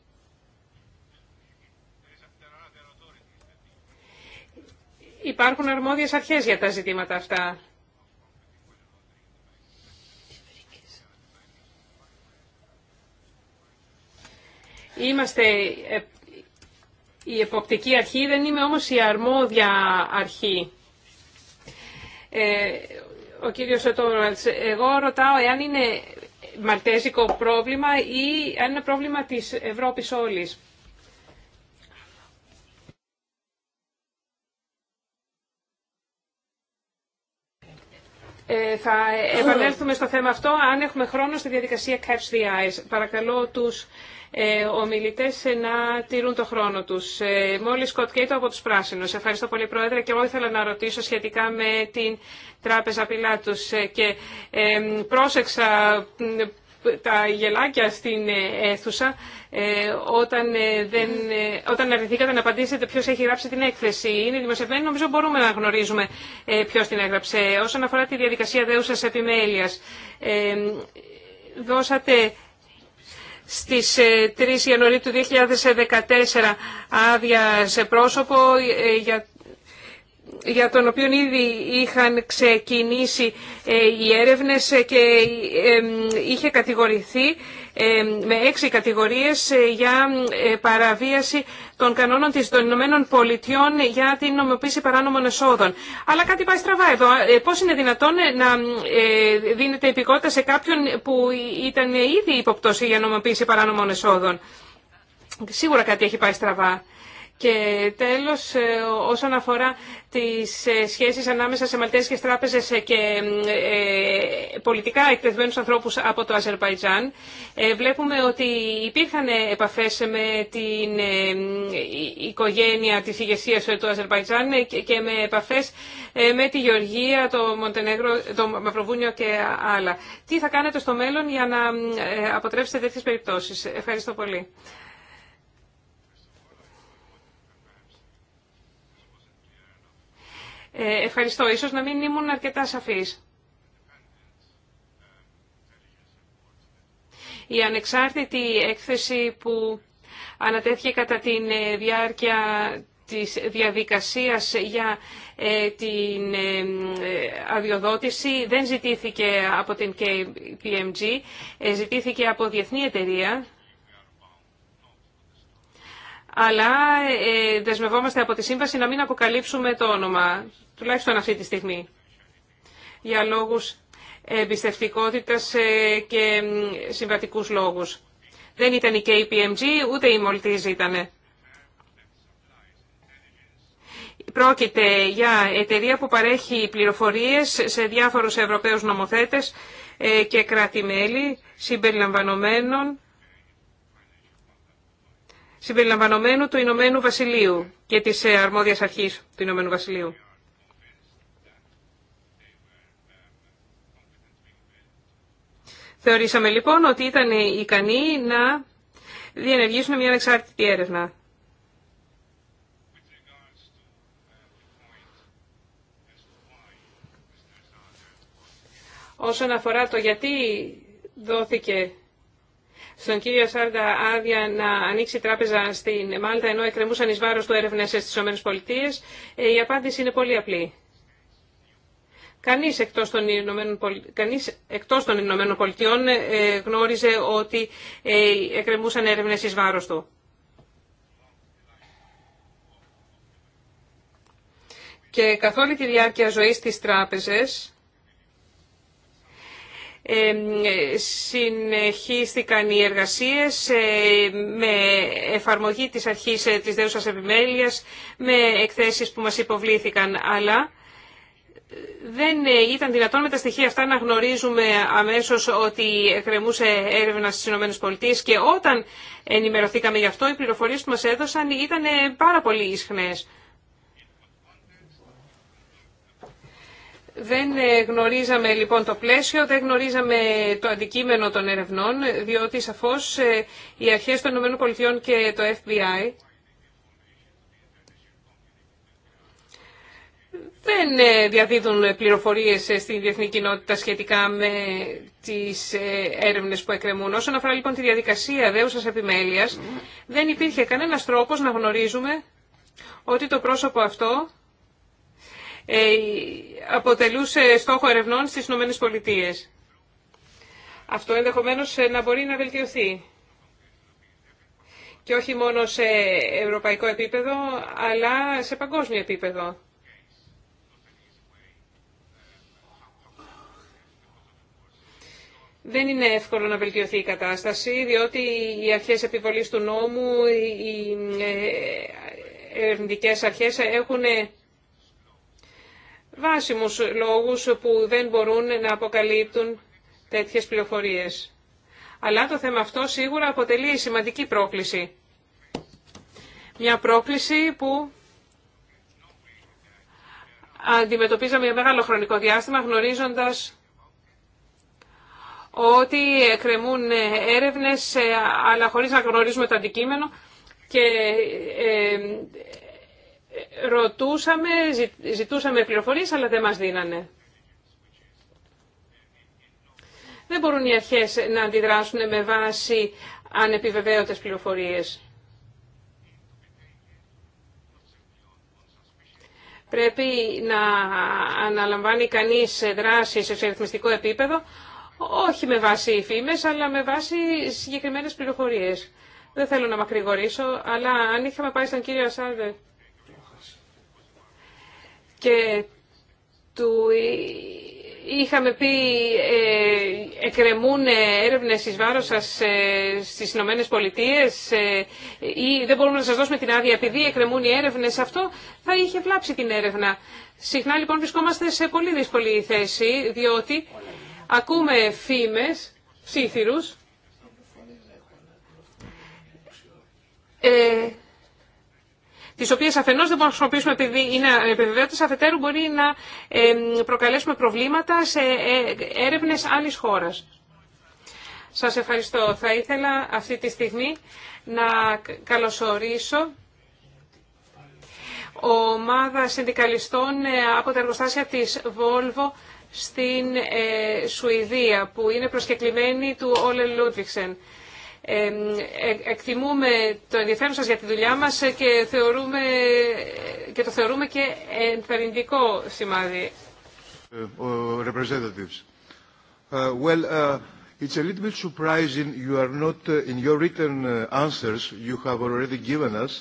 Υπάρχουν αρμόδιες αρχές για τα ζητήματα αυτά. Είμαστε ε, η εποπτική αρχή, δεν είμαι όμως η αρμόδια αρχή. Ε, ο κύριος Σατόραλτς, εγώ ρωτάω εάν είναι μαλτέζικο πρόβλημα ή αν είναι πρόβλημα της Ευρώπης όλης. Ε, θα επανέλθουμε στο θέμα αυτό αν έχουμε χρόνο στη διαδικασία Catch the Eyes. Παρακαλώ τους ε, ομιλητές ε, να τηρούν το χρόνο τους. Ε, Μόλις Σκοτ Κέιτο από τους Πράσινους. Ευχαριστώ πολύ Πρόεδρε και εγώ ήθελα να ρωτήσω σχετικά με την Τράπεζα Πιλάτους ε, και ε, πρόσεξα τα γελάκια στην ε, αίθουσα ε, όταν, ε, δεν, όταν αρνηθήκατε να απαντήσετε ποιος έχει γράψει την έκθεση. Είναι δημοσιευμένη, νομίζω μπορούμε να γνωρίζουμε ποιος την έγραψε. Όσον αφορά τη διαδικασία δέουσας επιμέλειας, δώσατε στις 3 Ιανουαρίου του 2014 άδεια σε πρόσωπο για για τον οποίο ήδη είχαν ξεκινήσει ε, οι έρευνες και ε, είχε κατηγορηθεί ε, με έξι κατηγορίες για παραβίαση των κανόνων της των Ηνωμένων Πολιτειών για την νομοποίηση παράνομων εσόδων. Αλλά κάτι πάει στραβά εδώ. Πώς είναι δυνατόν να δίνεται υπηκότητα σε κάποιον που ήταν ήδη υποπτώσει για νομοποίηση παράνομων εσόδων. Σίγουρα κάτι έχει πάει στραβά. Και τέλος, ε, όσον αφορά τις ε, σχέσεις ανάμεσα σε και τράπεζες ε, και πολιτικά εκτεθμένους ανθρώπους από το Αζερβαϊτζάν, βλέπουμε ότι υπήρχαν επαφές με την οικογένεια της ηγεσία του Αζερβαϊτζάν και με επαφές με τη Γεωργία, το Μοντενέγρο, το Μαυροβούνιο και άλλα. Τι θα κάνετε στο μέλλον για να αποτρέψετε τέτοιες περιπτώσεις. Ευχαριστώ πολύ. Ε, ευχαριστώ. Ίσως να μην ήμουν αρκετά σαφής. Η ανεξάρτητη έκθεση που ανατέθηκε κατά τη ε, διάρκεια της διαδικασίας για ε, την αδειοδότηση δεν ζητήθηκε από την KPMG, ζητήθηκε από διεθνή εταιρεία αλλά ε, ε, δεσμευόμαστε από τη σύμβαση να μην αποκαλύψουμε το όνομα, τουλάχιστον αυτή τη στιγμή, για λόγους εμπιστευτικότητας ε, και συμβατικούς λόγους. Δεν ήταν η KPMG, ούτε η Μολτίζ ήτανε. Πρόκειται για εταιρεία που παρέχει πληροφορίες σε διάφορους Ευρωπαίους νομοθέτες και κράτη-μέλη συμπεριλαμβανομένων συμπεριλαμβανομένου του Ηνωμένου Βασιλείου και τη ε, αρμόδια αρχής του Ηνωμένου Βασιλείου. Θεωρήσαμε λοιπόν ότι ήταν ικανοί να διενεργήσουν μια ανεξάρτητη έρευνα. Όσον αφορά το γιατί δόθηκε στον κύριο Σάρντα άδεια να ανοίξει τράπεζα στην Μάλτα ενώ εκκρεμούσαν εις βάρος του έρευνες στις ΗΠΑ. Ε, η απάντηση είναι πολύ απλή. Κανείς εκτός των Ηνωμένων, Κανείς εκτός Πολιτειών ε, γνώριζε ότι ε, εκκρεμούσαν έρευνες εις βάρος του. Και καθ' όλη τη διάρκεια ζωής της τράπεζες, συνεχίστηκαν οι εργασίες ε, με εφαρμογή της αρχής ε, της δέουσας επιμέλειας, με εκθέσεις που μας υποβλήθηκαν, αλλά δεν ε, ήταν δυνατόν με τα στοιχεία αυτά να γνωρίζουμε αμέσως ότι εκκρεμούσε έρευνα στις ΗΠΑ και όταν ενημερωθήκαμε γι' αυτό οι πληροφορίες που μας έδωσαν ήταν πάρα πολύ ισχνές. Δεν ε, γνωρίζαμε λοιπόν το πλαίσιο, δεν γνωρίζαμε το αντικείμενο των ερευνών, διότι σαφώς ε, οι αρχές των ΗΠΑ και το FBI δεν ε, διαδίδουν πληροφορίες στην διεθνή κοινότητα σχετικά με τις έρευνες που εκκρεμούν. Όσον αφορά λοιπόν τη διαδικασία δέουσας επιμέλειας, δεν υπήρχε κανένας τρόπος να γνωρίζουμε ότι το πρόσωπο αυτό ε, αποτελούσε στόχο ερευνών στις ΗΠΑ. Πολιτείες. Αυτό ενδεχομένως ε, να μπορεί να βελτιωθεί. Και όχι μόνο σε ευρωπαϊκό επίπεδο, αλλά σε παγκόσμιο επίπεδο. Δεν είναι εύκολο να βελτιωθεί η κατάσταση, διότι οι αρχές επιβολής του νόμου, οι ε, ερευνητικές αρχές έχουν βάσιμους λόγους που δεν μπορούν να αποκαλύπτουν τέτοιες πληροφορίες. Αλλά το θέμα αυτό σίγουρα αποτελεί σημαντική πρόκληση. Μια πρόκληση που αντιμετωπίζαμε για μεγάλο χρονικό διάστημα γνωρίζοντας ότι εκκρεμούν έρευνες ε, αλλά χωρίς να γνωρίζουμε το αντικείμενο και ε, ρωτούσαμε, ζητούσαμε πληροφορίες, αλλά δεν μας δίνανε. Δεν μπορούν οι αρχές να αντιδράσουν με βάση ανεπιβεβαίωτες πληροφορίες. Πρέπει να αναλαμβάνει κανείς δράση σε ρυθμιστικό επίπεδο, όχι με βάση φήμες, αλλά με βάση συγκεκριμένες πληροφορίες. Δεν θέλω να μακρηγορήσω, αλλά αν είχαμε πάει στον κύριο Ασάρδε και του είχαμε πει ε, εκρεμούν έρευνες εις βάρος σας ε, στις Ηνωμένες Πολιτείες ε, ή δεν μπορούμε να σας δώσουμε την άδεια επειδή εκρεμούν οι έρευνες αυτό θα είχε βλάψει την έρευνα. Συχνά λοιπόν βρισκόμαστε σε πολύ δύσκολη θέση διότι ακούμε φήμες, ψήθυρους ε, τις οποίε αφενός δεν μπορούμε να χρησιμοποιήσουμε επειδή είναι επιβεβαιότητες, αφετέρου μπορεί να προκαλέσουμε προβλήματα σε ε, έρευνες άλλη χώρα. Σας ευχαριστώ. Θα ήθελα αυτή τη στιγμή να καλωσορίσω ομάδα συνδικαλιστών ε, από τα εργοστάσια της Volvo στην ε, Σουηδία, που είναι προσκεκλημένη του Όλε Λούντβιξεν εκτιμούμε το ενδιαφέρον σας για τη δουλειά μας και, θεωρούμε, και το θεωρούμε και ενθαρρυντικό σημάδι. representatives. Uh, well, uh, it's a little bit surprising you are not, in your written answers you have already given us,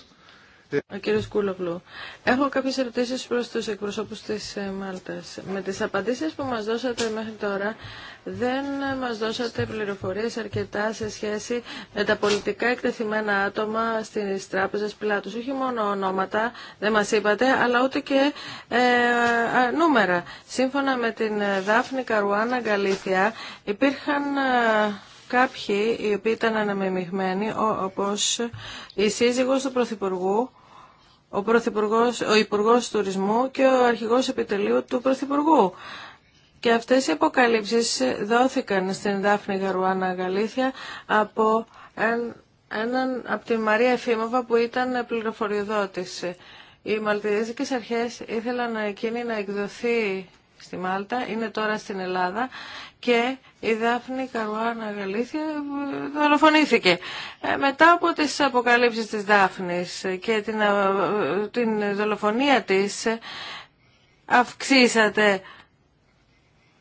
ο κύριος Κούλογλου, έχω κάποιες ερωτήσεις προς τους εκπροσώπους της ε, Μάλτας. Με τις απαντήσεις που μας δώσατε μέχρι τώρα, δεν μας δώσατε πληροφορίες αρκετά σε σχέση με τα πολιτικά εκτεθειμένα άτομα στις τράπεζες πλάτους. Όχι μόνο ονόματα, δεν μας είπατε, αλλά ούτε και ε, νούμερα. Σύμφωνα με την ε, Δάφνη Καρουάνα Γκαλήθια, υπήρχαν κάποιοι οι οποίοι ήταν αναμειγμένοι, όπως η σύζυγος του Πρωθυπουργού, ο, Πρωθυπουργός, ο Υπουργός Τουρισμού και ο Αρχηγός Επιτελείου του Πρωθυπουργού. Και αυτές οι αποκαλύψεις δόθηκαν στην Δάφνη Γαρουάνα Γαλήθια από έναν από τη Μαρία Εφήμοβα που ήταν πληροφοριοδότης. Οι Μαλτιδέζικες αρχές ήθελαν εκείνη να εκδοθεί στη Μάλτα, είναι τώρα στην Ελλάδα και η Δάφνη Καρουάνα Γαλήθεια ε, δολοφονήθηκε. Ε, μετά από τις αποκαλύψεις της Δάφνης και την, ε, την δολοφονία της, αυξήσατε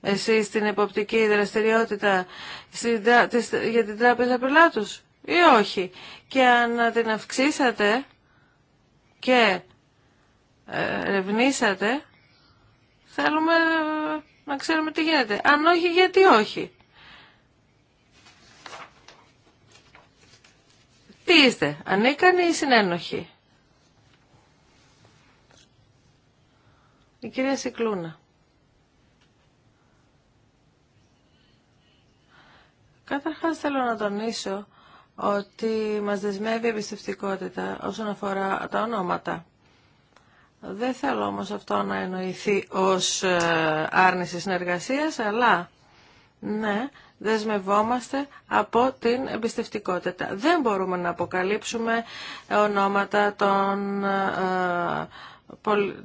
εσείς την εποπτική δραστηριότητα για την Τράπεζα Πελάτους ή όχι. Και αν την αυξήσατε και ερευνήσατε, Θέλουμε να ξέρουμε τι γίνεται. Αν όχι, γιατί όχι. Τι είστε, ανίκανοι ή συνένοχοι. Η κυρία Σικλούνα. Καταρχάς θέλω να τονίσω ότι μας δεσμεύει η εμπιστευτικότητα όσον αφορά τα ονόματα. Δεν θέλω όμως αυτό να εννοηθεί ως ε, άρνηση συνεργασίας, αλλά ναι, δεσμευόμαστε από την εμπιστευτικότητα. Δεν μπορούμε να αποκαλύψουμε ονόματα ε,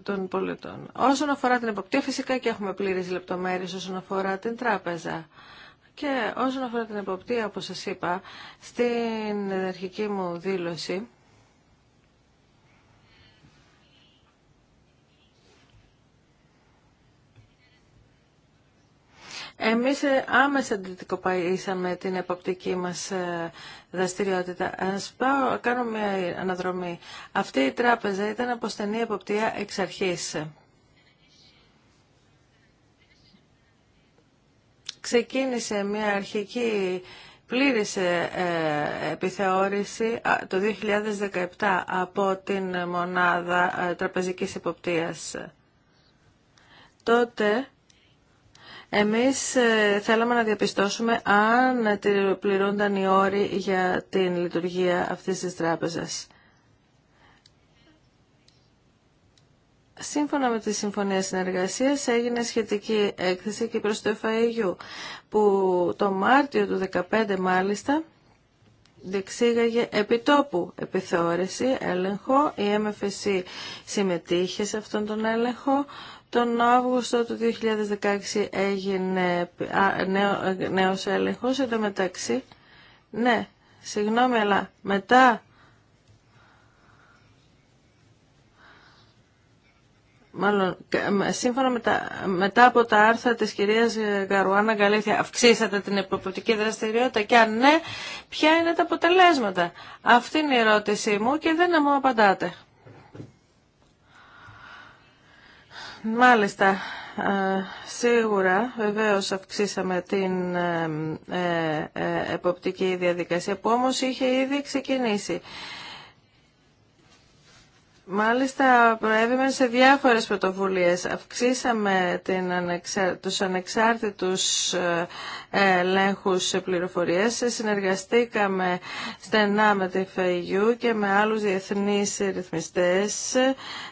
των πολιτών. Όσον αφορά την εποπτεία, φυσικά και έχουμε πλήρες λεπτομέρειες όσον αφορά την τράπεζα. Και όσον αφορά την εποπτεία, όπως σας είπα, στην αρχική μου δήλωση, Εμείς ε, άμεσα αντιδικοπαίσαμε την εποπτική μας ε, δραστηριότητα. Ας πάω, κάνω μια αναδρομή. Αυτή η τράπεζα ήταν από στενή εποπτεία εξ αρχής. Ξεκίνησε μια αρχική πλήρης ε, επιθεώρηση το 2017 από την μονάδα τραπεζικής εποπτείας. Τότε εμείς ε, θέλαμε να διαπιστώσουμε αν πληρούνταν οι όροι για την λειτουργία αυτής της τράπεζας. Σύμφωνα με τη Συμφωνία Συνεργασίας έγινε σχετική έκθεση και προς το FAEU που το Μάρτιο του 2015 μάλιστα διεξήγαγε επιτόπου επιθεώρηση, έλεγχο. Η MFC συμμετείχε σε αυτόν τον έλεγχο. Τον Αύγουστο του 2016 έγινε νέο, νέος έλεγχος, εν τω μεταξύ, ναι, συγγνώμη, αλλά μετά μάλλον σύμφωνα με τα, μετά από τα άρθρα της κυρίας Γαρουάνα Γκαλήθια, αυξήσατε την υποπτική δραστηριότητα και αν ναι, ποια είναι τα αποτελέσματα. Αυτή είναι η ερώτησή μου και δεν μου απαντάτε. Μάλιστα, σίγουρα βεβαίως αυξήσαμε την ε, ε, ε, εποπτική διαδικασία που όμως είχε ήδη ξεκινήσει. Μάλιστα προέβημε σε διάφορες πρωτοβουλίες. Αυξήσαμε την ανεξάρτη τους ανεξάρτητους ε, ελέγχους πληροφορίες. Συνεργαστήκαμε στενά με τη ΦΕΙΓΙΟΥ και με άλλους διεθνείς ρυθμιστές.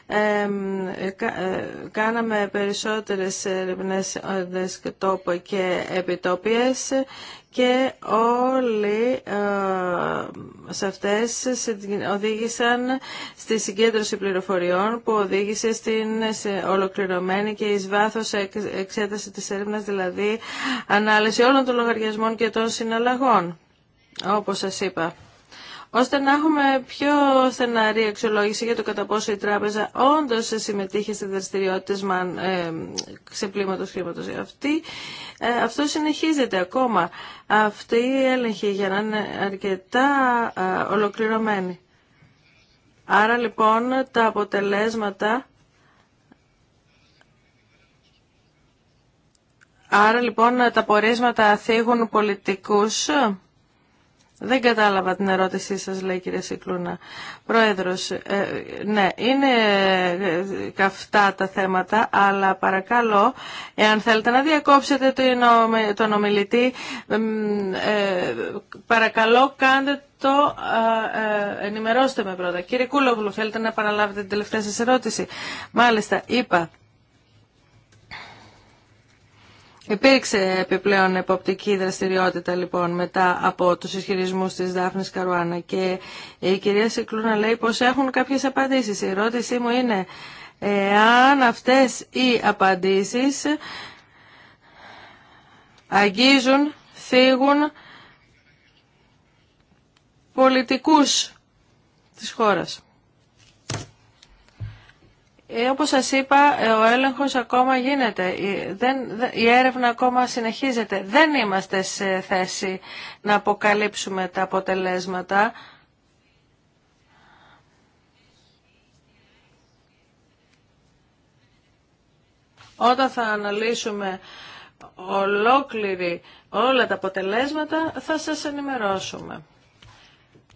Ε, κάναμε περισσότερες ερευνές τόπο ε, και επιτόπιες και όλοι ε, σε αυτές οδήγησαν στη συγκέντρωση πληροφοριών που οδήγησε στην ολοκληρωμένη και εις βάθος εξέταση της έρευνας, δηλαδή ανάλυση όλων των λογαριασμών και των συναλλαγών, όπως σας είπα ώστε να έχουμε πιο στεναρή αξιολόγηση για το κατά πόσο η τράπεζα όντω συμμετείχε σε δραστηριότητε ε, ξεπλήματο χρήματο. Ε, ε, αυτό συνεχίζεται ακόμα. Αυτή η έλεγχη για να είναι αρκετά ολοκληρωμένη. Άρα λοιπόν τα αποτελέσματα. Άρα λοιπόν τα πορίσματα θίγουν πολιτικούς. Δεν κατάλαβα την ερώτησή σας, λέει η κυρία Σικλούνα. Πρόεδρος, ε, ναι, είναι ε, καυτά τα θέματα, αλλά παρακαλώ, εάν θέλετε να διακόψετε τον ομιλητή, ε, παρακαλώ κάντε το, ε, ενημερώστε με πρώτα. Κύριε Κούλογλου, θέλετε να παραλάβετε την τελευταία σας ερώτηση. Μάλιστα, είπα Υπήρξε επιπλέον εποπτική δραστηριότητα λοιπόν μετά από τους ισχυρισμού της Δάφνης Καρουάνα και η κυρία Σικλούνα λέει πως έχουν κάποιες απαντήσεις. Η ερώτησή μου είναι εάν αυτές οι απαντήσεις αγγίζουν, φύγουν πολιτικούς της χώρας. Ε, όπως σας είπα, ε, ο έλεγχος ακόμα γίνεται, η έρευνα ακόμα συνεχίζεται. Δεν είμαστε σε θέση να αποκαλύψουμε τα αποτελέσματα. Όταν θα αναλύσουμε ολόκληρη όλα τα αποτελέσματα, θα σας ενημερώσουμε.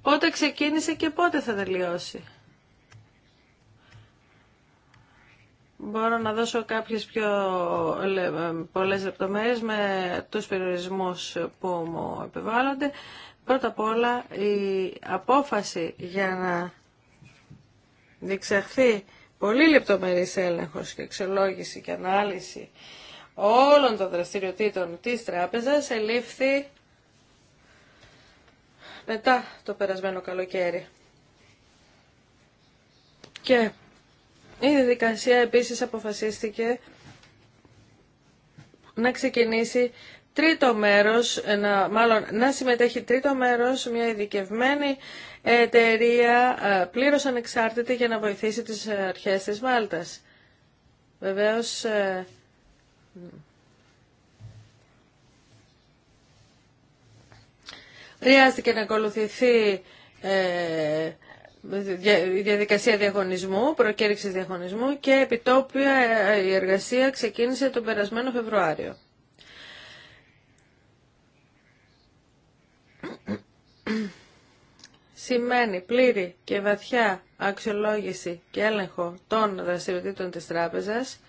Πότε ξεκίνησε και πότε θα τελειώσει. Μπορώ να δώσω κάποιες πιο ε, πολλές λεπτομέρειες με τους περιορισμούς που μου επιβάλλονται. Πρώτα απ' όλα η απόφαση για να διεξαχθεί πολύ λεπτομερής έλεγχος και εξολόγηση και ανάλυση όλων των δραστηριοτήτων της τράπεζας ελήφθη μετά το περασμένο καλοκαίρι. Και η διαδικασία επίσης αποφασίστηκε να ξεκινήσει τρίτο μέρος, να, μάλλον να συμμετέχει τρίτο μέρος, μια ειδικευμένη εταιρεία ε, πλήρως ανεξάρτητη για να βοηθήσει τις αρχές της Μάλτας. Βεβαίως... Ε, χρειάστηκε να ακολουθηθεί ε, διαδικασία διαγωνισμού, προκήρυξης διαγωνισμού και επιτόπια ε, η εργασία ξεκίνησε τον περασμένο Φεβρουάριο. Σημαίνει πλήρη και βαθιά αξιολόγηση και έλεγχο των δραστηριοτήτων της τράπεζας,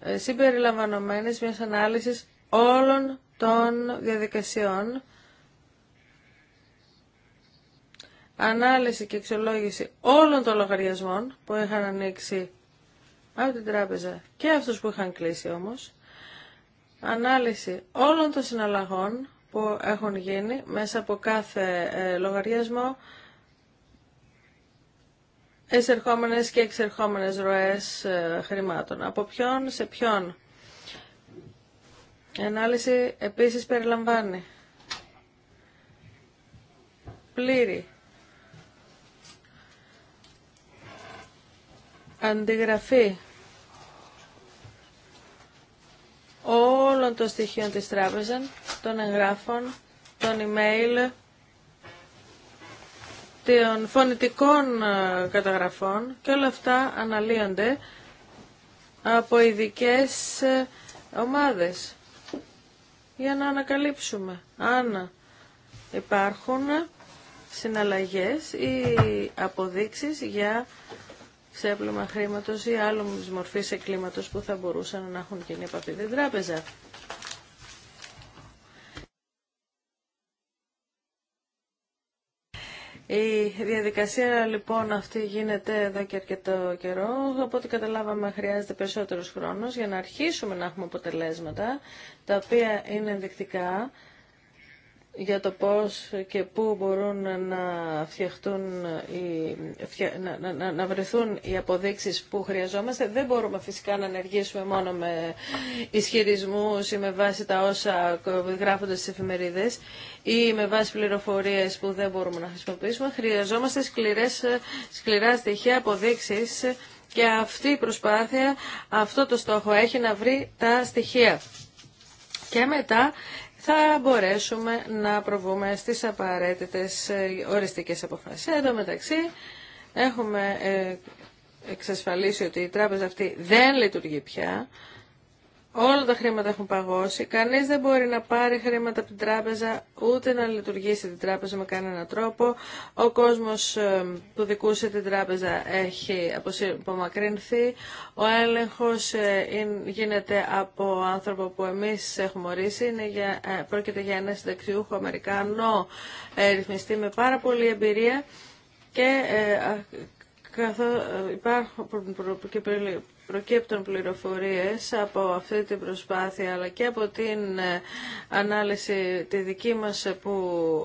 ε, συμπεριλαμβανομένης μιας ανάλυσης όλων των διαδικασιών ανάλυση και εξολόγηση όλων των λογαριασμών που είχαν ανοίξει από την τράπεζα και αυτούς που είχαν κλείσει όμως, ανάλυση όλων των συναλλαγών που έχουν γίνει μέσα από κάθε ε, λογαριασμό, εισερχόμενες και εξερχόμενες ροές ε, χρημάτων. Από ποιον σε ποιον. Η ανάλυση επίσης περιλαμβάνει πλήρη αντιγραφή όλων των στοιχείων της τράπεζα, των εγγράφων, των email, των φωνητικών ε, καταγραφών και όλα αυτά αναλύονται από ειδικέ ε, ομάδες για να ανακαλύψουμε αν υπάρχουν συναλλαγές ή αποδείξεις για ξέπλωμα χρήματο ή άλλων μορφής εκκλήματος που θα μπορούσαν να έχουν κοινή επαφή με την τράπεζα. Η διαδικασία λοιπόν αυτή γίνεται εδώ και αρκετό καιρό, οπότε καταλάβαμε χρειάζεται περισσότερος χρόνος για να αρχίσουμε να έχουμε αποτελέσματα, τα οποία είναι ενδεικτικά για το πώς και πού μπορούν να, να, να, να, βρεθούν οι αποδείξεις που χρειαζόμαστε. Δεν μπορούμε φυσικά να ενεργήσουμε μόνο με ισχυρισμούς ή με βάση τα όσα γράφονται στις εφημερίδες ή με βάση πληροφορίες που δεν μπορούμε να χρησιμοποιήσουμε. Χρειαζόμαστε σκληρές, σκληρά στοιχεία αποδείξεις και αυτή η προσπάθεια, αυτό το στόχο έχει να βρει τα στοιχεία. Και μετά θα μπορέσουμε να προβούμε στις απαραίτητες ε, οριστικές αποφάσεις. Εδώ μεταξύ έχουμε ε, εξασφαλίσει ότι η τράπεζα αυτή δεν λειτουργεί πια Όλα τα χρήματα έχουν παγώσει. Κανείς δεν μπορεί να πάρει χρήματα από την τράπεζα, ούτε να λειτουργήσει την τράπεζα με κανέναν τρόπο. Ο κόσμος ε, που δικούσε την τράπεζα έχει απομακρυνθεί. Ο έλεγχο ε, γίνεται από άνθρωπο που εμείς έχουμε ορίσει. Είναι για, ε, πρόκειται για ένα συνταξιούχο Αμερικανό ρυθμιστή με πάρα πολλή εμπειρία και Καθώς υπάρχουν προκύπτουν πληροφορίες από αυτή την προσπάθεια αλλά και από την ε, ανάλυση τη δική μας που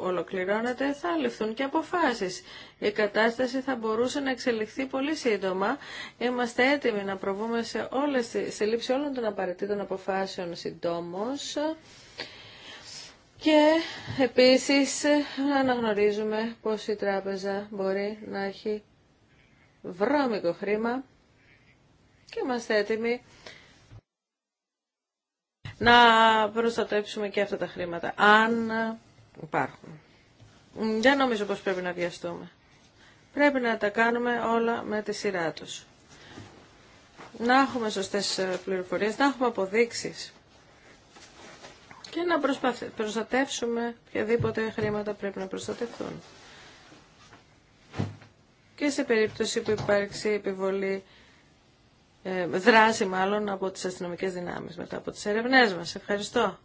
ολοκληρώνεται θα ληφθούν και αποφάσεις. Η κατάσταση θα μπορούσε να εξελιχθεί πολύ σύντομα. Είμαστε έτοιμοι να προβούμε σε, όλες, σε λήψη όλων των απαραίτητων αποφάσεων συντόμως. Και επίσης αναγνωρίζουμε πως η τράπεζα μπορεί να έχει βρώμικο χρήμα και είμαστε έτοιμοι να προστατεύσουμε και αυτά τα χρήματα, αν υπάρχουν. Δεν νομίζω πως πρέπει να βιαστούμε. Πρέπει να τα κάνουμε όλα με τη σειρά τους. Να έχουμε σωστές πληροφορίες, να έχουμε αποδείξεις και να προστατεύσουμε οποιαδήποτε χρήματα πρέπει να προστατευτούν. Και σε περίπτωση που υπάρξει επιβολή ε, δράση μάλλον από τις αστυνομικές δυνάμεις μετά από τις ερευνές μας. Ευχαριστώ.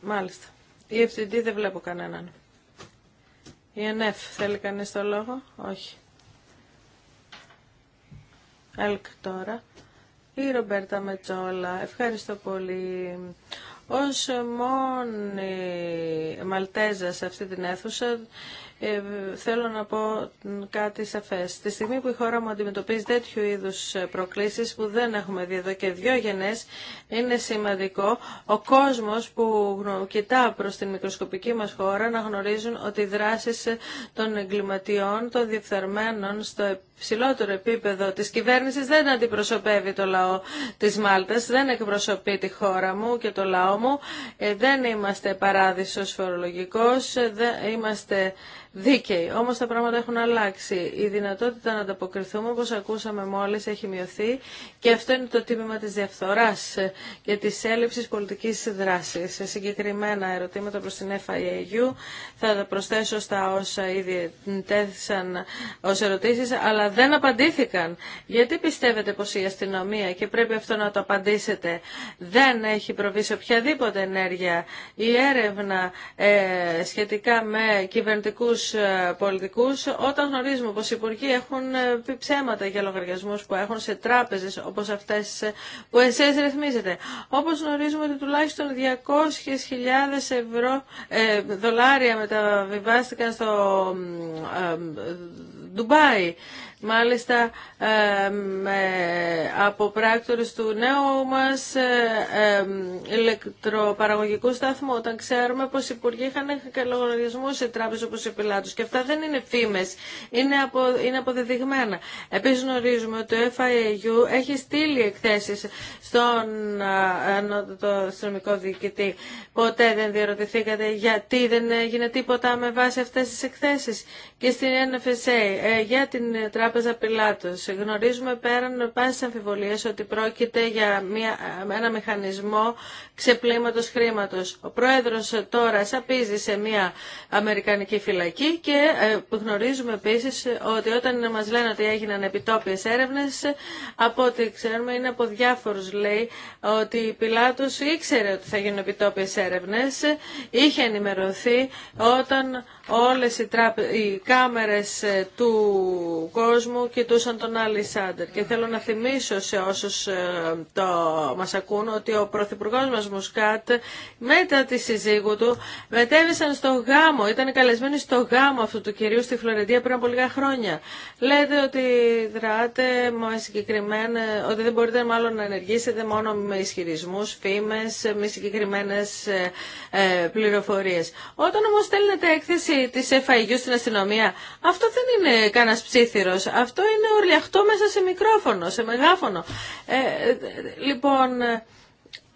Μάλιστα. Η FTD δεν βλέπω κανέναν. Η ΕΝΕΦ θέλει κανείς το λόγο. Όχι. ΕΛΚ τώρα. Η Ρομπέρτα Μετσόλα. Ευχαριστώ πολύ. Ως μόνη Μαλτέζα σε αυτή την αίθουσα ε, θέλω να πω κάτι σαφέ. Τη στιγμή που η χώρα μου αντιμετωπίζει τέτοιου είδου προκλήσει που δεν έχουμε δει εδώ και δύο γενε. είναι σημαντικό ο κόσμο που κοιτά προς την μικροσκοπική μας χώρα να γνωρίζουν ότι οι δράσει των εγκληματιών, των διεφθαρμένων στο ψηλότερο επίπεδο τη κυβέρνηση, δεν αντιπροσωπεύει το λαό τη Μάλτα. δεν εκπροσωπεί τη χώρα μου και το λαό μου, ε, δεν είμαστε παράδεισος φορολογικό, ε, δεν είμαστε δίκαιοι. Όμως τα πράγματα έχουν αλλάξει. Η δυνατότητα να ανταποκριθούμε, όπως ακούσαμε μόλις, έχει μειωθεί και αυτό είναι το τίμημα της διαφθοράς και της έλλειψης πολιτικής δράσης. Σε συγκεκριμένα ερωτήματα προς την FIAU θα προσθέσω στα όσα ήδη τέθησαν ως ερωτήσεις, αλλά δεν απαντήθηκαν. Γιατί πιστεύετε πως η αστυνομία, και πρέπει αυτό να το απαντήσετε, δεν έχει προβεί σε οποιαδήποτε ενέργεια η έρευνα ε, σχετικά με κυβερνητικούς τους ε, πολιτικούς όταν γνωρίζουμε πως οι υπουργοί έχουν ε, πει ψέματα για λογαριασμούς που έχουν σε τράπεζες όπως αυτές ε, που εσείς ρυθμίζετε. Όπως γνωρίζουμε ότι τουλάχιστον 200.000 ευρώ, δολάρια μεταβιβάστηκαν στο ε, Ντουμπάι μάλιστα ε, από πράκτορες του νέου μας ε, ε, ηλεκτροπαραγωγικού σταθμού, όταν ξέρουμε πως οι υπουργοί είχαν λογαριασμού σε τράπεζες όπως οι πελάτες. Και αυτά δεν είναι φήμες, είναι, απο, είναι αποδεδειγμένα. Επίσης γνωρίζουμε ότι το FIU έχει στείλει εκθέσεις στον αστυνομικό διοικητή. Ποτέ δεν διερωτηθήκατε γιατί δεν έγινε τίποτα με βάση αυτές τις εκθέσεις. Και στην NFSA για την τράπεζα Τράπεζα Γνωρίζουμε πέραν πάση αμφιβολίες ότι πρόκειται για μια, ένα μηχανισμό ξεπλήματο χρήματο. Ο πρόεδρος τώρα σαπίζει σε μια αμερικανική φυλακή και ε, γνωρίζουμε επίση ότι όταν μας λένε ότι έγιναν επιτόπιε έρευνες, από ό,τι ξέρουμε είναι από διάφορου λέει ότι η Πιλάτους ήξερε ότι θα γίνουν επιτόπιε έρευνε είχε ενημερωθεί όταν όλες οι, οι κάμερες ε, του κόσμου κοιτούσαν τον Άλλη Σάντερ. Και θέλω να θυμίσω σε όσους ε, το μας ακούν ότι ο Πρωθυπουργός μας Μουσκάτ μετά τη συζύγου του μετέβησαν στο γάμο, ήταν καλεσμένοι στο γάμο αυτού του κυρίου στη Φλωρεντία πριν από λίγα χρόνια. Λέτε ότι δράτε με συγκεκριμένα, ότι δεν μπορείτε μάλλον να ενεργήσετε μόνο με ισχυρισμούς, φήμες, με συγκεκριμένες ε, πληροφορίες. Όταν όμως στέλνετε έκθεση Τη της FIU στην αστυνομία. Αυτό δεν είναι κανένα ψήθυρο. Αυτό είναι ορλιαχτό μέσα σε μικρόφωνο, σε μεγάφωνο. Ε, λοιπόν,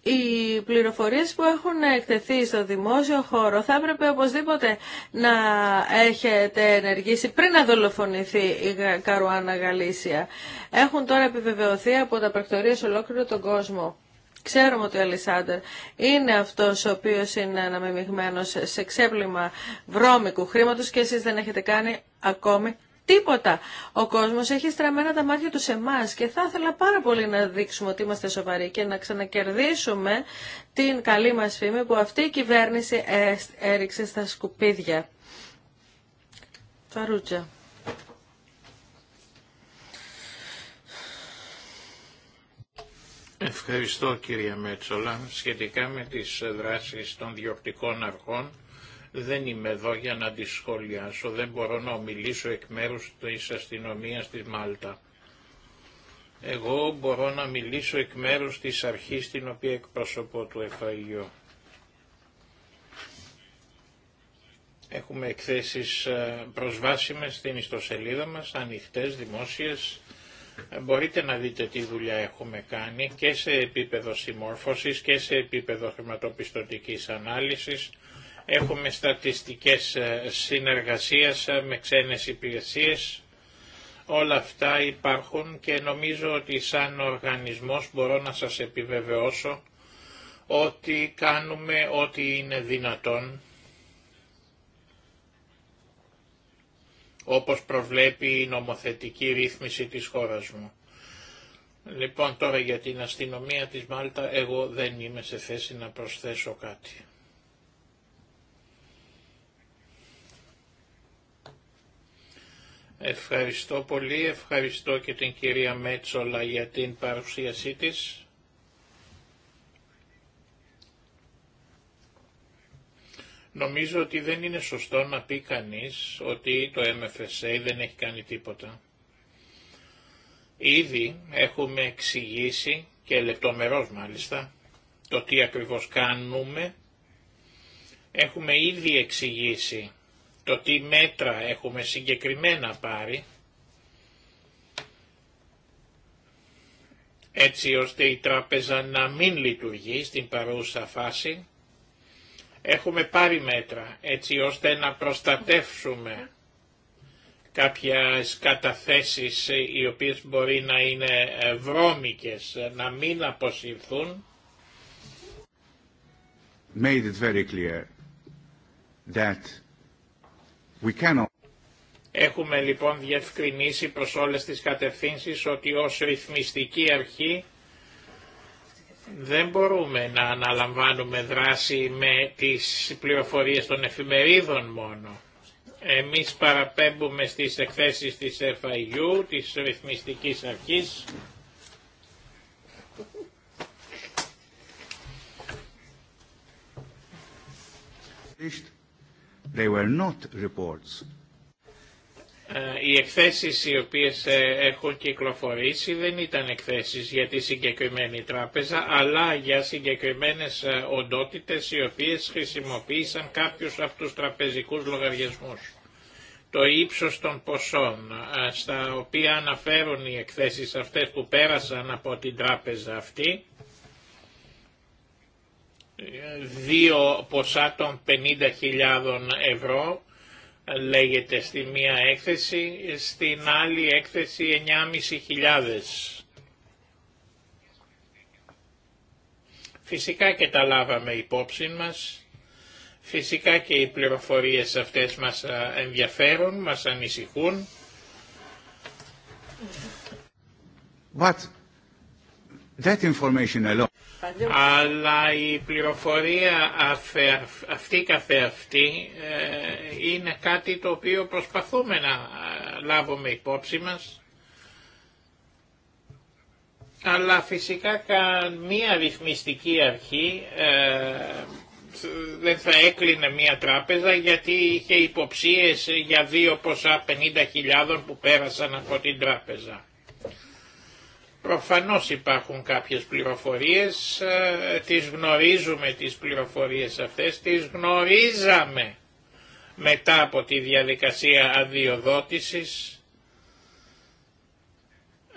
οι πληροφορίες που έχουν εκτεθεί στο δημόσιο χώρο θα έπρεπε οπωσδήποτε να έχετε ενεργήσει πριν να δολοφονηθεί η Καρουάνα Γαλήσια. Έχουν τώρα επιβεβαιωθεί από τα πρακτορία σε ολόκληρο τον κόσμο. Ξέρουμε ότι ο Αλισάντερ είναι αυτός ο οποίος είναι αναμειγμένος σε ξέπλυμα βρώμικου χρήματος και εσείς δεν έχετε κάνει ακόμη τίποτα. Ο κόσμος έχει στραμμένα τα μάτια του σε εμά και θα ήθελα πάρα πολύ να δείξουμε ότι είμαστε σοβαροί και να ξανακερδίσουμε την καλή μας φήμη που αυτή η κυβέρνηση έριξε στα σκουπίδια. Φαρούτσα. Ευχαριστώ κύριε Μέτσολα. Σχετικά με τις δράσεις των διοκτικών αρχών δεν είμαι εδώ για να τις σχολιάσω. Δεν μπορώ να ομιλήσω εκ μέρους της αστυνομίας της Μάλτα. Εγώ μπορώ να μιλήσω εκ μέρους της αρχής την οποία εκπροσωπώ του ΕΦΑΙΟ. Έχουμε εκθέσεις ε, προσβάσιμες στην ιστοσελίδα μας, ανοιχτές, δημόσιες, μπορείτε να δείτε τι δουλειά έχουμε κάνει και σε επίπεδο συμμόρφωσης και σε επίπεδο χρηματοπιστωτικής ανάλυσης. Έχουμε στατιστικές ε, συνεργασίες ε, με ξένες υπηρεσίες. Όλα αυτά υπάρχουν και νομίζω ότι σαν οργανισμός μπορώ να σας επιβεβαιώσω ότι κάνουμε ό,τι είναι δυνατόν όπως προβλέπει η νομοθετική ρύθμιση της χώρας μου. Λοιπόν τώρα για την αστυνομία της Μάλτα εγώ δεν είμαι σε θέση να προσθέσω κάτι. Ευχαριστώ πολύ, ευχαριστώ και την κυρία Μέτσολα για την παρουσίασή της. Νομίζω ότι δεν είναι σωστό να πει κανείς ότι το MFSA δεν έχει κάνει τίποτα. Ήδη έχουμε εξηγήσει και λεπτομερώς μάλιστα το τι ακριβώς κάνουμε. Έχουμε ήδη εξηγήσει το τι μέτρα έχουμε συγκεκριμένα πάρει έτσι ώστε η τράπεζα να μην λειτουργεί στην παρούσα φάση Έχουμε πάρει μέτρα έτσι ώστε να προστατεύσουμε κάποιες καταθέσεις οι οποίες μπορεί να είναι ε, βρώμικες, να μην αποσυρθούν. Made it very clear that Έχουμε λοιπόν διευκρινίσει προς όλες τις κατευθύνσεις ότι ως ρυθμιστική αρχή δεν μπορούμε να αναλαμβάνουμε δράση με τις πληροφορίες των εφημερίδων μόνο. Εμείς παραπέμπουμε στις εκθέσεις της FIU, της ρυθμιστικής αρχής, not reports ε, οι εκθέσεις οι οποίες ε, έχουν κυκλοφορήσει δεν ήταν εκθέσεις για τη συγκεκριμένη τράπεζα αλλά για συγκεκριμένες ε, οντότητες οι οποίες χρησιμοποίησαν κάποιους από τους τραπεζικούς λογαριασμούς. Το ύψος των ποσών στα οποία αναφέρουν οι εκθέσεις αυτές που πέρασαν από την τράπεζα αυτή δύο ποσά των 50.000 ευρώ λέγεται στη μία έκθεση, στην άλλη έκθεση 9.500. Φυσικά και τα λάβαμε υπόψη μας, φυσικά και οι πληροφορίες αυτές μας ε, ενδιαφέρουν, μας ανησυχούν. But that αλλά η πληροφορία αυτή καθεαυτή ε, είναι κάτι το οποίο προσπαθούμε να ε, λάβουμε υπόψη μας αλλά φυσικά καμία ρυθμιστική αρχή ε, δεν θα έκλεινε μια τράπεζα γιατί είχε υποψίες για δύο ποσά 50.000 που πέρασαν από την τράπεζα. Προφανώς υπάρχουν κάποιες πληροφορίες, ε, τις γνωρίζουμε τις πληροφορίες αυτές, τις γνωρίζαμε μετά από τη διαδικασία αδειοδότησης.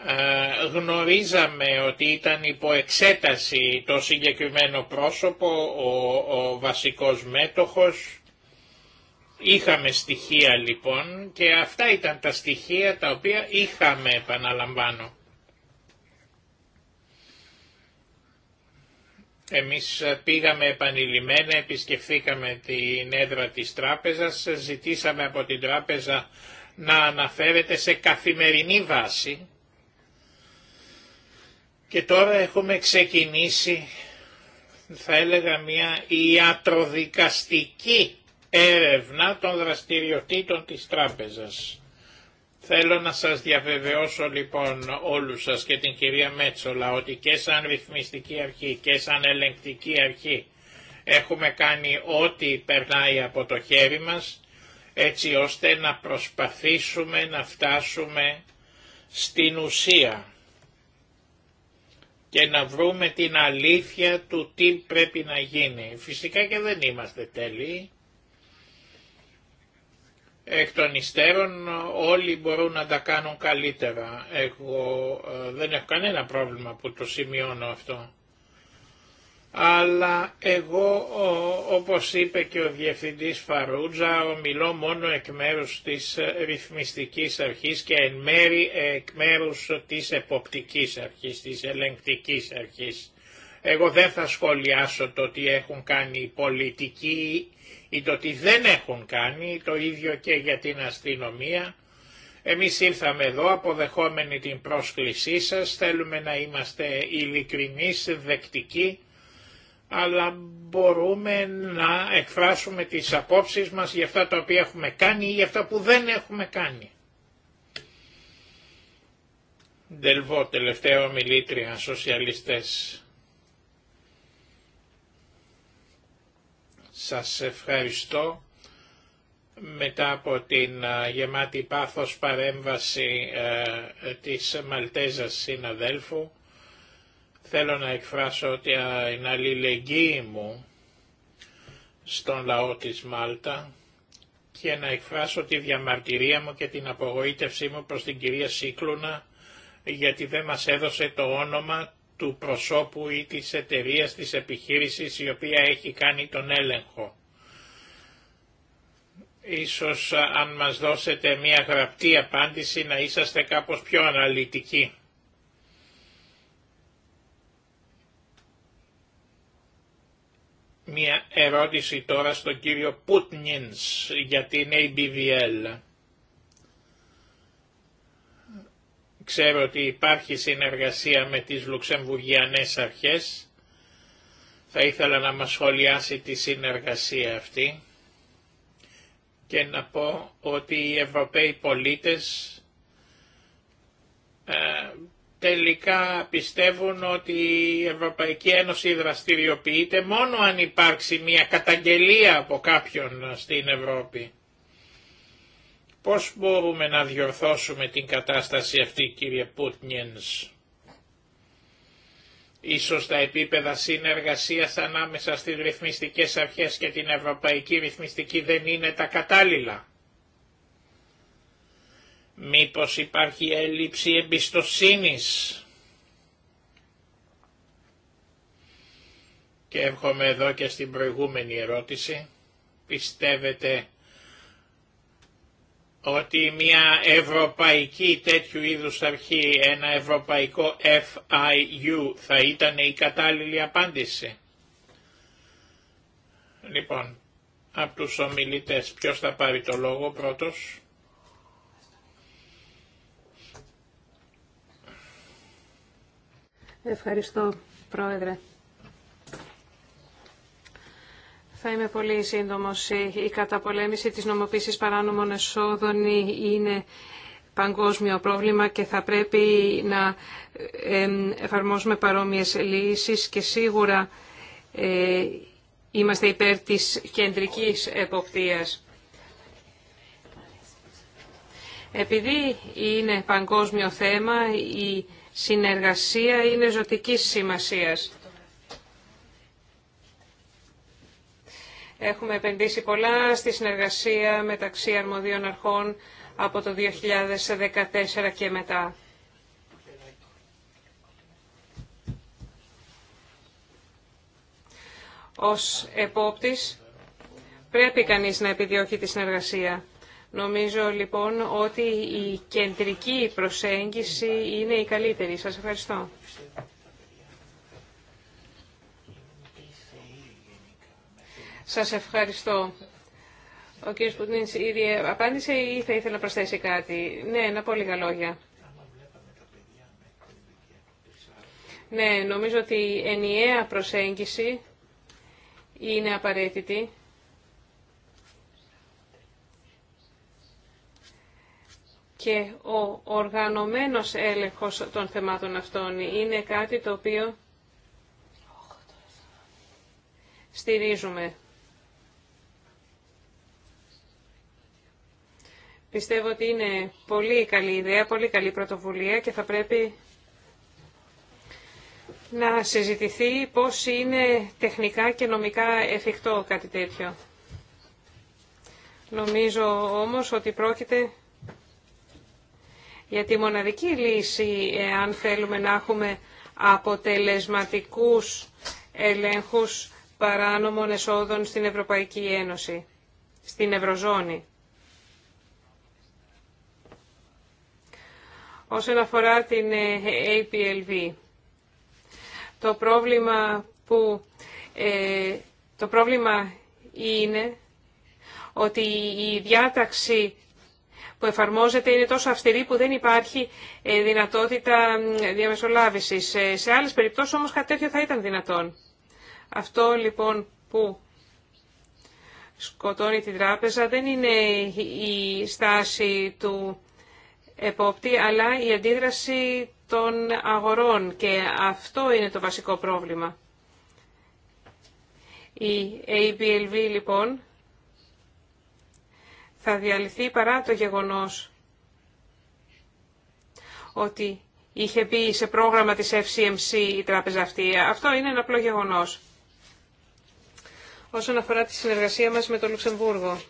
Ε, γνωρίζαμε ότι ήταν υπό εξέταση το συγκεκριμένο πρόσωπο, ο, ο βασικός μέτοχος. Είχαμε στοιχεία λοιπόν και αυτά ήταν τα στοιχεία τα οποία είχαμε επαναλαμβάνω. Εμείς πήγαμε επανειλημμένα, επισκεφθήκαμε την έδρα της τράπεζας, ζητήσαμε από την τράπεζα να αναφέρεται σε καθημερινή βάση και τώρα έχουμε ξεκινήσει θα έλεγα μια ιατροδικαστική έρευνα των δραστηριοτήτων της τράπεζας. Θέλω να σας διαβεβαιώσω λοιπόν όλους σας και την κυρία Μέτσολα ότι και σαν ρυθμιστική αρχή και σαν ελεγκτική αρχή έχουμε κάνει ό,τι περνάει από το χέρι μας έτσι ώστε να προσπαθήσουμε να φτάσουμε στην ουσία και να βρούμε την αλήθεια του τι πρέπει να γίνει. Φυσικά και δεν είμαστε τέλειοι εκ των υστέρων όλοι μπορούν να τα κάνουν καλύτερα. Εγώ ε, δεν έχω κανένα πρόβλημα που το σημειώνω αυτό. Αλλά εγώ, όπως είπε και ο Διευθυντής Φαρούτζα, μιλώ μόνο εκ μέρους της ρυθμιστικής αρχής και εν μέρη εκ μέρους της εποπτικής αρχής, της ελεγκτικής αρχής. Εγώ δεν θα σχολιάσω το τι έχουν κάνει οι πολιτικοί ή το ότι δεν έχουν κάνει, το ίδιο και για την αστυνομία. Εμείς ήρθαμε εδώ αποδεχόμενοι την πρόσκλησή σας, θέλουμε να είμαστε ειλικρινοί, δεκτικοί, αλλά μπορούμε να εκφράσουμε τις απόψεις μας για αυτά τα οποία έχουμε κάνει ή για αυτά που δεν έχουμε κάνει. Δελβό, τελευταία ομιλήτρια, σοσιαλιστές. Σας ευχαριστώ. Μετά από την γεμάτη πάθος παρέμβαση της Μαλτέζας συναδέλφου, θέλω να εκφράσω την αλληλεγγύη μου στον λαό της Μάλτα και να εκφράσω τη διαμαρτυρία μου και την απογοήτευσή μου προς την κυρία Σίκλουνα γιατί δεν μας έδωσε το όνομα του προσώπου ή της εταιρείας της επιχείρησης η οποία έχει κάνει τον έλεγχο. Ίσως αν μας δώσετε μία γραπτή απάντηση να είσαστε κάπως πιο αναλυτικοί. Μία ερώτηση τώρα στον κύριο Πουτνινς για την ABVL. Ξέρω ότι υπάρχει συνεργασία με τις Λουξεμβουργιανές αρχές. Θα ήθελα να μας σχολιάσει τη συνεργασία αυτή και να πω ότι οι Ευρωπαίοι πολίτες ε, τελικά πιστεύουν ότι η Ευρωπαϊκή Ένωση δραστηριοποιείται μόνο αν υπάρξει μια καταγγελία από κάποιον στην Ευρώπη. Πώς μπορούμε να διορθώσουμε την κατάσταση αυτή κύριε Πούτνιενς. Ίσως τα επίπεδα συνεργασίας ανάμεσα στις ρυθμιστικές αρχές και την ευρωπαϊκή ρυθμιστική δεν είναι τα κατάλληλα. Μήπως υπάρχει έλλειψη εμπιστοσύνης. Και έρχομαι εδώ και στην προηγούμενη ερώτηση. Πιστεύετε ότι μια ευρωπαϊκή τέτοιου είδους αρχή, ένα ευρωπαϊκό FIU θα ήταν η κατάλληλη απάντηση. Λοιπόν, από τους ομιλητές ποιος θα πάρει το λόγο πρώτος. Ευχαριστώ, Πρόεδρε. Θα είμαι πολύ σύντομο. Η καταπολέμηση της νομοποίησης παράνομων εσόδων είναι παγκόσμιο πρόβλημα και θα πρέπει να ε, εφαρμόσουμε παρόμοιες λύσεις και σίγουρα ε, είμαστε υπέρ της κεντρικής εποπτείας. Επειδή είναι παγκόσμιο θέμα, η συνεργασία είναι ζωτικής σημασίας. Έχουμε επενδύσει πολλά στη συνεργασία μεταξύ αρμοδίων αρχών από το 2014 και μετά. Ως επόπτης πρέπει κανείς να επιδιώχει τη συνεργασία. Νομίζω λοιπόν ότι η κεντρική προσέγγιση είναι η καλύτερη. Σας ευχαριστώ. Σας ευχαριστώ. Ο κ. Πουτνίν ήδη απάντησε ή θα ήθελε να προσθέσει κάτι. Ναι, να πολύ λίγα λόγια. Ναι, νομίζω ότι η ενιαία προσέγγιση είναι απαραίτητη. Και ο οργανωμένος έλεγχος των θεμάτων αυτών είναι κάτι το οποίο στηρίζουμε. Πιστεύω ότι είναι πολύ καλή ιδέα, πολύ καλή πρωτοβουλία και θα πρέπει να συζητηθεί πώς είναι τεχνικά και νομικά εφικτό κάτι τέτοιο. Νομίζω όμως ότι πρόκειται για τη μοναδική λύση εάν θέλουμε να έχουμε αποτελεσματικούς ελέγχους παράνομων εσόδων στην Ευρωπαϊκή Ένωση, στην Ευρωζώνη. όσον αφορά την ε, APLV. Το πρόβλημα που ε, το πρόβλημα είναι ότι η διάταξη που εφαρμόζεται είναι τόσο αυστηρή που δεν υπάρχει ε, δυνατότητα διαμεσολάβησης. Σε άλλες περιπτώσεις όμως κάτι τέτοιο θα ήταν δυνατόν. Αυτό λοιπόν που σκοτώνει την τράπεζα δεν είναι η στάση του επόπτη, αλλά η αντίδραση των αγορών και αυτό είναι το βασικό πρόβλημα. Η ABLV λοιπόν θα διαλυθεί παρά το γεγονός ότι είχε μπει σε πρόγραμμα της FCMC η τράπεζα αυτή. Αυτό είναι ένα απλό γεγονός. Όσον αφορά τη συνεργασία μας με το Λουξεμβούργο,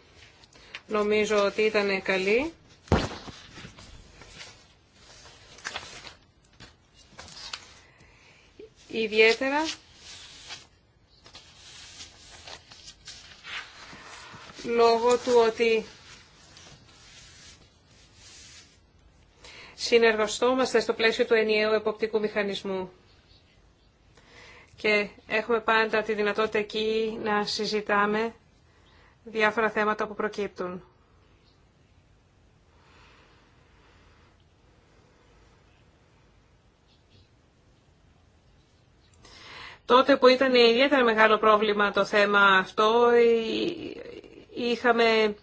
νομίζω ότι ήταν καλή. Ιδιαίτερα λόγω του ότι συνεργαστόμαστε στο πλαίσιο του ενιαίου εποπτικού μηχανισμού και έχουμε πάντα τη δυνατότητα εκεί να συζητάμε διάφορα θέματα που προκύπτουν. Τότε που ήταν ιδιαίτερα μεγάλο πρόβλημα το θέμα αυτό, ε, είχαμε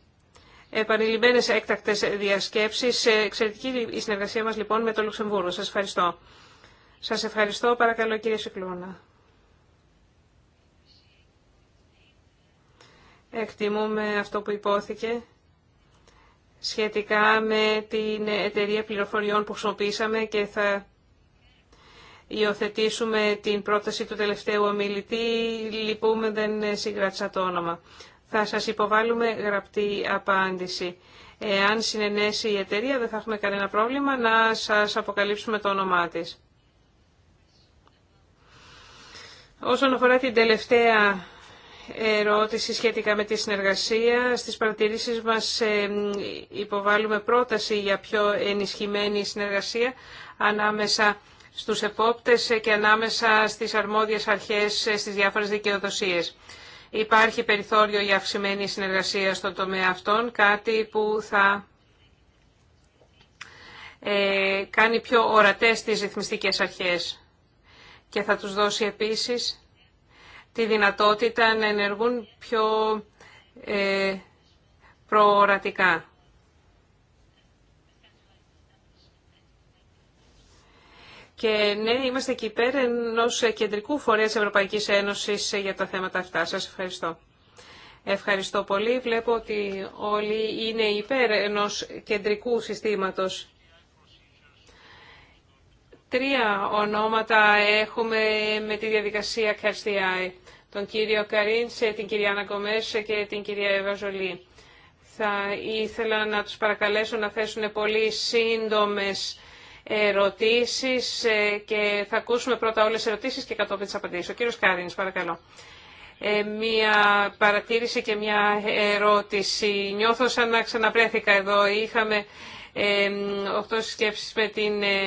επανειλημμένες έκτακτες διασκέψεις. Ε, εξαιρετική η συνεργασία μας λοιπόν με το Λουξεμβούργο. Σας ευχαριστώ. Σας ευχαριστώ. Παρακαλώ κύριε Σικλώνα. Εκτιμούμε αυτό που υπόθηκε σχετικά με την εταιρεία πληροφοριών που χρησιμοποίησαμε και θα υιοθετήσουμε την πρόταση του τελευταίου ομιλητή. Λυπούμε, δεν συγκράτησα το όνομα. Θα σας υποβάλουμε γραπτή απάντηση. Εάν συνενέσει η εταιρεία, δεν θα έχουμε κανένα πρόβλημα να σας αποκαλύψουμε το όνομά της. Όσον αφορά την τελευταία ερώτηση σχετικά με τη συνεργασία. Στις παρατηρήσεις μας ε, υποβάλλουμε πρόταση για πιο ενισχυμένη συνεργασία ανάμεσα στους επόπτες και ανάμεσα στις αρμόδιες αρχές στις διάφορες δικαιοδοσίες. Υπάρχει περιθώριο για αυξημένη συνεργασία στον τομέα αυτών, κάτι που θα ε, κάνει πιο ορατές τις ρυθμιστικές αρχές και θα τους δώσει επίσης τη δυνατότητα να ενεργούν πιο ε, προορατικά. Και ναι, είμαστε εκεί πέρα ενό κεντρικού φορέα Ευρωπαϊκής Ένωσης για τα θέματα αυτά. Σα ευχαριστώ. Ευχαριστώ πολύ. Βλέπω ότι όλοι είναι υπέρ ενό κεντρικού συστήματος. Τρία ονόματα έχουμε με τη διαδικασία ΚΑΡΣΤΙΑΕ. Τον κύριο Καρίντς, την κυρία Ανακομές και την κυρία Ευαζολή. Θα ήθελα να τους παρακαλέσω να θέσουν πολύ σύντομες ερωτήσεις ε, και θα ακούσουμε πρώτα όλε τι ερωτήσεις και κατόπιν τι απαντήσεις. Ο κύριο Κάρινή, παρακαλώ. Ε, μία παρατήρηση και μία ερώτηση. Νιώθω σαν να ξαναπρέθηκα εδώ. Είχαμε ε, οχτώ σκέψεις με την ε,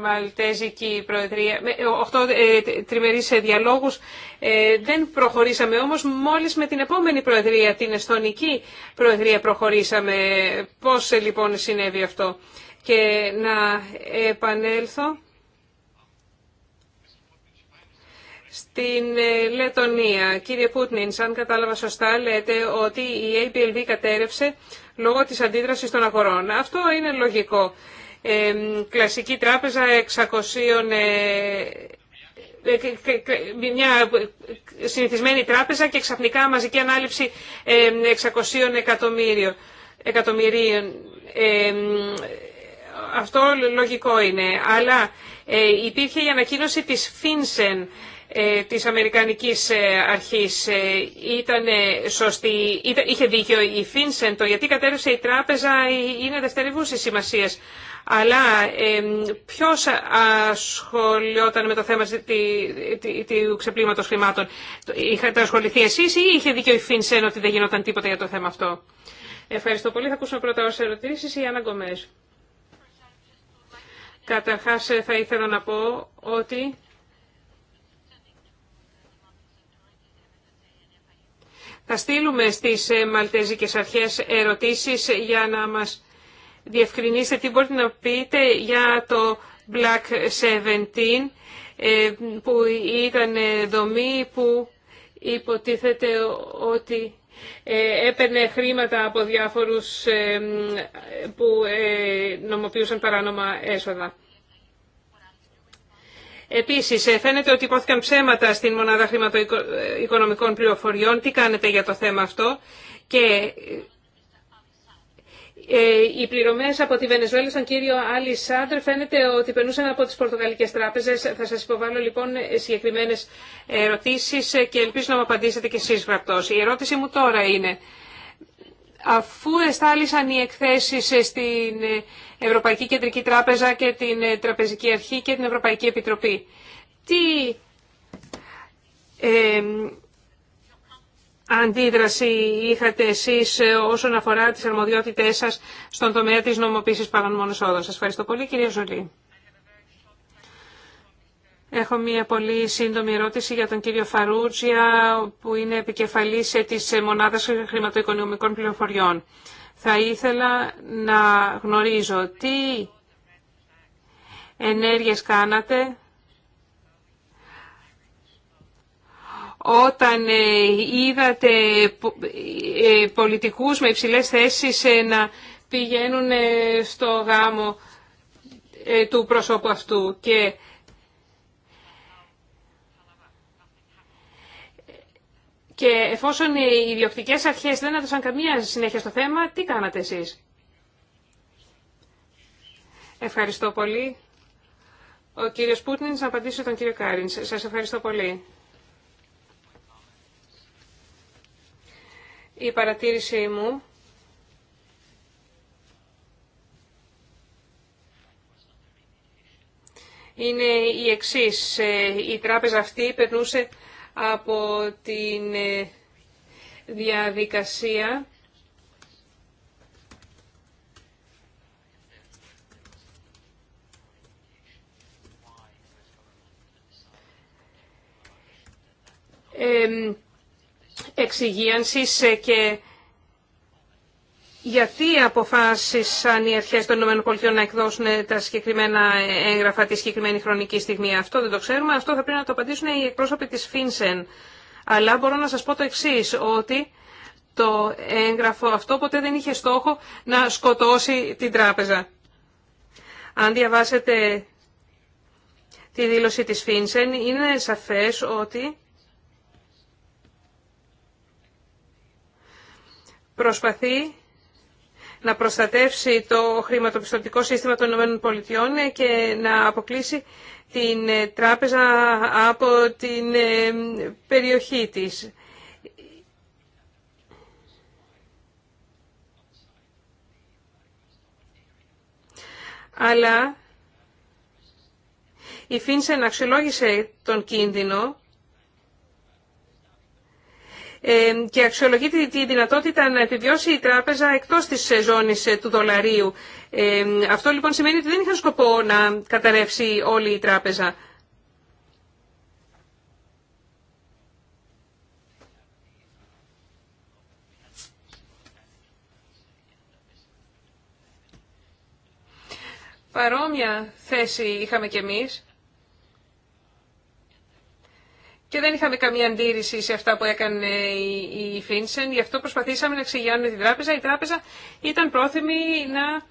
Μαλτέζικη Προεδρία, με, ε, οχτώ ε, ε διαλόγους. δεν προχωρήσαμε όμως, μόλις με την επόμενη Προεδρία, την Εστονική Προεδρία προχωρήσαμε. Πώς λοιπόν συνέβη αυτό και να επανέλθω στην ε, Λετωνία. Κύριε Πούτνιν, αν κατάλαβα σωστά, λέτε ότι η APLV κατέρευσε λόγω της αντίδρασης των αγορών. Αυτό είναι λογικό. Ε, κλασική τράπεζα 600... Ε, ε, μια συνηθισμένη τράπεζα και ξαφνικά μαζική ανάληψη 600 εκατομμύριων. εκατομμυρίων. Ε, αυτό λογικό είναι. Αλλά ε, υπήρχε η ανακοίνωση της Φίνσεν ε, της Αμερικανικής ε, Αρχής. Ήταν σωστή, είχε δίκιο η Φίνσεν, το γιατί κατέρευσε η τράπεζα είναι δευτερευούσης σημασίας. Αλλά ε, ποιος ασχολιόταν με το θέμα του ξεπλήματος χρημάτων. Είχατε ασχοληθεί εσείς ή είχε δίκιο η Φίνσεν ότι δεν γινόταν τίποτα για το θέμα αυτό. Ευχαριστώ πολύ. Θα ακούσουμε πρώτα ως ερωτήσεις η Άννα Καταρχάς ε, θα ήθελα να πω ότι θα στείλουμε στις ε, Μαλτέζικες Αρχές ερωτήσεις για να μας διευκρινίσετε τι μπορείτε να πείτε για το Black 17 ε, που ήταν δομή που υποτίθεται ότι ε, έπαιρνε χρήματα από διάφορους ε, που ε, νομοποιούσαν παράνομα έσοδα. Επίσης, φαίνεται ότι υπόθηκαν ψέματα στην Μονάδα Χρηματοοικονομικών Πληροφοριών. Τι κάνετε για το θέμα αυτό και ε, οι πληρωμές από τη Βενεζουέλα στον κύριο Άλλη Σάντρ φαίνεται ότι περνούσαν από τις πορτογαλικές τράπεζες. Θα σας υποβάλω λοιπόν συγκεκριμένε ερωτήσεις και ελπίζω να μου απαντήσετε και εσείς γραπτός. Η ερώτηση μου τώρα είναι, αφού εστάλησαν οι εκθέσεις στην Ευρωπαϊκή Κεντρική Τράπεζα και την Τραπεζική Αρχή και την Ευρωπαϊκή Επιτροπή, τι... Ε, αντίδραση είχατε εσείς ε, όσον αφορά τις αρμοδιότητές σας στον τομέα της νομοποίησης παρανομών εσόδων. Σας ευχαριστώ πολύ κύριε Ζωλή. Έχω μια πολύ σύντομη ερώτηση για τον κύριο Φαρούτζια που είναι επικεφαλής ε, της ε, Μονάδας Χρηματοοικονομικών Πληροφοριών. Θα ήθελα να γνωρίζω τι ενέργειες κάνατε όταν ε, είδατε ε, πολιτικούς με υψηλές θέσεις ε, να πηγαίνουν στο γάμο του προσώπου αυτού και Και εφόσον οι ιδιοκτικές αρχές δεν έδωσαν καμία συνέχεια στο θέμα, τι κάνατε εσείς. Ευχαριστώ πολύ. Ο κύριος Πούτνινς να απαντήσει τον κύριο Κάριν. Σας ευχαριστώ πολύ. η παρατήρησή μου είναι η εξής. Ε, η τράπεζα αυτή περνούσε από την ε, διαδικασία εξυγίανσης ε, και γιατί αποφάσισαν οι αρχές των ΗΠΑ να εκδώσουν τα συγκεκριμένα έγγραφα τη συγκεκριμένη χρονική στιγμή. Αυτό δεν το ξέρουμε. Αυτό θα πρέπει να το απαντήσουν οι εκπρόσωποι της Φίνσεν. Αλλά μπορώ να σας πω το εξής, ότι το έγγραφο αυτό ποτέ δεν είχε στόχο να σκοτώσει την τράπεζα. Αν διαβάσετε τη δήλωση της Φίνσεν, είναι σαφές ότι προσπαθεί να προστατεύσει το χρηματοπιστωτικό σύστημα των ΗΠΑ και να αποκλείσει την ε, τράπεζα από την ε, περιοχή της. Αλλά η Φίνσεν αξιολόγησε τον κίνδυνο και αξιολογεί τη δυνατότητα να επιβιώσει η τράπεζα εκτός της ζώνης ε, του δολαρίου. Αυτό λοιπόν σημαίνει ότι δεν είχαν σκοπό να καταρρεύσει όλη η τράπεζα. Παρόμοια θέση είχαμε και εμείς και δεν είχαμε καμία αντίρρηση σε αυτά που έκανε η Φίνσεν. Γι' αυτό προσπαθήσαμε να εξηγιάνουμε την τράπεζα. Η τράπεζα ήταν πρόθυμη να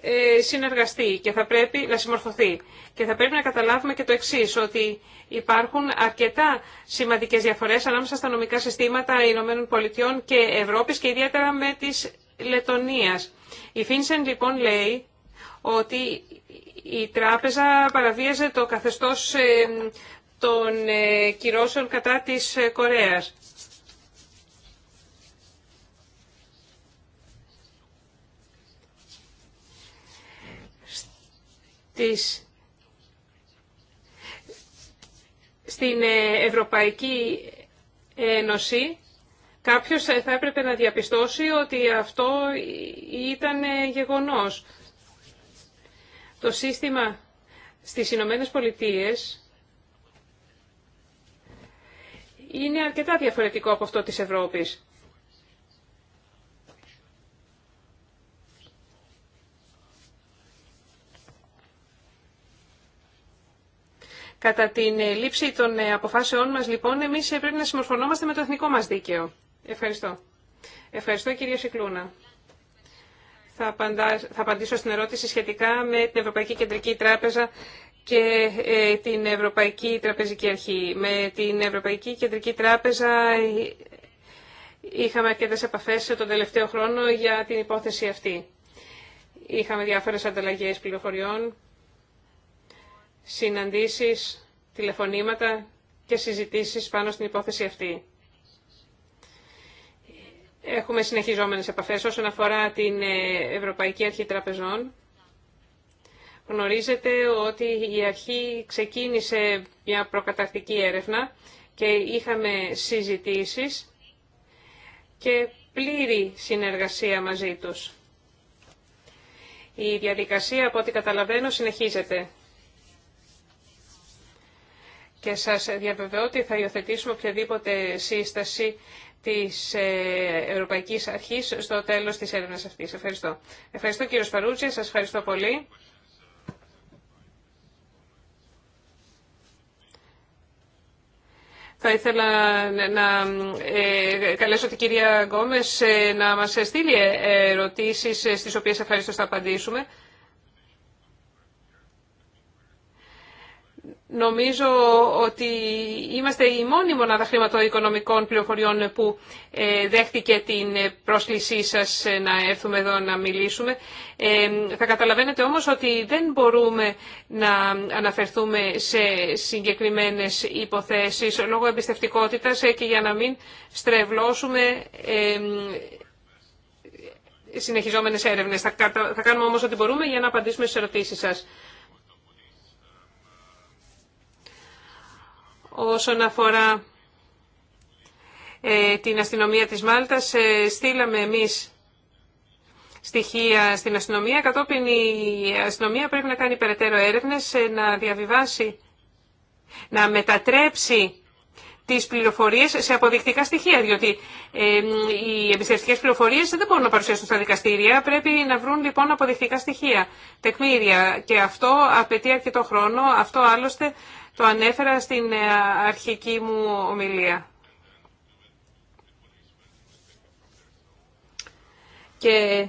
ε, συνεργαστεί και θα πρέπει να συμμορφωθεί. Και θα πρέπει να καταλάβουμε και το εξή, ότι υπάρχουν αρκετά σημαντικέ διαφορέ ανάμεσα στα νομικά συστήματα Ηνωμένων Πολιτειών και Ευρώπη και ιδιαίτερα με τη Λετωνία. Η Φίνσεν λοιπόν λέει ότι η τράπεζα παραβίαζε το καθεστώς ε, των ε, κυρώσεων κατά της ε, Κορέας. Στις... Στην ε, Ευρωπαϊκή Ένωση κάποιος θα έπρεπε να διαπιστώσει ότι αυτό ήταν γεγονός. Το σύστημα στις Ηνωμένε Πολιτείες είναι αρκετά διαφορετικό από αυτό της Ευρώπης. Κατά την ε, λήψη των ε, αποφάσεών μας, λοιπόν, εμείς ε, πρέπει να συμμορφωνόμαστε με το εθνικό μας δίκαιο. Ευχαριστώ. Ευχαριστώ, κυρία Σικλούνα. Θα, απαντήσω στην ερώτηση σχετικά με την Ευρωπαϊκή Κεντρική Τράπεζα και ε, την Ευρωπαϊκή Τραπεζική Αρχή. Με την Ευρωπαϊκή Κεντρική Τράπεζα ε, είχαμε αρκετέ επαφές τον τελευταίο χρόνο για την υπόθεση αυτή. Είχαμε διάφορες ανταλλαγές πληροφοριών, συναντήσεις, τηλεφωνήματα και συζητήσεις πάνω στην υπόθεση αυτή. Έχουμε συνεχιζόμενες επαφές όσον αφορά την ε, Ευρωπαϊκή Αρχή Τραπεζών. Γνωρίζετε ότι η αρχή ξεκίνησε μια προκατακτική έρευνα και είχαμε συζητήσεις και πλήρη συνεργασία μαζί τους. Η διαδικασία, από ό,τι καταλαβαίνω, συνεχίζεται. Και σας διαβεβαιώ ότι θα υιοθετήσουμε οποιαδήποτε σύσταση της ε, Ευρωπαϊκής Αρχής στο τέλος της έρευνας αυτής. Ευχαριστώ. Ευχαριστώ κύριο Σπαρούτζη, σας ευχαριστώ πολύ. Θα ήθελα να ε, καλέσω την κυρία Γκόμες ε, να μας στείλει ε, ερωτήσεις στις οποίες ευχαριστώ θα απαντήσουμε. Νομίζω ότι είμαστε η μόνη μονάδα χρηματοοικονομικών πληροφοριών που ε, δέχτηκε την πρόσκλησή σας να έρθουμε εδώ να μιλήσουμε. Ε, θα καταλαβαίνετε όμως ότι δεν μπορούμε να αναφερθούμε σε συγκεκριμένες υποθέσεις λόγω εμπιστευτικότητας ε, και για να μην στρεβλώσουμε συνεχιζόμενες έρευνες. Θα κάνουμε όμως ό,τι μπορούμε για να απαντήσουμε στις ερωτήσεις σας. Όσον αφορά ε, την αστυνομία της Μάλτας, ε, στείλαμε εμείς στοιχεία στην αστυνομία. Κατόπιν η αστυνομία πρέπει να κάνει περαιτέρω έρευνες, ε, να διαβιβάσει, να μετατρέψει τις πληροφορίες σε αποδεικτικά στοιχεία, διότι οι εμπιστευτικές πληροφορίες δεν μπορούν να παρουσιάσουν στα δικαστήρια, πρέπει να βρουν λοιπόν αποδεικτικά στοιχεία, τεκμήρια. Και αυτό απαιτεί αρκετό χρόνο, αυτό άλλωστε το ανέφερα στην ε, αρχική μου ομιλία. Και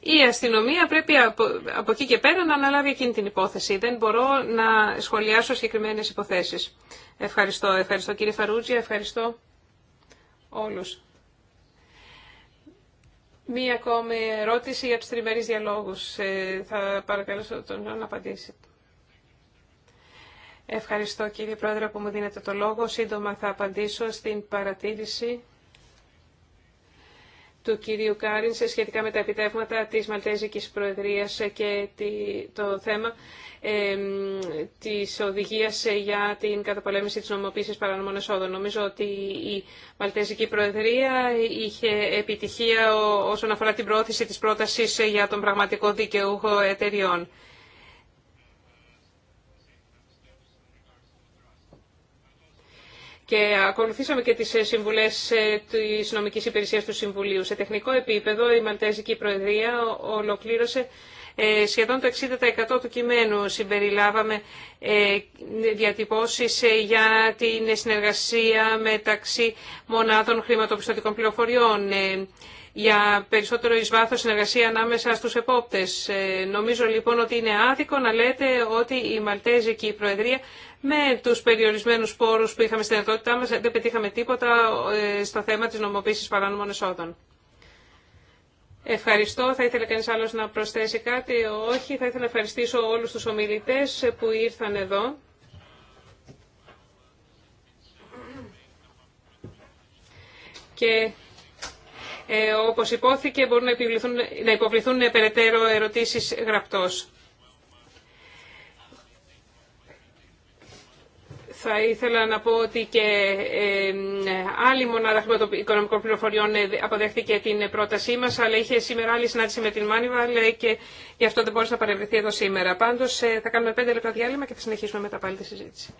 η αστυνομία πρέπει από, εκεί και πέρα να αναλάβει εκείνη την υπόθεση. Δεν μπορώ να σχολιάσω συγκεκριμένες υποθέσεις. Ευχαριστώ. Ευχαριστώ κύριε Φαρούτζη. Ευχαριστώ όλους. Μία ακόμη ερώτηση για τους τριμερείς διαλόγους. Ε, θα παρακαλώ τον να απαντήσει. Ευχαριστώ κύριε Πρόεδρε που μου δίνετε το λόγο. Σύντομα θα απαντήσω στην παρατήρηση του κυρίου Κάριν σε σχετικά με τα επιτεύγματα της Μαλτέζικης Προεδρίας και το θέμα ε, της οδηγίας για την καταπολέμηση της νομοποίησης παρανομών εσόδων. Νομίζω ότι η Μαλτέζικη Προεδρία είχε επιτυχία όσον αφορά την πρόθεση της πρότασης για τον πραγματικό δικαιούχο εταιριών. και ακολουθήσαμε και τις ε, συμβουλές ε, της νομικής υπηρεσίας του Συμβουλίου. Σε τεχνικό επίπεδο η Μαλτέζικη Προεδρία ολοκλήρωσε ε, σχεδόν το 60% του κειμένου συμπεριλάβαμε διατυπώσεις για την συνεργασία μεταξύ μονάδων χρηματοπιστωτικών πληροφοριών, για περισσότερο εις βάθος συνεργασία ανάμεσα στους επόπτες. Νομίζω λοιπόν ότι είναι άδικο να λέτε ότι η Μαλτέζικη Προεδρία με τους περιορισμένους πόρους που είχαμε στην δυνατότητά μας δεν πετύχαμε τίποτα ε, στο θέμα της νομοποίησης παράνομων εσόδων. Ευχαριστώ. Θα ήθελε κανείς άλλος να προσθέσει κάτι. Όχι. Θα ήθελα να ευχαριστήσω όλους τους ομιλητές που ήρθαν εδώ. Και ε, όπως υπόθηκε μπορούν να, να υποβληθούν περαιτέρω ερωτήσεις γραπτός. Θα ήθελα να πω ότι και άλλη μονάδα χρηματοοικονομικών πληροφοριών ε, αποδέχτηκε την πρότασή μας, αλλά είχε σήμερα άλλη συνάντηση με την Μάνιβα και γι' αυτό δεν μπορούσε να παρευρεθεί εδώ σήμερα. Πάντως ε, θα κάνουμε πέντε λεπτά διάλειμμα και θα συνεχίσουμε μετά πάλι τη συζήτηση.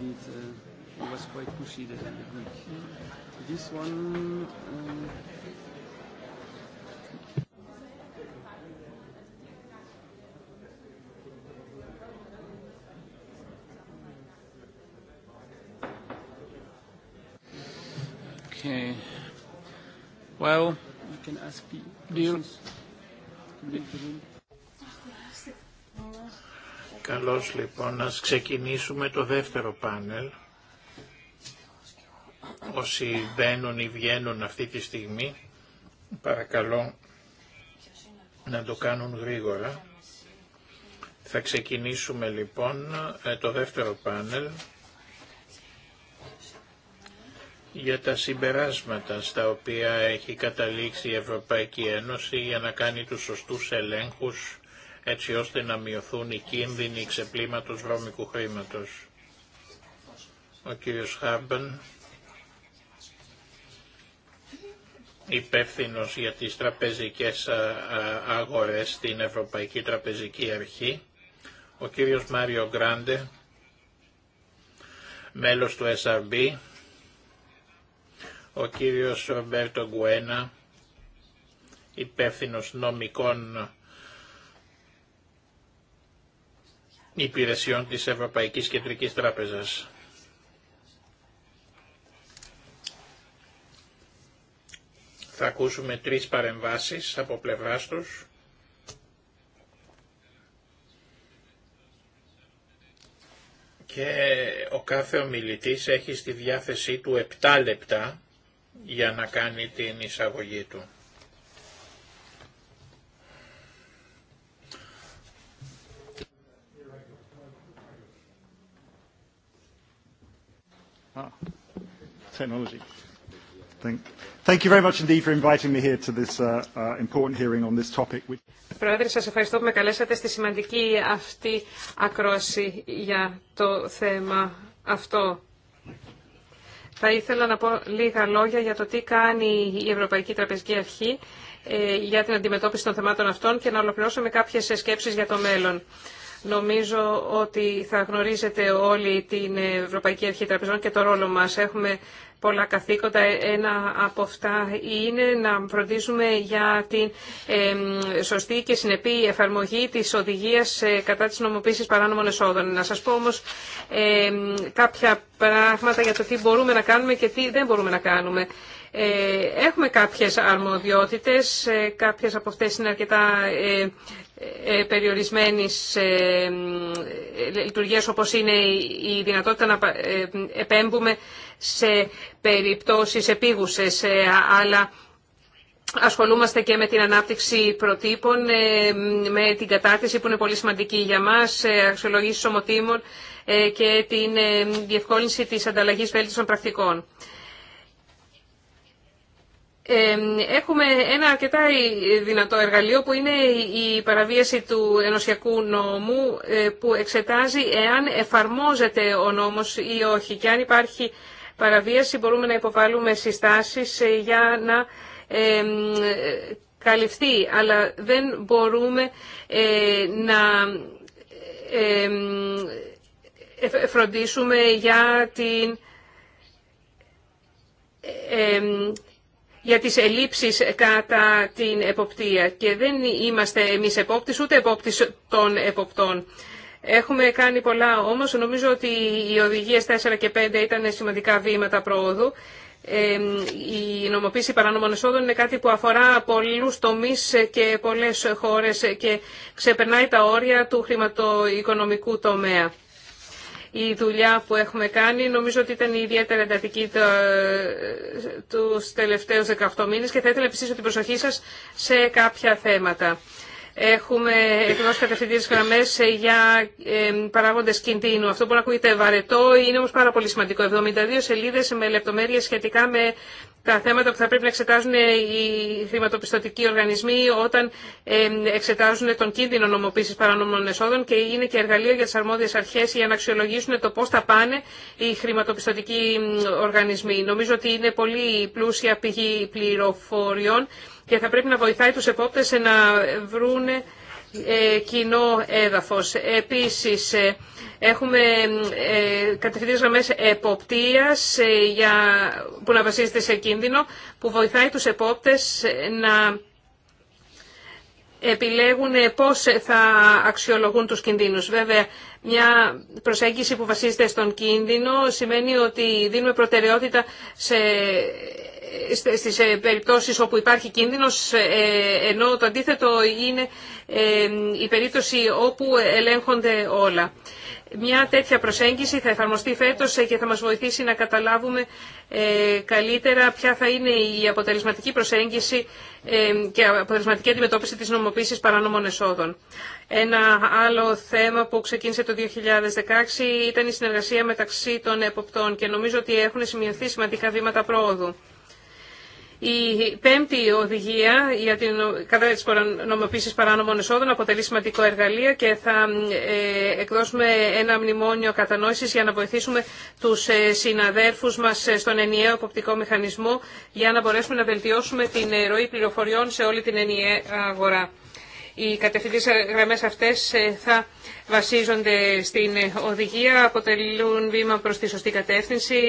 indeed, uh, it was quite pushy, the, the Greek. This one... Um, Okay. Well, you can ask. Do you? Καλώς λοιπόν να ξεκινήσουμε το δεύτερο πάνελ. Όσοι μπαίνουν ή βγαίνουν αυτή τη στιγμή, παρακαλώ να το κάνουν γρήγορα. Θα ξεκινήσουμε λοιπόν ε, το δεύτερο πάνελ για τα συμπεράσματα στα οποία έχει καταλήξει η Ευρωπαϊκή Ένωση για να κάνει τους σωστούς ελέγχους έτσι ώστε να μειωθούν οι κίνδυνοι ξεπλήματος βρώμικου χρήματος. Ο κύριος Χάμπεν, υπεύθυνο για τις τραπεζικές αγορές στην Ευρωπαϊκή Τραπεζική Αρχή, ο κύριος Μάριο Γκράντε, μέλος του SRB, ο κύριος Ρομπέρτο Γκουένα, υπεύθυνο νομικών υπηρεσιών της Ευρωπαϊκής Κεντρικής Τράπεζας. Θα ακούσουμε τρεις παρεμβάσεις από πλευράς τους. Και ο κάθε ομιλητής έχει στη διάθεσή του 7 λεπτά για να κάνει την εισαγωγή του. Technology. Thank you Πρόεδρε, σας ευχαριστώ που με καλέσατε στη σημαντική αυτή ακρόαση για το θέμα αυτό. Θα ήθελα να πω λίγα λόγια για το τι κάνει η Ευρωπαϊκή Τραπεζική Αρχή ε, για την αντιμετώπιση των θεμάτων αυτών και να ολοκληρώσω με κάποιες σκέψεις για το μέλλον. Νομίζω ότι θα γνωρίζετε όλοι την Ευρωπαϊκή Αρχή Τραπεζών και το ρόλο μας. Έχουμε πολλά καθήκοντα. Ένα από αυτά είναι να φροντίσουμε για την σωστή και συνεπή εφαρμογή της οδηγίας ε, κατά της νομοποίησης παράνομων εσόδων. Να σας πω όμως κάποια πράγματα για το τι μπορούμε να κάνουμε και τι δεν μπορούμε να κάνουμε. Ε, έχουμε κάποιες αρμοδιότητες, ε, κάποιες από αυτές είναι αρκετά ε, περιορισμένης λειτουργίες όπως είναι η δυνατότητα να επέμπουμε σε περιπτώσεις επίγουσες, αλλά ασχολούμαστε και με την ανάπτυξη προτύπων, με την κατάρτιση που είναι πολύ σημαντική για μας, αξιολογήσεις ομοτήμων και την διευκόλυνση της ανταλλαγής βέλτιστων πρακτικών έχουμε ένα αρκετά ε, δυνατό εργαλείο που είναι η παραβίαση του ενωσιακού νόμου ε, που εξετάζει εάν εφαρμόζεται ο νόμος ή όχι και αν υπάρχει παραβίαση μπορούμε να υποβάλουμε συστάσεις ε, για να καλυφθεί αλλά δεν μπορούμε να φροντίσουμε για την για τις ελλείψεις κατά την εποπτεία και δεν είμαστε εμείς επόπτης ούτε επόπτης των εποπτών. Έχουμε κάνει πολλά όμως, νομίζω ότι οι οδηγίες 4 και 5 ήταν σημαντικά βήματα προόδου. η νομοποίηση παράνομων εσόδων είναι κάτι που αφορά πολλούς τομείς και πολλές χώρες και ξεπερνάει τα όρια του χρηματοοικονομικού τομέα η δουλειά που έχουμε κάνει. Νομίζω ότι ήταν ιδιαίτερα εντατική το, τους τελευταίους 18 μήνες και θα ήθελα επίσης την προσοχή σας σε κάποια θέματα. Έχουμε εκδώσει κατευθυντήρε γραμμέ για παράγοντε κινδύνου. Αυτό μπορεί να ακούγεται βαρετό, είναι όμω πάρα πολύ σημαντικό. 72 σελίδε με λεπτομέρειε σχετικά με τα θέματα που θα πρέπει να εξετάζουν οι χρηματοπιστωτικοί οργανισμοί όταν εξετάζουν τον κίνδυνο νομοποίηση παρανομών εσόδων και είναι και εργαλείο για τι αρμόδιε αρχέ για να αξιολογήσουν το πώ θα πάνε οι χρηματοπιστωτικοί οργανισμοί. Νομίζω ότι είναι πολύ πλούσια πηγή πληροφοριών και θα πρέπει να βοηθάει τους επόπτες να βρούνε ε, κοινό έδαφος. Επίσης, ε, έχουμε ε, κατευθυντήρες γραμμές εποπτείας για, που να βασίζεται σε κίνδυνο, που βοηθάει τους επόπτες να επιλέγουν πώς θα αξιολογούν τους κινδύνους. Βέβαια, μια προσέγγιση που βασίζεται στον κίνδυνο σημαίνει ότι δίνουμε προτεραιότητα σε ε, στις ε, περιπτώσεις όπου υπάρχει κίνδυνος, ε, ενώ το αντίθετο είναι η περίπτωση όπου ελέγχονται όλα. Μια τέτοια προσέγγιση θα εφαρμοστεί φέτος και θα μας βοηθήσει να καταλάβουμε καλύτερα ποια θα είναι η αποτελεσματική προσέγγιση και αποτελεσματική αντιμετώπιση της νομοποίησης παράνομων εσόδων. Ένα άλλο θέμα που ξεκίνησε το 2016 ήταν η συνεργασία μεταξύ των εποπτών και νομίζω ότι έχουν σημειωθεί σημαντικά βήματα πρόοδου. Η πέμπτη οδηγία για την κατά τη νομοποίησης παράνομων εσόδων αποτελεί σημαντικό εργαλείο και θα ε, εκδώσουμε ένα μνημόνιο κατανόησης για να βοηθήσουμε τους ε, συναδέρφους μας ε, στον ενιαίο εποπτικό μηχανισμό για να μπορέσουμε να βελτιώσουμε την ροή πληροφοριών σε όλη την ενιαία αγορά. Οι κατευθυντές γραμμές αυτές θα βασίζονται στην οδηγία, αποτελούν βήμα προς τη σωστή κατεύθυνση,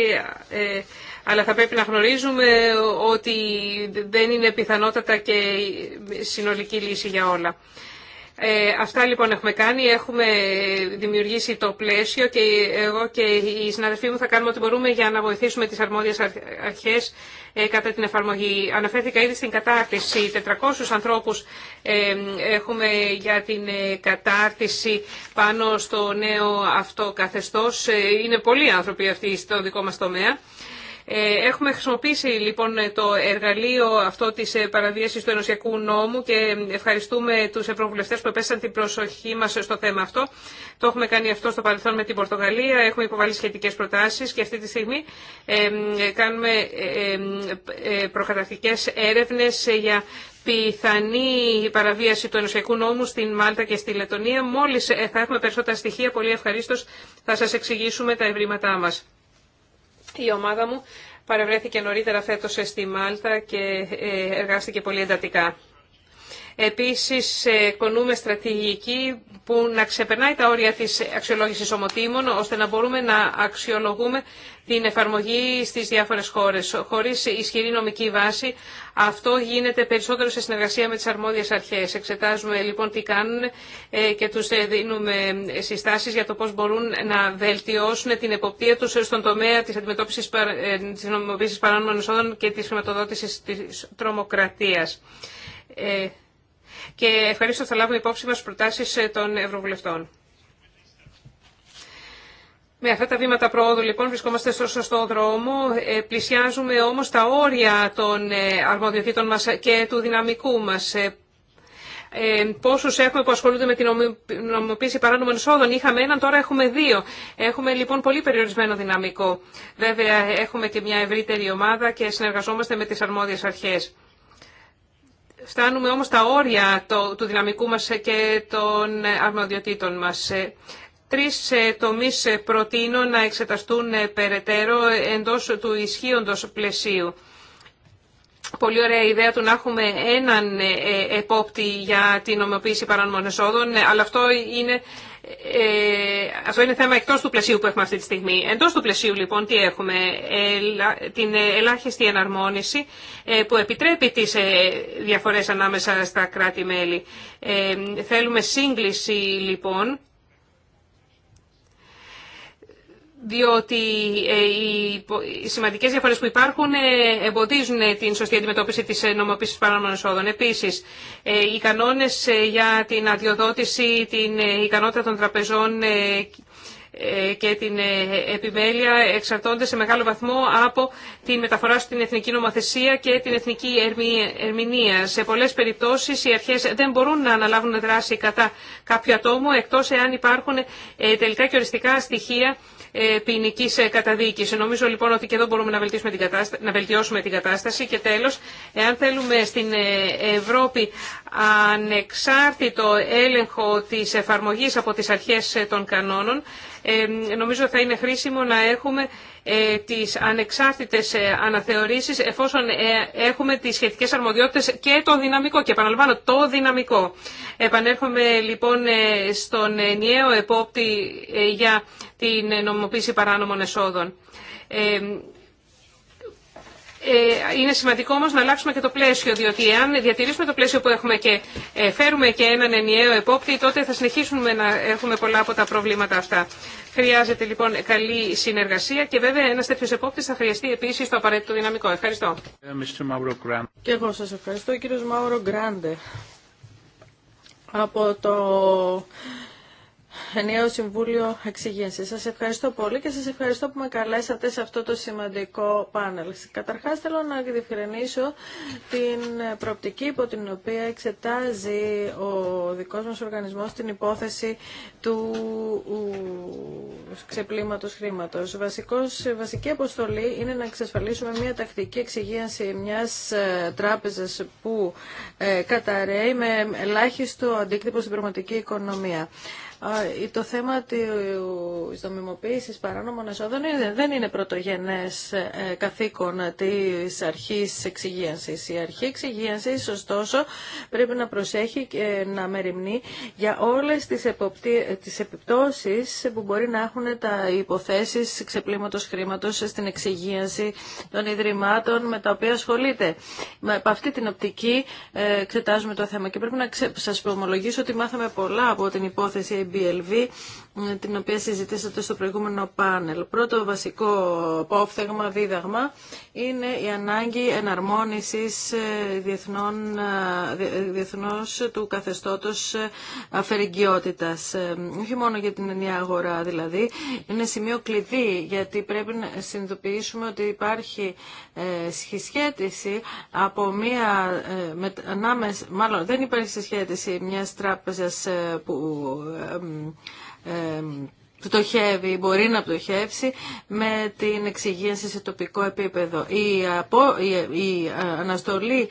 αλλά θα πρέπει να γνωρίζουμε ότι δεν είναι πιθανότατα και συνολική λύση για όλα. Ε, αυτά λοιπόν έχουμε κάνει, έχουμε δημιουργήσει το πλαίσιο και εγώ και οι συναδελφοί μου θα κάνουμε ό,τι μπορούμε για να βοηθήσουμε τις αρμόδιες αρχές ε, κατά την εφαρμογή. Αναφέρθηκα ήδη στην κατάρτιση. 400 ανθρώπους ε, έχουμε για την ε, κατάρτιση πάνω στο νέο αυτό καθεστώς. Ε, είναι πολλοί άνθρωποι αυτοί στο δικό μας τομέα. Ε, έχουμε χρησιμοποιήσει λοιπόν το εργαλείο αυτό της ε, παραβίασης του ενωσιακού νόμου και ευχαριστούμε τους ευρωβουλευτές που έπεσαν την προσοχή μας στο θέμα αυτό. Το έχουμε κάνει αυτό στο παρελθόν με την Πορτογαλία, έχουμε υποβάλει σχετικές προτάσεις και αυτή τη στιγμή ε, κάνουμε προκαταρκτικές έρευνες για πιθανή παραβίαση του ενωσιακού νόμου στην Μάλτα και στη Λετωνία. Μόλις θα έχουμε περισσότερα στοιχεία, πολύ ευχαρίστως θα σας εξηγήσουμε τα ευρήματά μας. Η ομάδα μου παρευρέθηκε νωρίτερα φέτος στη Μάλτα και ε, εργάστηκε πολύ εντατικά. Επίσης, ε, κονούμε στρατηγική που να ξεπερνάει τα όρια της αξιολόγησης ομοτήμων, ώστε να μπορούμε να αξιολογούμε την εφαρμογή στις διάφορες χώρες. Χωρίς ισχυρή νομική βάση, αυτό γίνεται περισσότερο σε συνεργασία με τις αρμόδιες αρχές. Εξετάζουμε λοιπόν τι κάνουν ε, και τους ε, δίνουμε συστάσεις για το πώς μπορούν να βελτιώσουν την εποπτεία τους στον τομέα της αντιμετώπισης της νομιμοποίησης παράνομων εισόδων και της χρηματοδότησης της τρομοκρατίας και ευχαρίστω θα λάβουμε υπόψη μας προτάσεις ε, των Ευρωβουλευτών. Με αυτά τα βήματα πρόοδου λοιπόν βρισκόμαστε στο σωστό δρόμο, ε, πλησιάζουμε όμως τα όρια των ε, αρμοδιοτήτων μας και του δυναμικού μας. Ε, πόσους έχουμε που ασχολούνται με την νομιμοποίηση παράνομων εισόδων. Είχαμε έναν, τώρα έχουμε δύο. Έχουμε λοιπόν πολύ περιορισμένο δυναμικό. Βέβαια έχουμε και μια ευρύτερη ομάδα και συνεργαζόμαστε με τις αρμόδιες αρχές. Φτάνουμε όμως τα όρια του δυναμικού μας και των αρμοδιοτήτων μας. Τρεις ε, τομείς ε, προτείνω να εξεταστούν ε, περαιτέρω εντός του ισχύοντος πλαισίου. Πολύ ωραία ιδέα του να έχουμε έναν επόπτη για την ομοιοποίηση παράνομων εσόδων, αλλά αυτό είναι ε, αυτό είναι θέμα εκτός του πλαισίου που έχουμε αυτή τη στιγμή. Εντός του πλαισίου λοιπόν τι έχουμε, την ελάχιστη εναρμόνιση ε, που επιτρέπει τις ε, διαφορές ανάμεσα στα κράτη-μέλη. Θέλουμε σύγκληση λοιπόν διότι ε, οι σημαντικέ διαφορέ που υπάρχουν ε, εμποδίζουν ε, την σωστή αντιμετώπιση τη νομοποίηση παράνομων εσόδων. Επίσης, οι κανόνες για την αδειοδότηση, την ικανότητα των τραπεζών και την επιμέλεια εξαρτώνται σε μεγάλο βαθμό από τη μεταφορά στην εθνική νομοθεσία και την εθνική ερμηνεία. Σε πολλές περιπτώσεις οι αρχές δεν μπορούν να αναλάβουν δράση κατά κάποιο ατόμο εκτός εάν υπάρχουν τελικά και οριστικά στοιχεία ε, ποινική ε, καταδίκηση. Νομίζω λοιπόν ότι και εδώ μπορούμε να βελτιώσουμε την κατάσταση, να βελτιώσουμε την κατάσταση. και τέλος, εάν θέλουμε στην ε, Ευρώπη ανεξάρτητο έλεγχο της εφαρμογής από τις αρχές των κανόνων, νομίζω θα είναι χρήσιμο να έχουμε ε, τις ανεξάρτητες ε, αναθεωρήσεις εφόσον ε, έχουμε τις σχετικές αρμοδιότητες και το δυναμικό. Και επαναλαμβάνω, το δυναμικό. Επανέρχομαι λοιπόν στον ενιαίο επόπτη για την νομοποίηση παράνομων εσόδων. Ε, είναι σημαντικό όμω να αλλάξουμε και το πλαίσιο, διότι αν διατηρήσουμε το πλαίσιο που έχουμε και ε, φέρουμε και έναν ενιαίο επόπτη, τότε θα συνεχίσουμε να έχουμε πολλά από τα προβλήματα αυτά. Χρειάζεται λοιπόν καλή συνεργασία και βέβαια ένας τέτοιο επόπτη θα χρειαστεί επίσης το απαραίτητο δυναμικό. Ευχαριστώ. Ε, και εγώ σας ευχαριστώ, Κύριο Μάουρο Γκράντε από το νέο Συμβούλιο Εξυγίανσης. Σας ευχαριστώ πολύ και σας ευχαριστώ που με καλέσατε σε αυτό το σημαντικό πάνελ. Καταρχάς θέλω να διευκρινίσω την προοπτική υπό την οποία εξετάζει ο δικός μας οργανισμός την υπόθεση του ξεπλήματος χρήματος. Βασικός, βασική αποστολή είναι να εξασφαλίσουμε μια τακτική εξυγίανση μιας ε, τράπεζας που ε, καταραίει με ελάχιστο αντίκτυπο στην πραγματική οικονομία το θέμα της δομιμοποίησης παράνομων εσόδων δεν είναι πρωτογενές ε, καθήκον της αρχής εξυγίανσης. Η αρχή εξυγίανσης, ωστόσο, πρέπει να προσέχει και να μεριμνεί για όλες τις, εποπτή, τις επιπτώσεις που μπορεί να έχουν τα υποθέσεις ξεπλήματος χρήματος στην εξυγίανση των ιδρυμάτων με τα οποία ασχολείται. Με αυτή την οπτική ε, εξετάζουμε το θέμα και πρέπει να σας προμολογήσω ότι μάθαμε πολλά από την υπόθεση BLV την οποία συζητήσατε στο προηγούμενο πάνελ. Πρώτο βασικό απόφθεγμα, δίδαγμα, είναι η ανάγκη εναρμόνισης ε, διεθνών, ε, διεθνώς του καθεστώτος ε, αφαιρεγγιότητας. Όχι μόνο για την ενιαία αγορά δηλαδή, είναι σημείο κλειδί γιατί πρέπει να συνειδητοποιήσουμε ότι υπάρχει συσχέτιση από μία, ανάμεσα, μάλλον δεν υπάρχει συσχέτιση μιας τράπεζας που πτωχεύει, μπορεί να πτωχεύσει με την εξυγίανση σε τοπικό επίπεδο. Η, απο, η αναστολή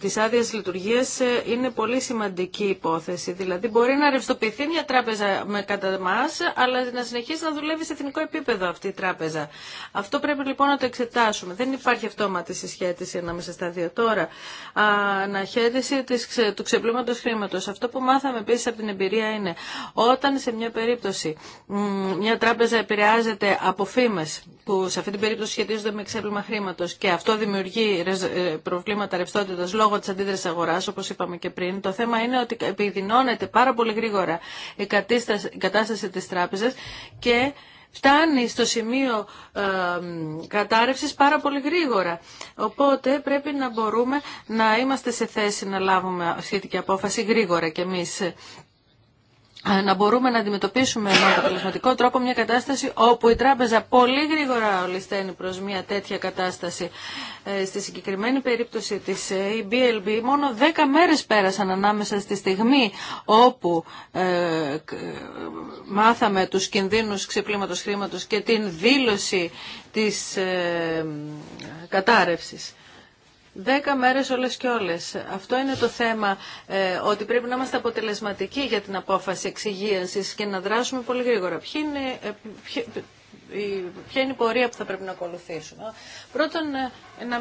Τη άδεια λειτουργία ε, είναι πολύ σημαντική υπόθεση. Δηλαδή μπορεί να ρευστοποιηθεί μια τράπεζα με κατά μας, αλλά να συνεχίσει να δουλεύει σε εθνικό επίπεδο αυτή η τράπεζα. Αυτό πρέπει λοιπόν να το εξετάσουμε. Δεν υπάρχει αυτόματη συσχέτιση ανάμεσα στα δύο τώρα. Αναχέτηση του ξεπλήματο χρήματο. Αυτό που μάθαμε επίση από την εμπειρία είναι όταν σε μια περίπτωση μια τράπεζα επηρεάζεται από φήμε που σε αυτή την περίπτωση σχετίζονται με ξέπλυμα χρήματο και αυτό δημιουργεί ε, προβλήματα ρευστότητα λόγω της αντίδραση αγορά, όπως είπαμε και πριν. Το θέμα είναι ότι επιδεινώνεται πάρα πολύ γρήγορα η κατάσταση τη Τράπεζα και φτάνει στο σημείο ε, κατάρρευσης πάρα πολύ γρήγορα. Οπότε πρέπει να μπορούμε να είμαστε σε θέση να λάβουμε σχετική απόφαση γρήγορα κι εμείς. Ε, να μπορούμε να αντιμετωπίσουμε με αποτελεσματικό τρόπο μια κατάσταση όπου η τράπεζα πολύ γρήγορα ολισθαίνει προς μια τέτοια κατάσταση. Ε, στη συγκεκριμένη περίπτωση της BLB, ε, μόνο 10 μέρες πέρασαν ανάμεσα στη στιγμή όπου μάθαμε τους κινδύνους ξεπλήματος χρήματος και την δήλωση της κατάρρευσης. Δέκα μέρες όλες και όλες. Αυτό είναι το θέμα, ε, ότι πρέπει να είμαστε αποτελεσματικοί για την απόφαση εξυγίανση και να δράσουμε πολύ γρήγορα. Ποιοι είναι, ε, ποια είναι η πορεία που θα πρέπει να ακολουθήσουμε. Πρώτον, ε, να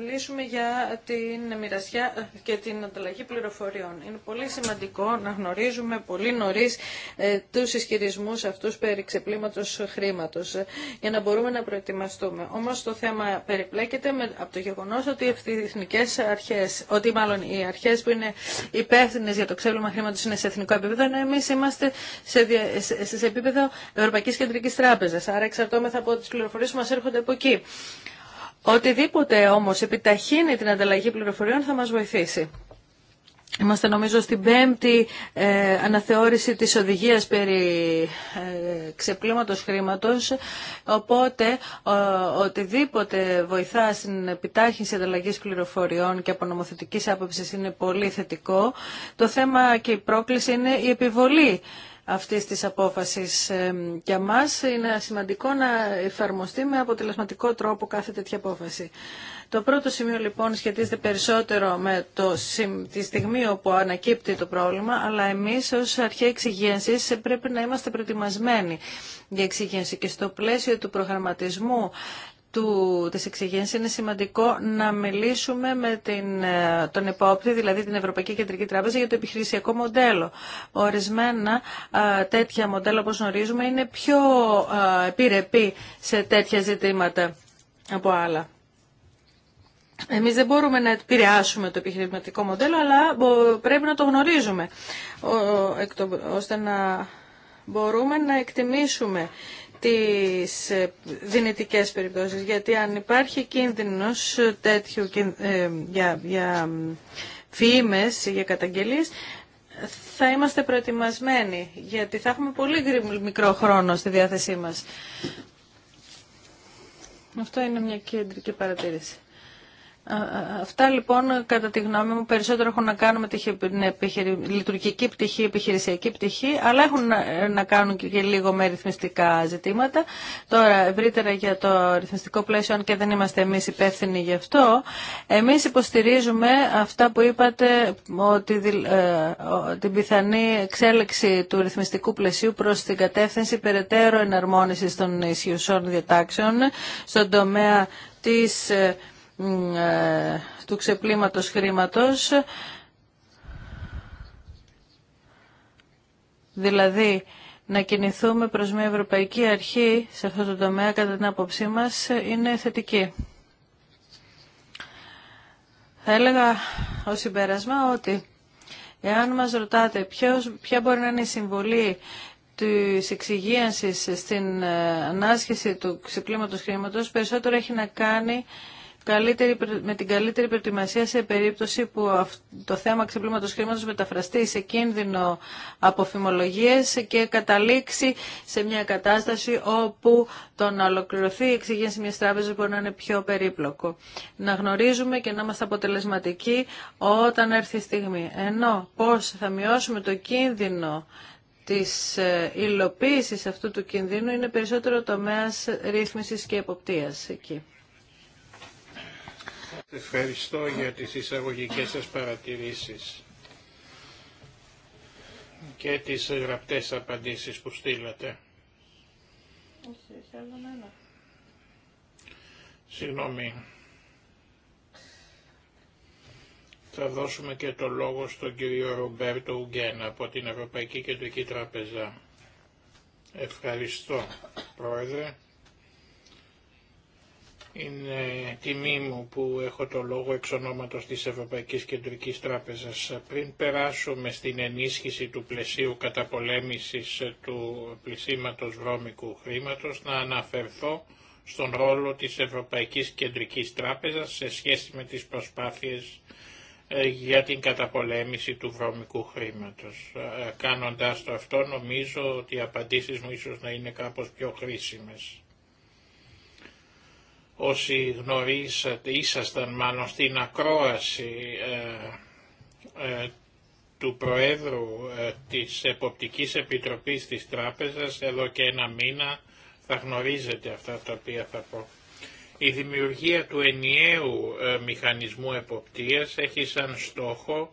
μιλήσουμε για την μοιρασιά ε, και την ανταλλαγή πληροφοριών. Είναι πολύ σημαντικό να γνωρίζουμε πολύ νωρί ε, του ισχυρισμού αυτού περί ξεπλήματος χρήματος για να μπορούμε να προετοιμαστούμε. Όμω το θέμα περιπλέκεται από το γεγονό ότι οι εθνικέ αρχές, ότι μάλλον οι αρχές που είναι υπεύθυνε για το ξέπλυμα χρήματο είναι σε εθνικό επίπεδο, ενώ εμεί είμαστε σε, σε, σε επίπεδο Ευρωπαϊκή Κεντρική Τράπεζα άρα εξαρτώμεθα από τις πληροφορίες που μας έρχονται από εκεί. Οτιδήποτε όμως επιταχύνει την ανταλλαγή πληροφοριών θα μας βοηθήσει. Είμαστε νομίζω στην πέμπτη ε, αναθεώρηση της οδηγίας περί ε, ξεπλήματος χρήματος, οπότε οτιδήποτε βοηθά στην επιτάχυνση ανταλλαγή πληροφοριών και από νομοθετικής άποψης είναι πολύ θετικό. Το θέμα και η πρόκληση είναι η επιβολή αυτή της απόφασης ε, για μας. Είναι σημαντικό να εφαρμοστεί με αποτελεσματικό τρόπο κάθε τέτοια απόφαση. Το πρώτο σημείο λοιπόν σχετίζεται περισσότερο με το, τη στιγμή όπου ανακύπτει το πρόβλημα, αλλά εμείς ως αρχαία εξυγένσης πρέπει να είμαστε προετοιμασμένοι για εξυγένση και στο πλαίσιο του προγραμματισμού του, της εξηγένσης είναι σημαντικό να μιλήσουμε με την, ε, τον επόπτη, δηλαδή την Ευρωπαϊκή Κεντρική Τράπεζα, για το επιχειρησιακό μοντέλο. Ορισμένα ε, τέτοια μοντέλα, όπως γνωρίζουμε, είναι πιο ε, επιρρεπή σε τέτοια ζητήματα από άλλα. Εμείς δεν μπορούμε να επηρεάσουμε το επιχειρηματικό μοντέλο, αλλά πρέπει να το γνωρίζουμε, ώστε να μπορούμε να εκτιμήσουμε τις ε, δυνητικές περιπτώσεις, γιατί αν υπάρχει κίνδυνος τέτοιου ε, για, για φήμες, για καταγγελίες, θα είμαστε προετοιμασμένοι, γιατί θα έχουμε πολύ μικρό χρόνο στη διάθεσή μας. Αυτό είναι μια κεντρική παρατήρηση. Αυτά λοιπόν κατά τη γνώμη μου περισσότερο έχουν να κάνουν με την λειτουργική πτυχή, επιχειρησιακή πτυχή, αλλά έχουν να ε, κάνουν και λίγο με ρυθμιστικά ζητήματα. Τώρα ευρύτερα για το ρυθμιστικό πλαίσιο, αν και δεν είμαστε εμείς υπεύθυνοι γι' αυτό, εμείς υποστηρίζουμε αυτά που είπατε, ότι ε, την πιθανή εξέλιξη του ρυθμιστικού πλαισίου προς την κατεύθυνση περαιτέρω εναρμόνισης των ισχυωσών διατάξεων στον τομέα της ε, ε, του ξεπλήματος χρήματος, δηλαδή να κινηθούμε προς μια ευρωπαϊκή αρχή σε αυτό το τομέα, κατά την άποψή μας, είναι θετική. Θα έλεγα ως συμπέρασμα ότι εάν μας ρωτάτε ποιος, ποια μπορεί να είναι η συμβολή της εξυγίανσης στην ε, ανάσχεση του ξεπλήματος χρήματος, περισσότερο έχει να κάνει με την καλύτερη προετοιμασία σε περίπτωση που το θέμα ξεπλήματος χρήματος μεταφραστεί σε κίνδυνο από φημολογίες και καταλήξει σε μια κατάσταση όπου το να ολοκληρωθεί η εξηγήση μιας τράπεζας μπορεί να είναι πιο περίπλοκο. Να γνωρίζουμε και να είμαστε αποτελεσματικοί όταν έρθει η στιγμή. Ενώ πώς θα μειώσουμε το κίνδυνο της ε, υλοποίησης αυτού του κινδύνου είναι περισσότερο τομέας ρύθμισης και εποπτείας εκεί. Ευχαριστώ για τις εισαγωγικές σας παρατηρήσεις και τις γραπτές απαντήσεις που στείλατε. Συγγνώμη. Θα δώσουμε και το λόγο στον κύριο Ρομπέρτο Ουγγένα από την Ευρωπαϊκή Κεντρική Τράπεζα. Ευχαριστώ, Πρόεδρε. Είναι τιμή μου που έχω το λόγο εξ ονόματος της Ευρωπαϊκής Κεντρικής Τράπεζας. Πριν περάσουμε στην ενίσχυση του πλαισίου καταπολέμησης του πλησίματος βρώμικου χρήματος, να αναφερθώ στον ρόλο της Ευρωπαϊκής Κεντρικής Τράπεζας σε σχέση με τις προσπάθειες ε, για την καταπολέμηση του βρώμικου χρήματος. Ε, Κάνοντας το αυτό νομίζω ότι οι απαντήσεις μου ίσως να είναι κάπως πιο χρήσιμες. Όσοι γνωρίσατε, ήσασταν μάλλον στην ακρόαση ε, ε του Προέδρου ε, της Εποπτικής Επιτροπής της Τράπεζας εδώ και ένα μήνα θα γνωρίζετε αυτά τα οποία θα πω. Η δημιουργία του ενιαίου ε, μηχανισμού εποπτείας έχει σαν στόχο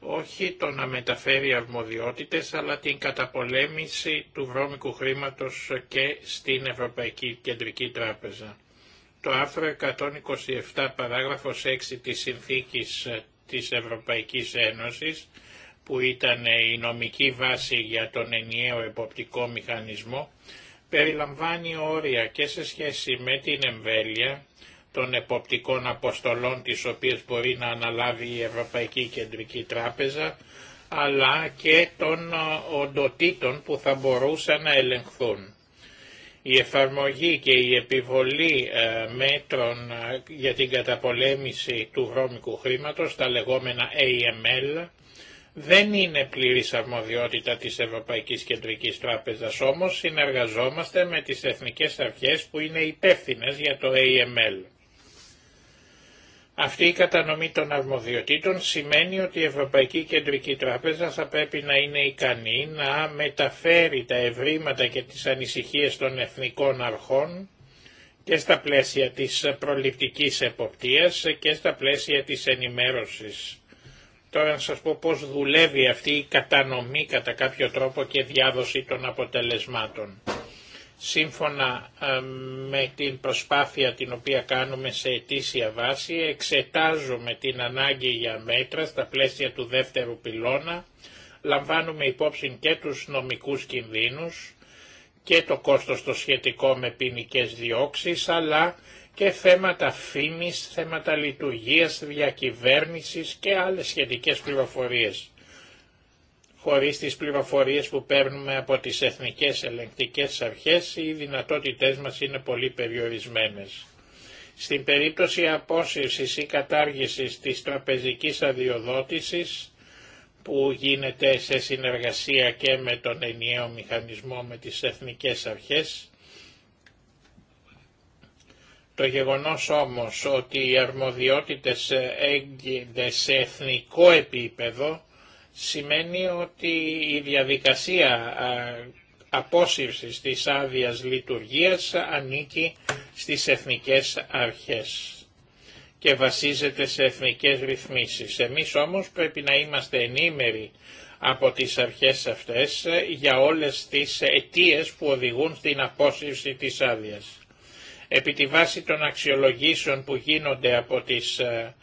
όχι το να μεταφέρει αρμοδιότητες αλλά την καταπολέμηση του βρώμικου χρήματος και στην Ευρωπαϊκή Κεντρική Τράπεζα. Το άρθρο 127 παράγραφος 6 της Συνθήκης ε, της Ευρωπαϊκής Ένωσης που ήταν ε, η νομική βάση για τον ενιαίο εποπτικό μηχανισμό περιλαμβάνει όρια και σε σχέση με την εμβέλεια των εποπτικών αποστολών τις οποίες μπορεί να αναλάβει η Ευρωπαϊκή Κεντρική Τράπεζα αλλά και των ε, οντοτήτων που θα μπορούσαν να ελεγχθούν η εφαρμογή και η επιβολή ε, μέτρων ε, για την καταπολέμηση του βρώμικου χρήματος, τα λεγόμενα AML, δεν είναι πλήρης αρμοδιότητα της Ευρωπαϊκής Κεντρικής Τράπεζας, όμως συνεργαζόμαστε με τις εθνικές αρχές που είναι υπεύθυνε για το AML. Αυτή η κατανομή των αρμοδιοτήτων σημαίνει ότι η Ευρωπαϊκή Κεντρική Τράπεζα θα πρέπει να είναι ικανή να μεταφέρει τα ευρήματα και τις ανησυχίες των εθνικών αρχών και στα πλαίσια της προληπτικής εποπτείας και στα πλαίσια της ενημέρωσης. Τώρα να σας πω πώς δουλεύει αυτή η κατανομή κατά κάποιο τρόπο και διάδοση των αποτελεσμάτων σύμφωνα ε, με την προσπάθεια την οποία κάνουμε σε ετήσια βάση, εξετάζουμε την ανάγκη για μέτρα στα πλαίσια του δεύτερου πυλώνα, λαμβάνουμε υπόψη και τους νομικούς κινδύνους και το κόστος το σχετικό με ποινικέ διώξεις, αλλά και θέματα φήμης, θέματα λειτουργίας, διακυβέρνησης και άλλες σχετικές πληροφορίες χωρίς τις πληροφορίες που παίρνουμε από τις εθνικές ελεγκτικές αρχές οι δυνατότητές μας είναι πολύ περιορισμένες. Στην περίπτωση απόσυρσης ή κατάργησης της τραπεζικής αδειοδότησης που γίνεται σε συνεργασία και με τον ενιαίο μηχανισμό με τις εθνικές αρχές, το γεγονός όμως ότι οι αρμοδιότητες έγκυνται σε εθνικό επίπεδο σημαίνει ότι η διαδικασία απόσυρσης της άδειας λειτουργίας ανήκει στις εθνικές αρχές και βασίζεται σε εθνικές ρυθμίσεις. Εμείς όμως πρέπει να είμαστε ενήμεροι από τις αρχές αυτές για όλες τις αιτίες που οδηγούν στην απόσυρση της άδειας. Επί τη βάση των αξιολογήσεων που γίνονται από τις ε,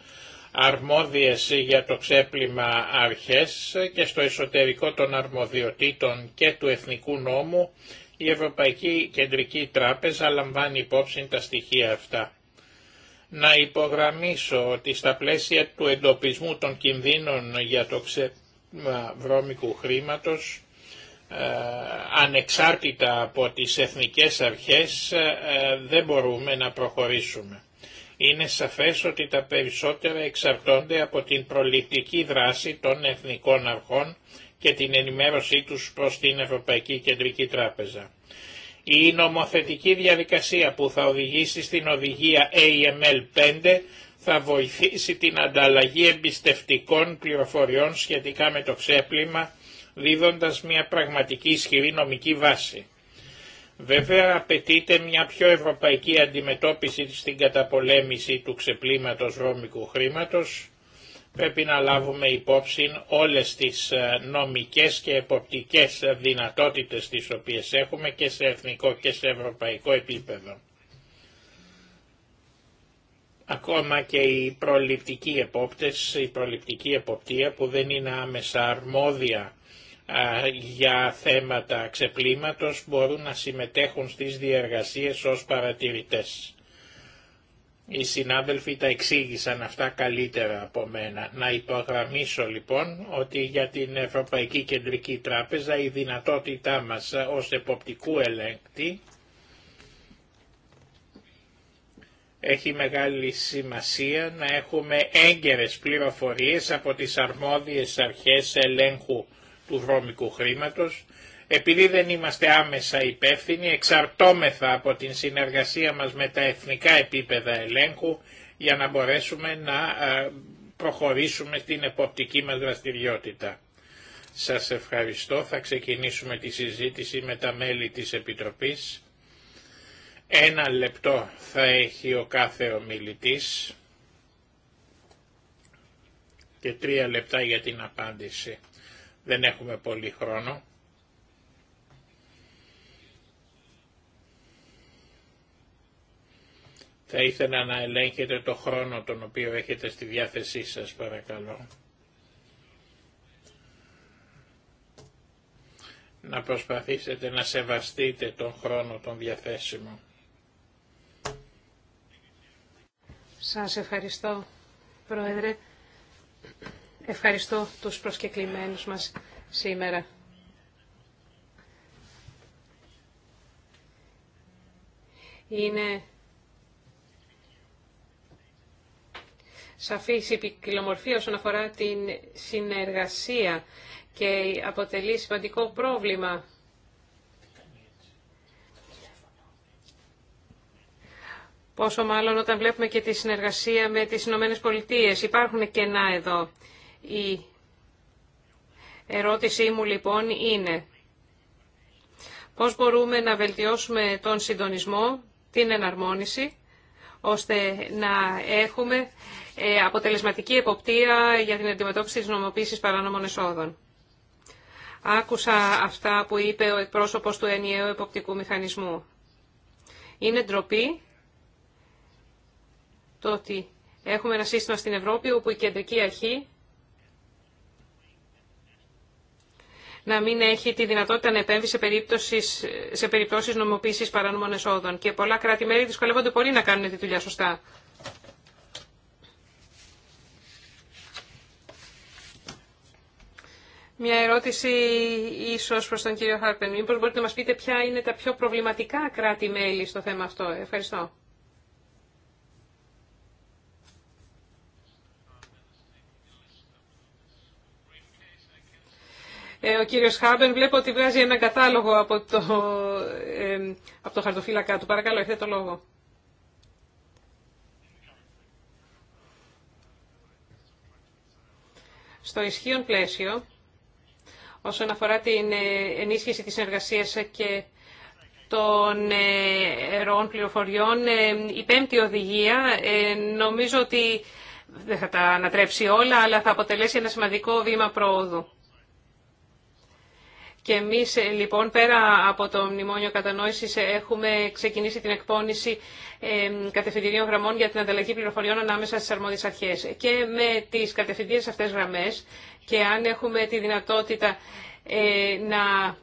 αρμόδιες για το ξέπλυμα αρχές και στο εσωτερικό των αρμοδιοτήτων και του Εθνικού Νόμου η Ευρωπαϊκή Κεντρική Τράπεζα λαμβάνει υπόψη τα στοιχεία αυτά. Να υπογραμμίσω ότι στα πλαίσια του εντοπισμού των κινδύνων για το ξέπλυμα βρώμικου χρήματος ε, ανεξάρτητα από τις εθνικές αρχές ε, δεν μπορούμε να προχωρήσουμε. Είναι σαφές ότι τα περισσότερα εξαρτώνται από την προληπτική δράση των εθνικών αρχών και την ενημέρωσή τους προς την Ευρωπαϊκή Κεντρική Τράπεζα. Η νομοθετική διαδικασία που θα οδηγήσει στην οδηγία AML5 θα βοηθήσει την ανταλλαγή εμπιστευτικών πληροφοριών σχετικά με το ξέπλυμα, δίδοντας μια πραγματική ισχυρή νομική βάση. Βέβαια απαιτείται μια πιο ευρωπαϊκή αντιμετώπιση στην καταπολέμηση του ξεπλήματος ρώμικου χρήματος. Πρέπει να λάβουμε υπόψη όλες τις ε, νομικές και εποπτικές δυνατότητες τις οποίες έχουμε και σε εθνικό και σε ευρωπαϊκό επίπεδο. Ακόμα και οι προληπτικοί επόπτες, η προληπτική εποπτεία που δεν είναι άμεσα αρμόδια για θέματα ξεπλήματος μπορούν να συμμετέχουν στις διεργασίες ως παρατηρητές. Οι συνάδελφοι τα εξήγησαν αυτά καλύτερα από μένα. Να υπογραμμίσω λοιπόν ότι για την Ευρωπαϊκή Κεντρική Τράπεζα η δυνατότητά μας ως εποπτικού ελέγκτη έχει μεγάλη σημασία να έχουμε έγκαιρες πληροφορίες από τις αρμόδιες αρχές ελέγχου του βρώμικου χρήματος, επειδή δεν είμαστε άμεσα υπεύθυνοι, εξαρτώμεθα από την συνεργασία μας με τα εθνικά επίπεδα ελέγχου για να μπορέσουμε να ε, προχωρήσουμε στην εποπτική μας δραστηριότητα. Σας ευχαριστώ. Θα ξεκινήσουμε τη συζήτηση με τα μέλη της Επιτροπής. Ένα λεπτό θα έχει ο κάθε ομιλητής και τρία λεπτά για την απάντηση. Δεν έχουμε πολύ χρόνο. Θα ήθελα να ελέγχετε το χρόνο τον οποίο έχετε στη διάθεσή σας, παρακαλώ. Να προσπαθήσετε να σεβαστείτε τον χρόνο τον διαθέσιμο. Σας ευχαριστώ, Πρόεδρε. Ευχαριστώ τους προσκεκλημένους μας σήμερα. Είναι σαφής η ποικιλομορφία όσον αφορά την συνεργασία και αποτελεί σημαντικό πρόβλημα. Πόσο μάλλον όταν βλέπουμε και τη συνεργασία με τις Ηνωμένε Πολιτείες. Υπάρχουν κενά εδώ. Η ερώτησή μου λοιπόν είναι πώς μπορούμε να βελτιώσουμε τον συντονισμό, την εναρμόνιση, ώστε να έχουμε ε, αποτελεσματική εποπτεία για την αντιμετώπιση της νομοποίησης παράνομων εσόδων. Άκουσα αυτά που είπε ο εκπρόσωπος του ενιαίου εποπτικού μηχανισμού. Είναι ντροπή το ότι έχουμε ένα σύστημα στην Ευρώπη όπου η κεντρική αρχή να μην έχει τη δυνατότητα να επέμβει σε, περίπτωσεις, σε περιπτώσεις νομοποίησης παράνομων εσόδων. Και πολλά κράτη-μέρη δυσκολεύονται πολύ να κάνουν τη δουλειά σωστά. Μια ερώτηση ίσως προς τον κύριο Χάρπεν. Μήπως μπορείτε να μα πείτε ποια είναι τα πιο προβληματικά κράτη-μέλη στο θέμα αυτό. Ευχαριστώ. Ε, ο κύριος Χάμπεν βλέπω ότι βγάζει ένα κατάλογο από το, από το χαρτοφύλακά του. Παρακαλώ, έχετε το λόγο. Στο ισχύον πλαίσιο, όσον αφορά την ε, ενίσχυση της εργασίας και των ε, ροών πληροφοριών, η πέμπτη οδηγία νομίζω ότι δεν θα τα ανατρέψει όλα, αλλά θα αποτελέσει ένα σημαντικό βήμα πρόοδου. Και εμεί, ε, λοιπόν πέρα από το Μνημόνιο Κατανόηση, ε, έχουμε ξεκινήσει την εκπόνηση κατευθυντηρίων γραμμών για την ανταλλαγή πληροφοριών ανάμεσα στι αρμόδιε αρχέ. Και με τις κατευθυντήρε αυτές γραμμές και αν έχουμε τη δυνατότητα ε, να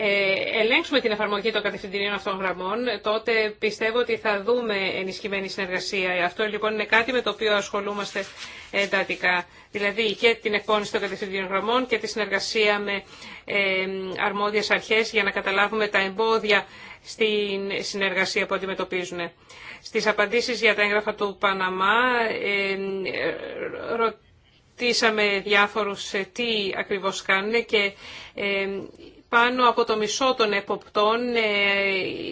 ε, ελέγξουμε την εφαρμογή των κατευθυντηρίων αυτών γραμμών, τότε πιστεύω ότι θα δούμε ενισχυμένη συνεργασία. Αυτό λοιπόν είναι κάτι με το οποίο ασχολούμαστε εντατικά. Δηλαδή και την εκπόνηση των κατευθυντήριων γραμμών και τη συνεργασία με ε, αρμόδιες αρχές για να καταλάβουμε τα εμπόδια στην συνεργασία που αντιμετωπίζουν. Στις απαντήσεις για τα έγγραφα του Παναμά ε, ρωτήσαμε διάφορους τι ακριβώς κάνουν και πάνω από το μισό των εποπτών ε,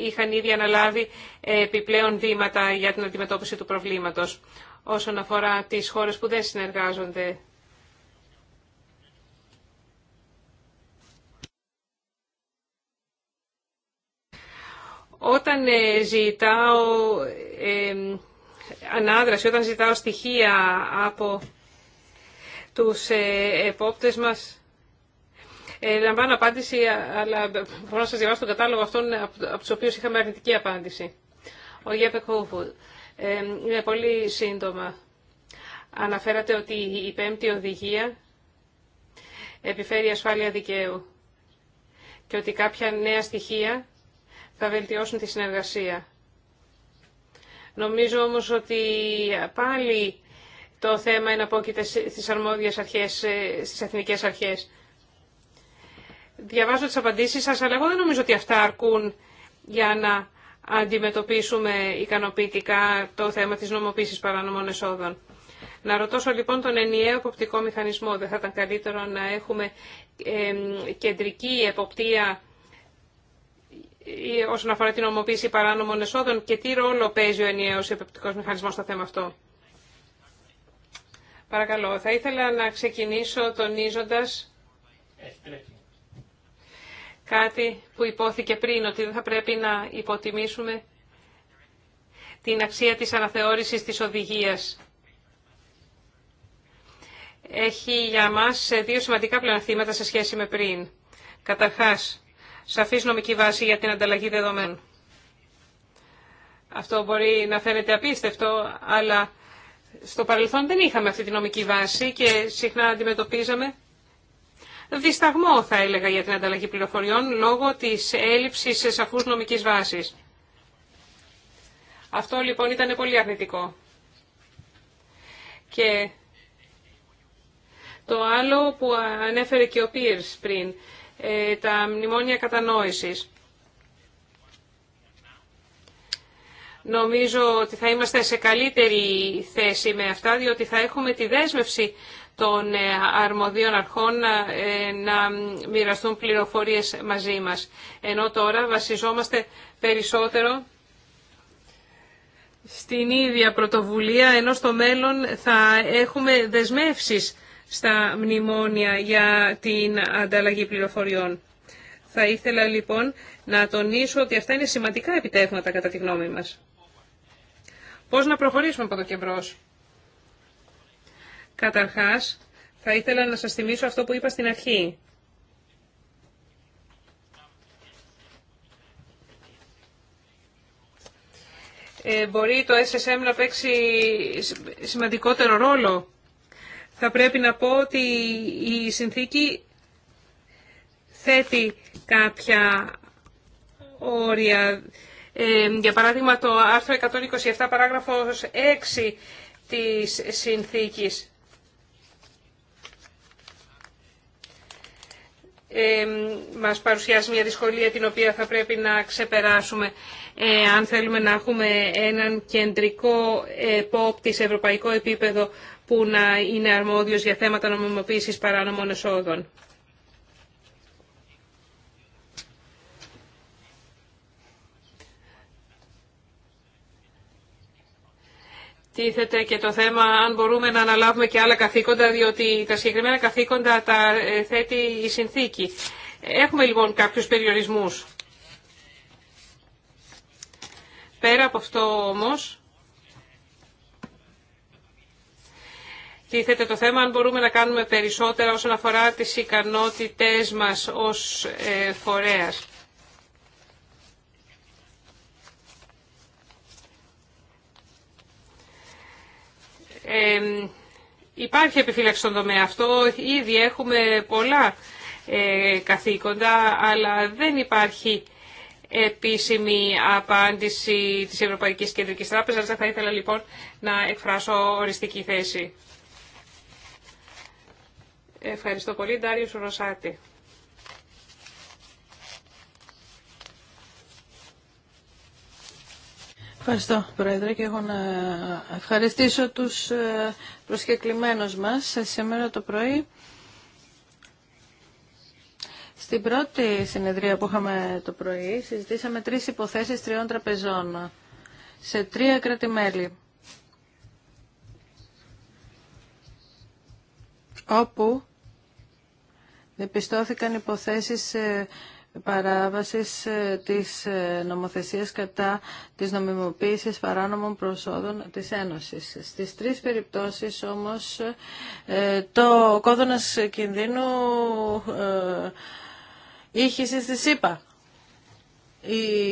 είχαν ήδη αναλάβει επιπλέον βήματα για την αντιμετώπιση του προβλήματος όσον αφορά τις χώρες που δεν συνεργάζονται. Όταν ε, ζητάω ε, ανάδραση, όταν ζητάω στοιχεία από τους επόπτες μας, ε, λαμβάνω απάντηση, αλλά μπορώ να σα διαβάσω τον κατάλογο αυτών από του οποίου είχαμε αρνητική απάντηση. Ο Γέπε ε, είναι πολύ σύντομα. Αναφέρατε ότι η πέμπτη οδηγία επιφέρει ασφάλεια δικαίου και ότι κάποια νέα στοιχεία θα βελτιώσουν τη συνεργασία. Νομίζω όμως ότι πάλι το θέμα είναι απόκειται στις αρμόδιες αρχές, ε, στις εθνικές αρχές διαβάζω τις απαντήσεις σας, αλλά εγώ δεν νομίζω ότι αυτά αρκούν για να αντιμετωπίσουμε ικανοποιητικά το θέμα της νομοποίησης παρανομών εσόδων. Να ρωτώσω λοιπόν τον ενιαίο εποπτικό μηχανισμό. Δεν θα ήταν καλύτερο να έχουμε κεντρική εποπτεία ε, όσον αφορά την νομοποίηση παράνομων εσόδων και τι ρόλο παίζει ο ενιαίος εποπτικός μηχανισμός στο θέμα αυτό. Παρακαλώ, θα ήθελα να ξεκινήσω τονίζοντας κάτι που υπόθηκε πριν, ότι δεν θα πρέπει να υποτιμήσουμε την αξία της αναθεώρησης της οδηγίας. Έχει για μας δύο σημαντικά πλεονεκτήματα σε σχέση με πριν. Καταρχάς, σαφής νομική βάση για την ανταλλαγή δεδομένων. Αυτό μπορεί να φαίνεται απίστευτο, αλλά στο παρελθόν δεν είχαμε αυτή τη νομική βάση και συχνά αντιμετωπίζαμε δισταγμό, θα έλεγα, για την ανταλλαγή πληροφοριών λόγω της έλλειψης σαφού νομική βάσης. Αυτό λοιπόν ήταν πολύ αρνητικό. Και το άλλο που ανέφερε και ο Πίρς πριν, ε, τα μνημόνια κατανόησης. Νομίζω ότι θα είμαστε σε καλύτερη θέση με αυτά, διότι θα έχουμε τη δέσμευση των ε, αρμοδίων αρχών ε, να μοιραστούν πληροφορίες μαζί μας. Ενώ τώρα βασιζόμαστε περισσότερο στην ίδια πρωτοβουλία, ενώ στο μέλλον θα έχουμε δεσμεύσεις στα μνημόνια για την ανταλλαγή πληροφοριών. Θα ήθελα λοιπόν να τονίσω ότι αυτά είναι σημαντικά επιτεύγματα κατά τη γνώμη μας. Πώς να προχωρήσουμε από το κεμπρός. Καταρχάς, θα ήθελα να σας θυμίσω αυτό που είπα στην αρχή. Ε, μπορεί το SSM να παίξει σημαντικότερο ρόλο. Θα πρέπει να πω ότι η συνθήκη θέτει κάποια όρια. Ε, για παράδειγμα το άρθρο 127 παράγραφος 6 της συνθήκης. ε, μας παρουσιάσει μια δυσκολία την οποία θα πρέπει να ξεπεράσουμε ε, αν θέλουμε να έχουμε έναν κεντρικό επόπτη σε ευρωπαϊκό επίπεδο που να είναι αρμόδιος για θέματα νομιμοποίησης παράνομων εσόδων. τίθεται και το θέμα αν μπορούμε να αναλάβουμε και άλλα καθήκοντα, διότι τα συγκεκριμένα καθήκοντα τα ε, θέτει η συνθήκη. Έχουμε λοιπόν κάποιους περιορισμούς. Πέρα από αυτό όμως, τίθεται το θέμα αν μπορούμε να κάνουμε περισσότερα όσον αφορά τις ικανότητές μας ως ε, φορέας. Ε, υπάρχει επιφύλαξη στον τομέα αυτό, ήδη έχουμε πολλά ε, καθήκοντα, αλλά δεν υπάρχει επίσημη απάντηση της Ευρωπαϊκής Κεντρικής Τράπεζας. Δεν θα ήθελα λοιπόν να εκφράσω οριστική θέση. Ευχαριστώ πολύ, Ντάριος Ρωσάτη. Ευχαριστώ, Πρόεδρε, και έχω να ευχαριστήσω τους ε, προσκεκλημένους μας σήμερα το πρωί. Στην πρώτη συνεδρία που είχαμε το πρωί, συζητήσαμε τρεις υποθέσεις τριών τραπεζών σε τρία κρατημέλη. Όπου διαπιστώθηκαν υποθέσεις παράβασης ε, της ε, νομοθεσίας κατά της νομιμοποίησης παράνομων προσόδων της Ένωσης. Στις τρεις περιπτώσεις όμως ε, το κόδωνας κινδύνου ήχησε στη ΣΥΠΑ. Οι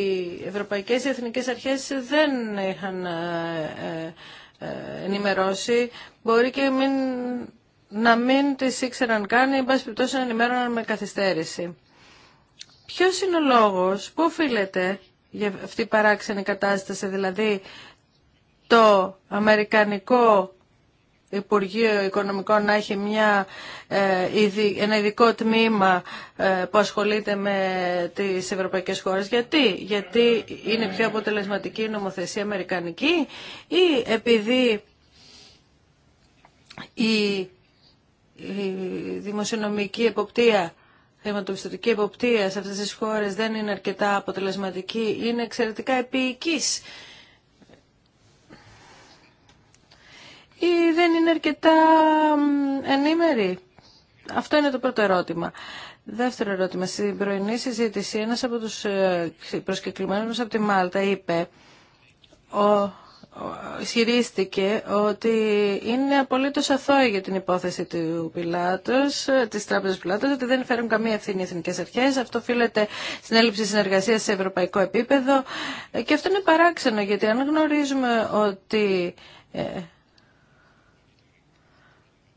ευρωπαϊκές οι εθνικές αρχές δεν είχαν ενημερώσει. Μπορεί και μην, να μην τις ήξεραν καν, εν πάση περιπτώσει ενημέρωναν με καθυστέρηση. Ποιος είναι ο λόγος, πού οφείλεται για αυτή η παράξενη κατάσταση, δηλαδή το Αμερικανικό Υπουργείο Οικονομικών να έχει μια, ε, ένα ειδικό τμήμα ε, που ασχολείται με τις ευρωπαϊκές χώρες. Γιατί, γιατί είναι πιο αποτελεσματική η νομοθεσία αμερικανική ή επειδή η, η δημοσιονομική εποπτεία χρηματοπιστωτική εποπτεία σε αυτές τις χώρες δεν είναι αρκετά αποτελεσματική, είναι εξαιρετικά επίοικης. Ή δεν είναι αρκετά ενήμερη. Αυτό είναι το πρώτο ερώτημα. Δεύτερο ερώτημα. Στην πρωινή συζήτηση ένας από τους ε, προσκεκλημένους από τη Μάλτα είπε ο, ισχυρίστηκε ότι είναι απολύτως αθώοι για την υπόθεση του Τράπεζα της Τράπεζας Πιλάτο, ότι δεν φέρουν καμία ευθύνη οι εθνικέ αρχές. Αυτό οφείλεται στην έλλειψη συνεργασίας σε ευρωπαϊκό επίπεδο. Και αυτό είναι παράξενο, γιατί αν γνωρίζουμε ότι... Ε,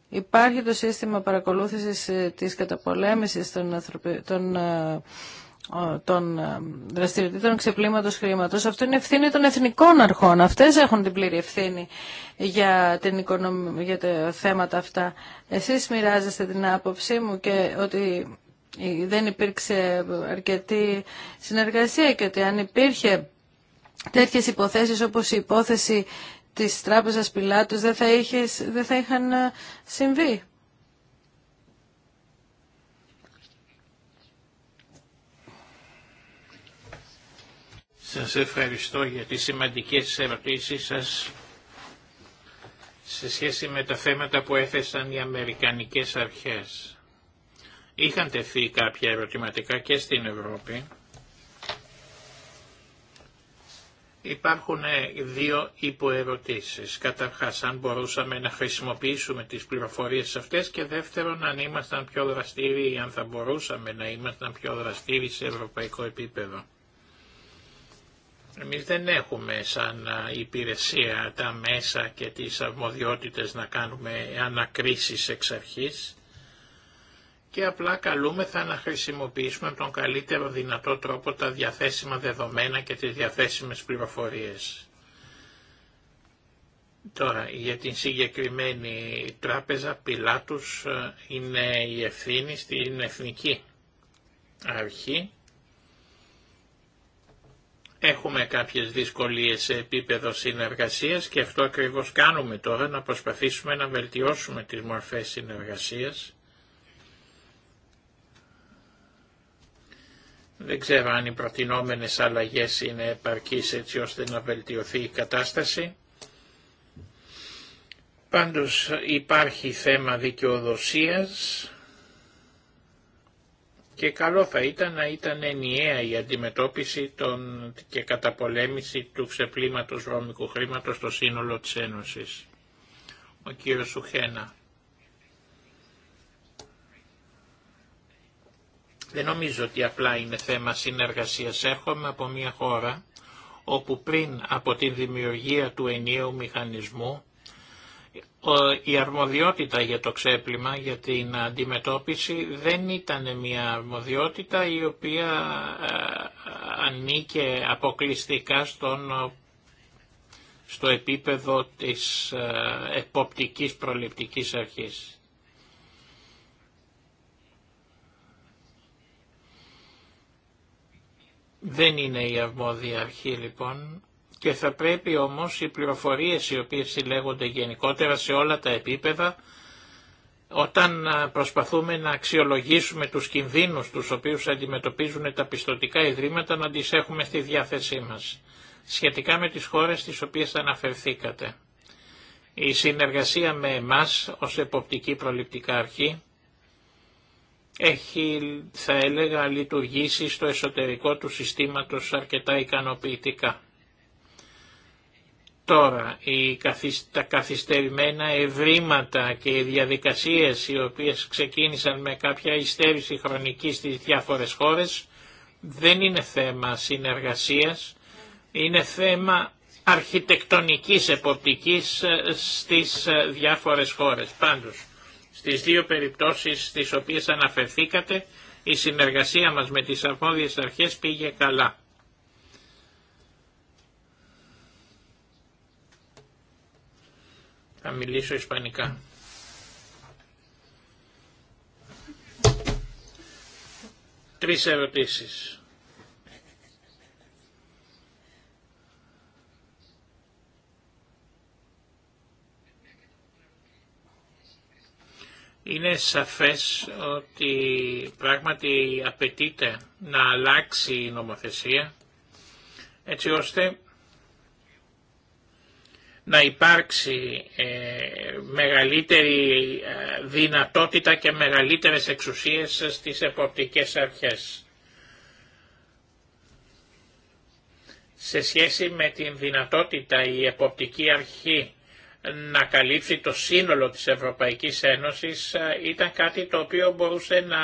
υπάρχει το σύστημα παρακολούθησης ε, της καταπολέμησης των, των ε, των ε, δραστηριοτήτων ξεπλήματος χρήματος. Αυτό είναι ευθύνη των εθνικών αρχών. Αυτές έχουν την πλήρη ευθύνη για, την οικονομ... για τα θέματα αυτά. Εσείς μοιράζεστε την άποψή μου και ότι δεν υπήρξε αρκετή συνεργασία και ότι αν υπήρχε τέτοιες υποθέσεις όπως η υπόθεση της τράπεζας Πιλάτους δεν θα, δεν θα είχαν ε, συμβεί. Σας ευχαριστώ για τις σημαντικές ερωτήσεις σας σε σχέση με τα θέματα που έθεσαν οι Αμερικανικές αρχές. Είχαν τεθεί κάποια ερωτηματικά και στην Ευρώπη. Υπάρχουν ε, δύο υποερωτήσεις. Καταρχάς, αν μπορούσαμε να χρησιμοποιήσουμε τις πληροφορίες αυτές και δεύτερον, αν ήμασταν πιο δραστήριοι ή αν θα μπορούσαμε να ήμασταν πιο δραστήριοι σε ευρωπαϊκό επίπεδο. Εμείς δεν έχουμε σαν υπηρεσία τα μέσα και τις αρμοδιότητες να κάνουμε ανακρίσεις εξ αρχής και απλά καλούμεθα να χρησιμοποιήσουμε τον καλύτερο δυνατό τρόπο τα διαθέσιμα δεδομένα και τις διαθέσιμες πληροφορίες. Τώρα, για την συγκεκριμένη τράπεζα Πιλάτους είναι η ευθύνη στην Εθνική Αρχή Έχουμε κάποιες δυσκολίες σε επίπεδο συνεργασίας και αυτό ακριβώς κάνουμε τώρα, να προσπαθήσουμε να βελτιώσουμε τις μορφές συνεργασίας. Δεν ξέρω αν οι προτινόμενες αλλαγές είναι επαρκείς έτσι ώστε να βελτιωθεί η κατάσταση. Πάντως υπάρχει θέμα δικαιοδοσίας και καλό θα ήταν να ήταν ενιαία η αντιμετώπιση των και καταπολέμηση του ξεπλήματος βρώμικου χρήματος στο σύνολο της Ένωσης. Ο κύριος Σουχένα. Δεν νομίζω ότι απλά είναι θέμα συνεργασίας. Έρχομαι από μια χώρα όπου πριν από την δημιουργία του ενιαίου μηχανισμού η αρμοδιότητα για το ξέπλυμα, για την αντιμετώπιση δεν ήταν μια αρμοδιότητα η οποία ανήκε αποκλειστικά στον, στο επίπεδο της εποπτικής προληπτικής αρχής. Δεν είναι η αρμόδια αρχή λοιπόν και θα πρέπει όμως οι πληροφορίες οι οποίες συλλέγονται γενικότερα σε όλα τα επίπεδα όταν προσπαθούμε να αξιολογήσουμε τους κινδύνους τους οποίους αντιμετωπίζουν τα πιστοτικά ιδρύματα να τις έχουμε στη διάθεσή μας σχετικά με τις χώρες τις οποίες αναφερθήκατε. Η συνεργασία με εμάς ως εποπτική προληπτικά αρχή έχει, θα έλεγα, λειτουργήσει στο εσωτερικό του συστήματος αρκετά ικανοποιητικά. Τώρα, οι τα καθυστερημένα ευρήματα και οι διαδικασίες οι οποίες ξεκίνησαν με κάποια υστέρηση χρονική στις διάφορες χώρες δεν είναι θέμα συνεργασίας, είναι θέμα αρχιτεκτονικής εποπτικής ε, στις ε, διάφορες χώρες. Πάντως, στις δύο περιπτώσεις στις οποίες αναφερθήκατε, η συνεργασία μας με τις αρμόδιες αρχές πήγε καλά. Θα μιλήσω ισπανικά. Τρεις ερωτήσεις. Είναι σαφές ότι πράγματι απαιτείται να αλλάξει η νομοθεσία έτσι ώστε να υπάρξει ε, μεγαλύτερη ε, δυνατότητα και μεγαλύτερες εξουσίες στις εποπτικές αρχές. Σε σχέση με την δυνατότητα η εποπτική αρχή να καλύψει το σύνολο της Ευρωπαϊκής Ένωσης ε, ήταν κάτι το οποίο μπορούσε να,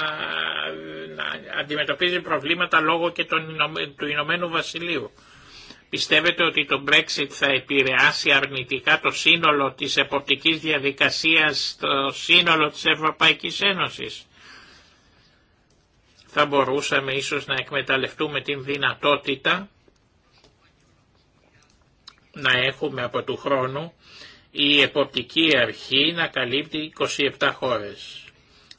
να αντιμετωπίζει προβλήματα λόγω και του Ηνωμένου Βασιλείου. Πιστεύετε ότι το Brexit θα επηρεάσει αρνητικά το σύνολο της εποπτικής διαδικασίας, το σύνολο της Ευρωπαϊκής Ένωσης. Θα μπορούσαμε ίσως να εκμεταλλευτούμε την δυνατότητα να έχουμε από του χρόνου η εποπτική αρχή να καλύπτει 27 χώρες.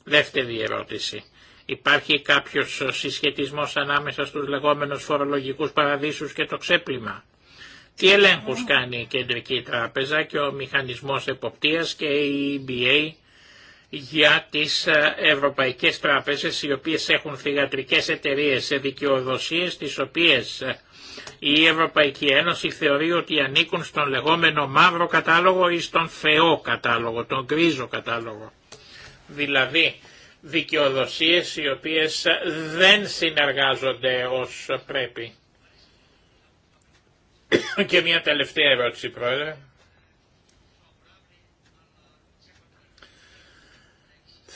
Δεύτερη ερώτηση. Υπάρχει κάποιος συσχετισμός ανάμεσα στους λεγόμενους φορολογικούς παραδείσους και το ξέπλυμα. Τι ελέγχους ναι. κάνει η Κεντρική Τράπεζα και ο Μηχανισμός Εποπτείας και η EBA για τις ε, Ευρωπαϊκές Τράπεζες οι οποίες έχουν θηγατρικές εταιρείες σε δικαιοδοσίες τις οποίες ε, η Ευρωπαϊκή Ένωση θεωρεί ότι ανήκουν στον λεγόμενο μαύρο κατάλογο ή στον θεό κατάλογο, τον γκρίζο κατάλογο. Δηλαδή δικαιοδοσίες οι οποίες δεν συνεργάζονται ως πρέπει. Και μια τελευταία ερώτηση, Πρόεδρε.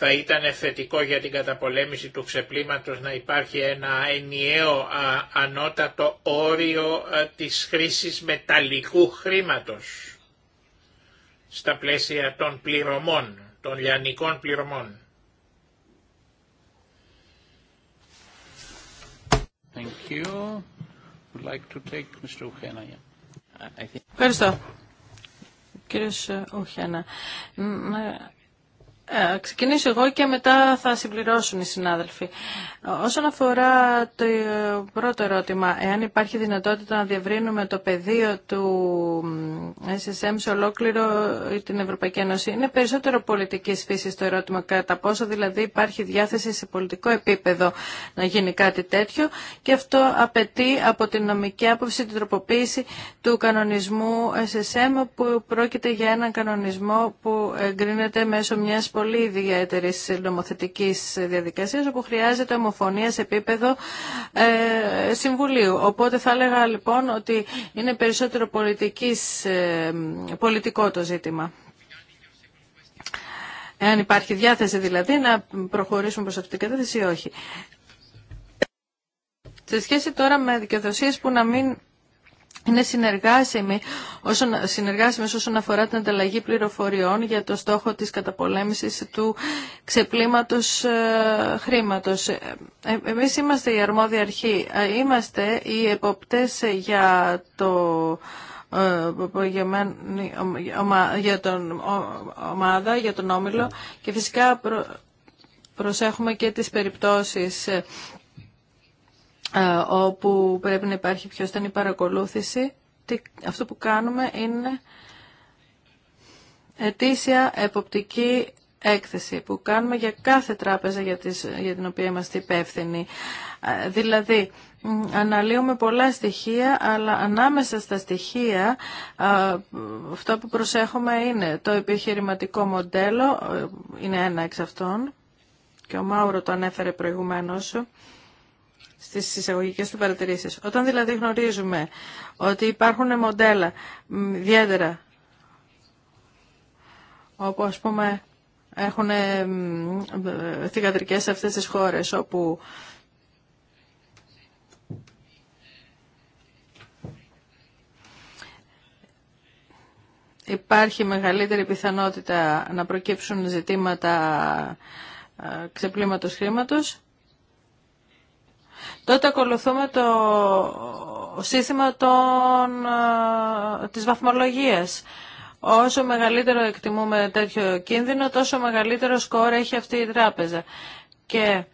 θα ήταν θετικό για την καταπολέμηση του ξεπλήματος να υπάρχει ένα ενιαίο ανώτατο όριο της χρήσης μεταλλικού χρήματος στα πλαίσια των πληρωμών, των λιανικών πληρωμών. you. Would like to take Mr. I think... Ευχαριστώ. Κύριος Ουχένα, ε, ξεκινήσω εγώ και μετά θα συμπληρώσουν οι συνάδελφοι. Όσον αφορά το πρώτο ερώτημα, εάν υπάρχει δυνατότητα να διευρύνουμε το πεδίο του SSM σε ολόκληρο την Ευρωπαϊκή Ένωση, είναι περισσότερο πολιτική φύση το ερώτημα κατά πόσο δηλαδή υπάρχει διάθεση σε πολιτικό επίπεδο να γίνει κάτι τέτοιο και αυτό απαιτεί από την νομική άποψη την τροποποίηση του κανονισμού SSM που πρόκειται για έναν κανονισμό που εγκρίνεται μέσω μιας πολύ ιδιαίτερη νομοθετική διαδικασία όπου χρειάζεται ομοφωνία σε επίπεδο ε, συμβουλίου. Οπότε θα έλεγα λοιπόν ότι είναι περισσότερο πολιτικής, ε, πολιτικό το ζήτημα. Εάν υπάρχει διάθεση δηλαδή να προχωρήσουμε προς αυτή την κατεύθυνση ή όχι. Σε σχέση τώρα με δικαιοδοσίες που να μην είναι συνεργάσιμη όσον, συνεργάσιμες όσον αφορά την ανταλλαγή πληροφοριών για το στόχο της καταπολέμησης του ξεπλήματος ε, χρήματος. Ε, εμείς είμαστε η αρμόδια αρχή, ε, είμαστε οι εποπτές για το για τον ομάδα, για τον όμιλο και φυσικά προσέχουμε και τις περιπτώσεις ε, όπου πρέπει να υπάρχει πιο στενή παρακολούθηση. Αυτό που κάνουμε είναι ετήσια εποπτική έκθεση που κάνουμε για κάθε τράπεζα για, την οποία είμαστε υπεύθυνοι. Ε, δηλαδή, αναλύουμε πολλά στοιχεία, αλλά ανάμεσα στα στοιχεία ε, αυτό που προσέχουμε είναι το επιχειρηματικό μοντέλο, είναι ένα εξ αυτών, και ο Μάουρο το ανέφερε προηγουμένως, στις εισαγωγικές του παρατηρήσεις. Όταν δηλαδή γνωρίζουμε ότι υπάρχουν μοντέλα ιδιαίτερα όπου ας πούμε έχουν ε, ε, θηγατρικές σε αυτές τις χώρες όπου υπάρχει μεγαλύτερη πιθανότητα να προκύψουν ζητήματα ε, ξεπλήματος χρήματος τότε ακολουθούμε το σύστημα των, της βαθμολογίας. Όσο μεγαλύτερο εκτιμούμε τέτοιο κίνδυνο, τόσο μεγαλύτερο σκόρ έχει αυτή η τράπεζα. Και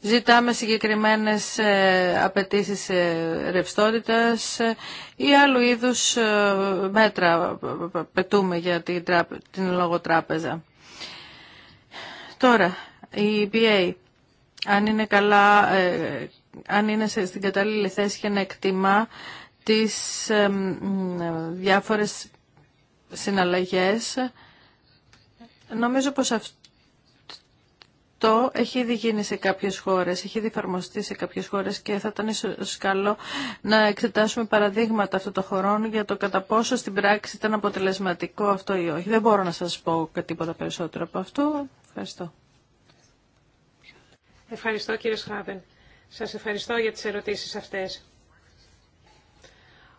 Ζητάμε συγκεκριμένες ε, απαιτήσεις ε, ρευστότητας ε, ή άλλου είδους μέτρα πετούμε για την λογοτράπεζα. Τώρα, η EPA, αν είναι καλά, ε, αν είναι στην κατάλληλη θέση και να εκτιμά τις ε, ε, διάφορες συναλλαγές, νομίζω πως αυτό αυτό έχει ήδη γίνει σε κάποιες χώρες, έχει ήδη εφαρμοστεί σε κάποιες χώρες και θα ήταν ίσως καλό να εξετάσουμε παραδείγματα αυτών των χωρών για το κατά πόσο στην πράξη ήταν αποτελεσματικό αυτό ή όχι. Δεν μπορώ να σας πω τίποτα περισσότερο από αυτό. Ευχαριστώ. Ευχαριστώ κύριε Σχάβεν. Σας ευχαριστώ για τις ερωτήσεις αυτές.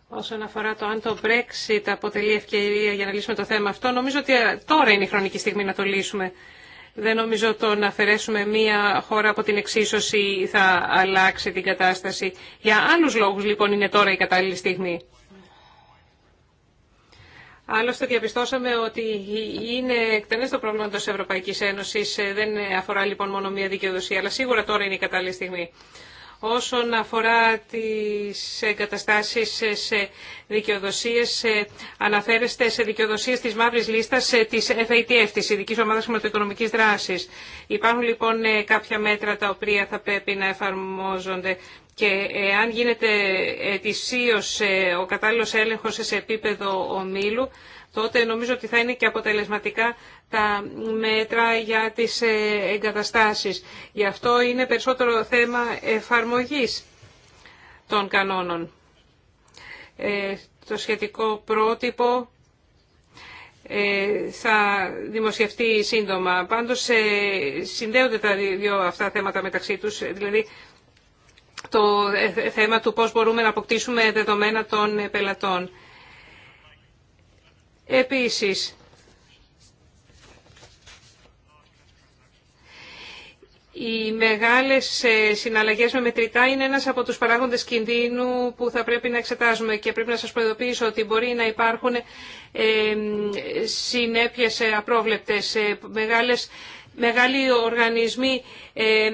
Όσον αφορά το αν το Brexit αποτελεί ευκαιρία για να λύσουμε το θέμα αυτό, νομίζω ότι τώρα είναι η χρονική στιγμή να το λύσουμε. Δεν νομίζω το να αφαιρέσουμε μία χώρα από την εξίσωση θα αλλάξει την κατάσταση. Για άλλους λόγους λοιπόν είναι τώρα η κατάλληλη στιγμή. Άλλωστε διαπιστώσαμε ότι είναι εκτενές το πρόβλημα της Ευρωπαϊκής Ένωσης. Ε, δεν αφορά λοιπόν μόνο μία δικαιοδοσία, αλλά σίγουρα τώρα είναι η κατάλληλη στιγμή όσον αφορά τις εγκαταστάσεις σε δικαιοδοσίες, αναφέρεστε σε δικαιοδοσίες της μαύρης λίστας της FATF, της Ειδικής Ομάδας Χρηματοοικονομικής Δράσης. Υπάρχουν λοιπόν ε, κάποια μέτρα τα οποία θα πρέπει να εφαρμόζονται και ε, αν γίνεται ετησίως ε, ο κατάλληλος έλεγχος σε επίπεδο ομίλου, τότε νομίζω ότι θα είναι και αποτελεσματικά τα μέτρα για τις ε, εγκαταστάσεις. Γι' αυτό είναι περισσότερο θέμα εφαρμογής των κανόνων. Ε, το σχετικό πρότυπο ε, θα δημοσιευτεί σύντομα. Πάντως συνδέονται τα δύο αυτά θέματα μεταξύ τους, δηλαδή το θέμα του πώς μπορούμε να αποκτήσουμε δεδομένα των πελατών. Επίσης, Οι μεγάλες ε, συναλλαγές με μετρητά είναι ένας από τους παράγοντες κινδύνου που θα πρέπει να εξετάζουμε και πρέπει να σας προειδοποιήσω ότι μπορεί να υπάρχουν ε, συνέπειες ε, απρόβλεπτες, μεγάλες Μεγάλοι οργανισμοί ε,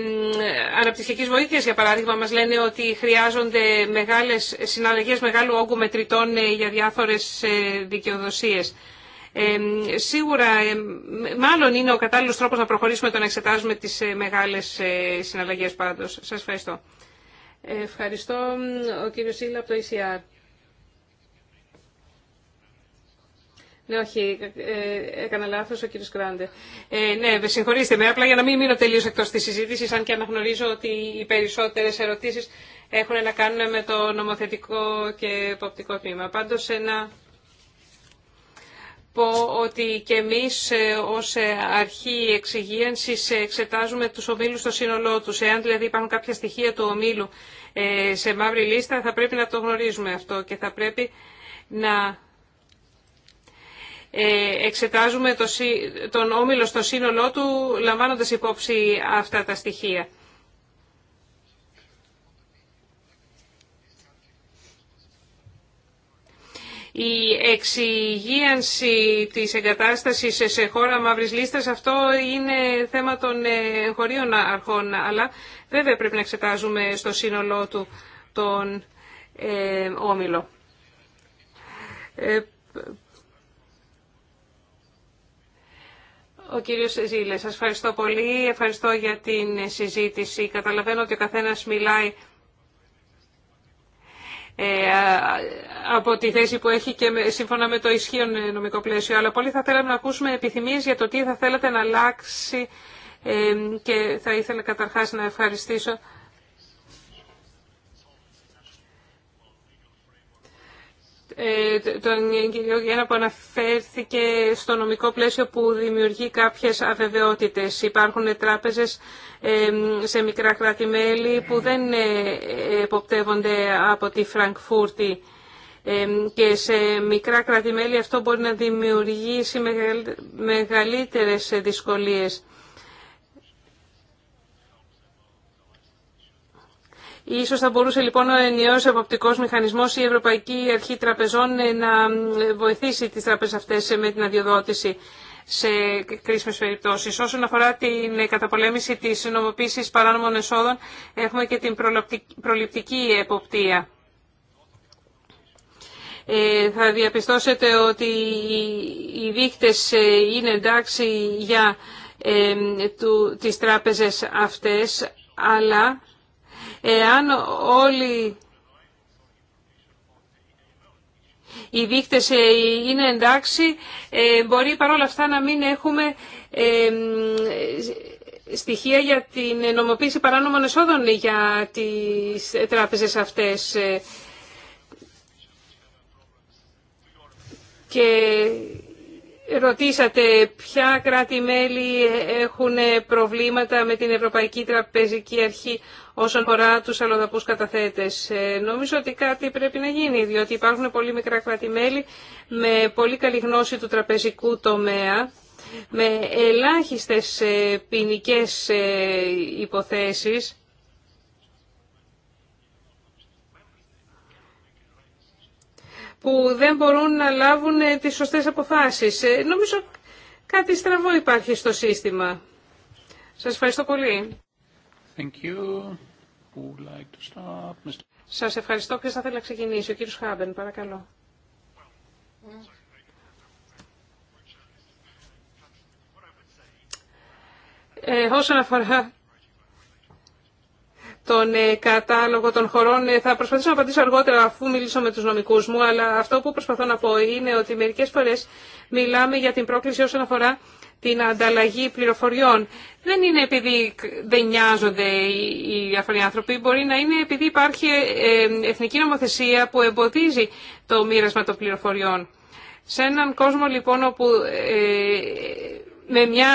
βοήθεια, βοήθειας, για παράδειγμα, μας λένε ότι χρειάζονται μεγάλες συναλλαγές μεγάλου όγκου μετρητών για διάφορες δικαιοδοσίε σίγουρα, μάλλον είναι ο κατάλληλος τρόπος να προχωρήσουμε το να εξετάζουμε τις ε, μεγάλες ε, συναλλαγές πάντως. Σας ευχαριστώ. Ε, ευχαριστώ ο κύριος Σίλα από το ECR. Ναι, όχι, έκανα λάθο ο κύριο Κράντε. Ε, ναι, συγχωρήστε με, απλά για να μην μείνω τελείω εκτό τη συζήτηση, αν και αναγνωρίζω ότι οι περισσότερε ερωτήσει έχουν να κάνουν με το νομοθετικό και υποπτικό τμήμα. Πάντω, ένα πω ότι και εμείς ε, ως ε, αρχή εξυγίανσης ε, εξετάζουμε τους ομίλους στο σύνολό τους. Εάν δηλαδή υπάρχουν κάποια στοιχεία του ομίλου σε μαύρη λίστα θα πρέπει να το γνωρίζουμε αυτό και θα πρέπει να εξετάζουμε τον όμιλο στο σύνολό του λαμβάνοντας υπόψη αυτά τα στοιχεία. Η εξυγίανση της εγκατάστασης σε χώρα μαύρης λίστας, αυτό είναι θέμα των ε, χωρίων αρχών, αλλά βέβαια πρέπει να εξετάζουμε στο σύνολό του τον ε, όμιλο. Ε, ο κύριος Ζήλε, σας ευχαριστώ πολύ, ευχαριστώ για την συζήτηση. Καταλαβαίνω ότι ο καθένας μιλάει ε, από τη θέση που έχει και σύμφωνα με το ισχύον ε, νομικό πλαίσιο. Αλλά πολύ θα θέλαμε να ακούσουμε επιθυμίες για το τι θα θέλατε να αλλάξει ε, και θα ήθελα καταρχάς να ευχαριστήσω Ε, τον κύριο Γιάννα που αναφέρθηκε στο νομικό πλαίσιο που δημιουργεί κάποιες αβεβαιότητες. Υπάρχουν τράπεζες ε, σε μικρά κράτη-μέλη που δεν ε, εποπτεύονται από τη Φραγκφούρτη και σε μικρά κράτη-μέλη αυτό μπορεί να δημιουργήσει μεγαλύτερες δυσκολίες. Ίσως θα μπορούσε λοιπόν ο ενιαίος εποπτικός μηχανισμός ή η Ευρωπαϊκή Αρχή Τραπεζών ε, να βοηθήσει τις τράπεζες αυτές ε, με την αδειοδότηση σε κρίσιμες περιπτώσεις. Όσον αφορά την ε, καταπολέμηση της νομοποίησης παράνομων εσόδων, έχουμε και την προληπτική εποπτεία. θα διαπιστώσετε ότι οι δείχτες είναι εντάξει για ε, του, τις τράπεζες αυτές, αλλά Εάν όλοι οι δείκτες ε, είναι εντάξει, ε, μπορεί παρόλα αυτά να μην έχουμε ε, στοιχεία για την νομοποίηση παράνομων εσόδων για τις τράπεζες αυτές. Και Ρωτήσατε ποια κράτη-μέλη έχουν προβλήματα με την Ευρωπαϊκή Τραπεζική Αρχή όσον αφορά τους αλλοδαπούς καταθέτες. Ε, νομίζω ότι κάτι πρέπει να γίνει, διότι υπάρχουν πολύ μικρά κράτη-μέλη με πολύ καλή γνώση του τραπεζικού τομέα, με ελάχιστες ε, ποινικέ ε, υποθέσεις που δεν μπορούν να λάβουν ε, τις σωστές αποφάσεις. Ε, νομίζω κάτι στραβό υπάρχει στο σύστημα. Σας ευχαριστώ πολύ. Thank you. like Mr. Σας ευχαριστώ. Ποιος θα θέλει να ξεκινήσει. Ο κύριος Χάμπεν, παρακαλώ. Ε, όσον αφορά τον ε, κατάλογο των χωρών. Ε, θα προσπαθήσω να απαντήσω αργότερα αφού μιλήσω με τους νομικούς μου, αλλά αυτό που προσπαθώ να πω είναι ότι μερικές φορές μιλάμε για την πρόκληση όσον αφορά την ανταλλαγή πληροφοριών. Δεν είναι επειδή δεν νοιάζονται οι διάφοροι άνθρωποι, μπορεί να είναι επειδή υπάρχει ε, εθνική νομοθεσία που εμποδίζει το μοίρασμα των πληροφοριών. Σε έναν κόσμο λοιπόν όπου με μια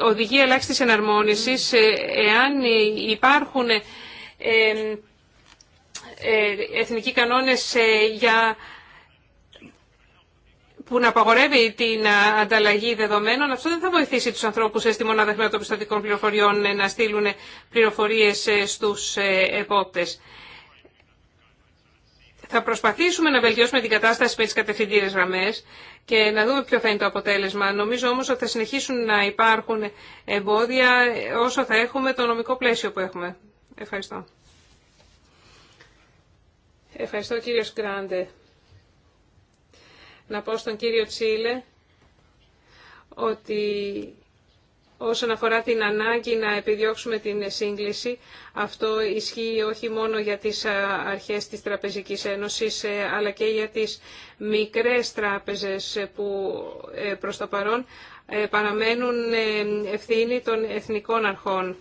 οδηγία ελάχιστης εναρμόνισης, ε, εάν υπάρχουν ε, εθνικοί κανόνες ε, για που να απαγορεύει την ανταλλαγή δεδομένων, αυτό δεν θα βοηθήσει τους ανθρώπους στη μονάδα χρηματοπιστωτικών πληροφοριών να στείλουν πληροφορίες στους επόπτες θα προσπαθήσουμε να βελτιώσουμε την κατάσταση με τις κατευθυντήρες γραμμές και να δούμε ποιο θα είναι το αποτέλεσμα. Νομίζω όμως ότι θα συνεχίσουν να υπάρχουν εμπόδια όσο θα έχουμε το νομικό πλαίσιο που έχουμε. Ευχαριστώ. Ευχαριστώ κύριο Σκράντε. Να πω στον κύριο Τσίλε ότι Όσον αφορά την ανάγκη να επιδιώξουμε την σύγκληση, αυτό ισχύει όχι μόνο για τις αρχές της Τραπεζικής Ένωσης, ε, αλλά και για τις μικρές τράπεζες που ε, προς το παρόν ε, παραμένουν ευθύνη των εθνικών αρχών.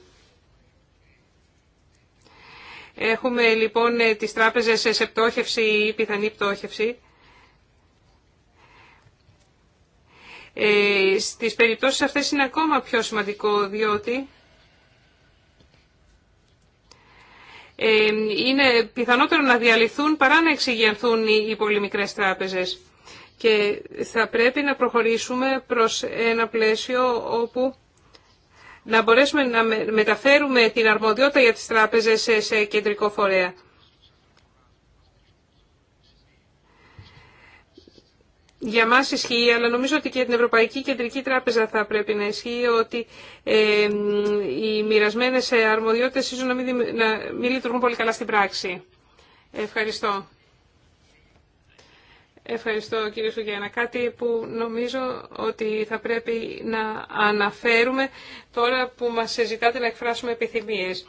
Έχουμε λοιπόν τις τράπεζες σε πτώχευση ή πιθανή πτώχευση. Ε, στις περιπτώσεις αυτές είναι ακόμα πιο σημαντικό διότι ε, είναι πιθανότερο να διαλυθούν παρά να εξηγενθούν οι πολύ μικρές τράπεζες. Και θα πρέπει να προχωρήσουμε προς ένα πλαίσιο όπου να μπορέσουμε να μεταφέρουμε την αρμοδιότητα για τις τράπεζες σε κεντρικό φορέα. για μας ισχύει, αλλά νομίζω ότι και την Ευρωπαϊκή Κεντρική Τράπεζα θα πρέπει να ισχύει ότι ε, οι μοιρασμένε αρμοδιότητες ίσως να μην, να λειτουργούν πολύ καλά στην πράξη. Ευχαριστώ. Ευχαριστώ κύριε Σουγιάννα. Κάτι που νομίζω ότι θα πρέπει να αναφέρουμε τώρα που μας ζητάτε να εκφράσουμε επιθυμίες.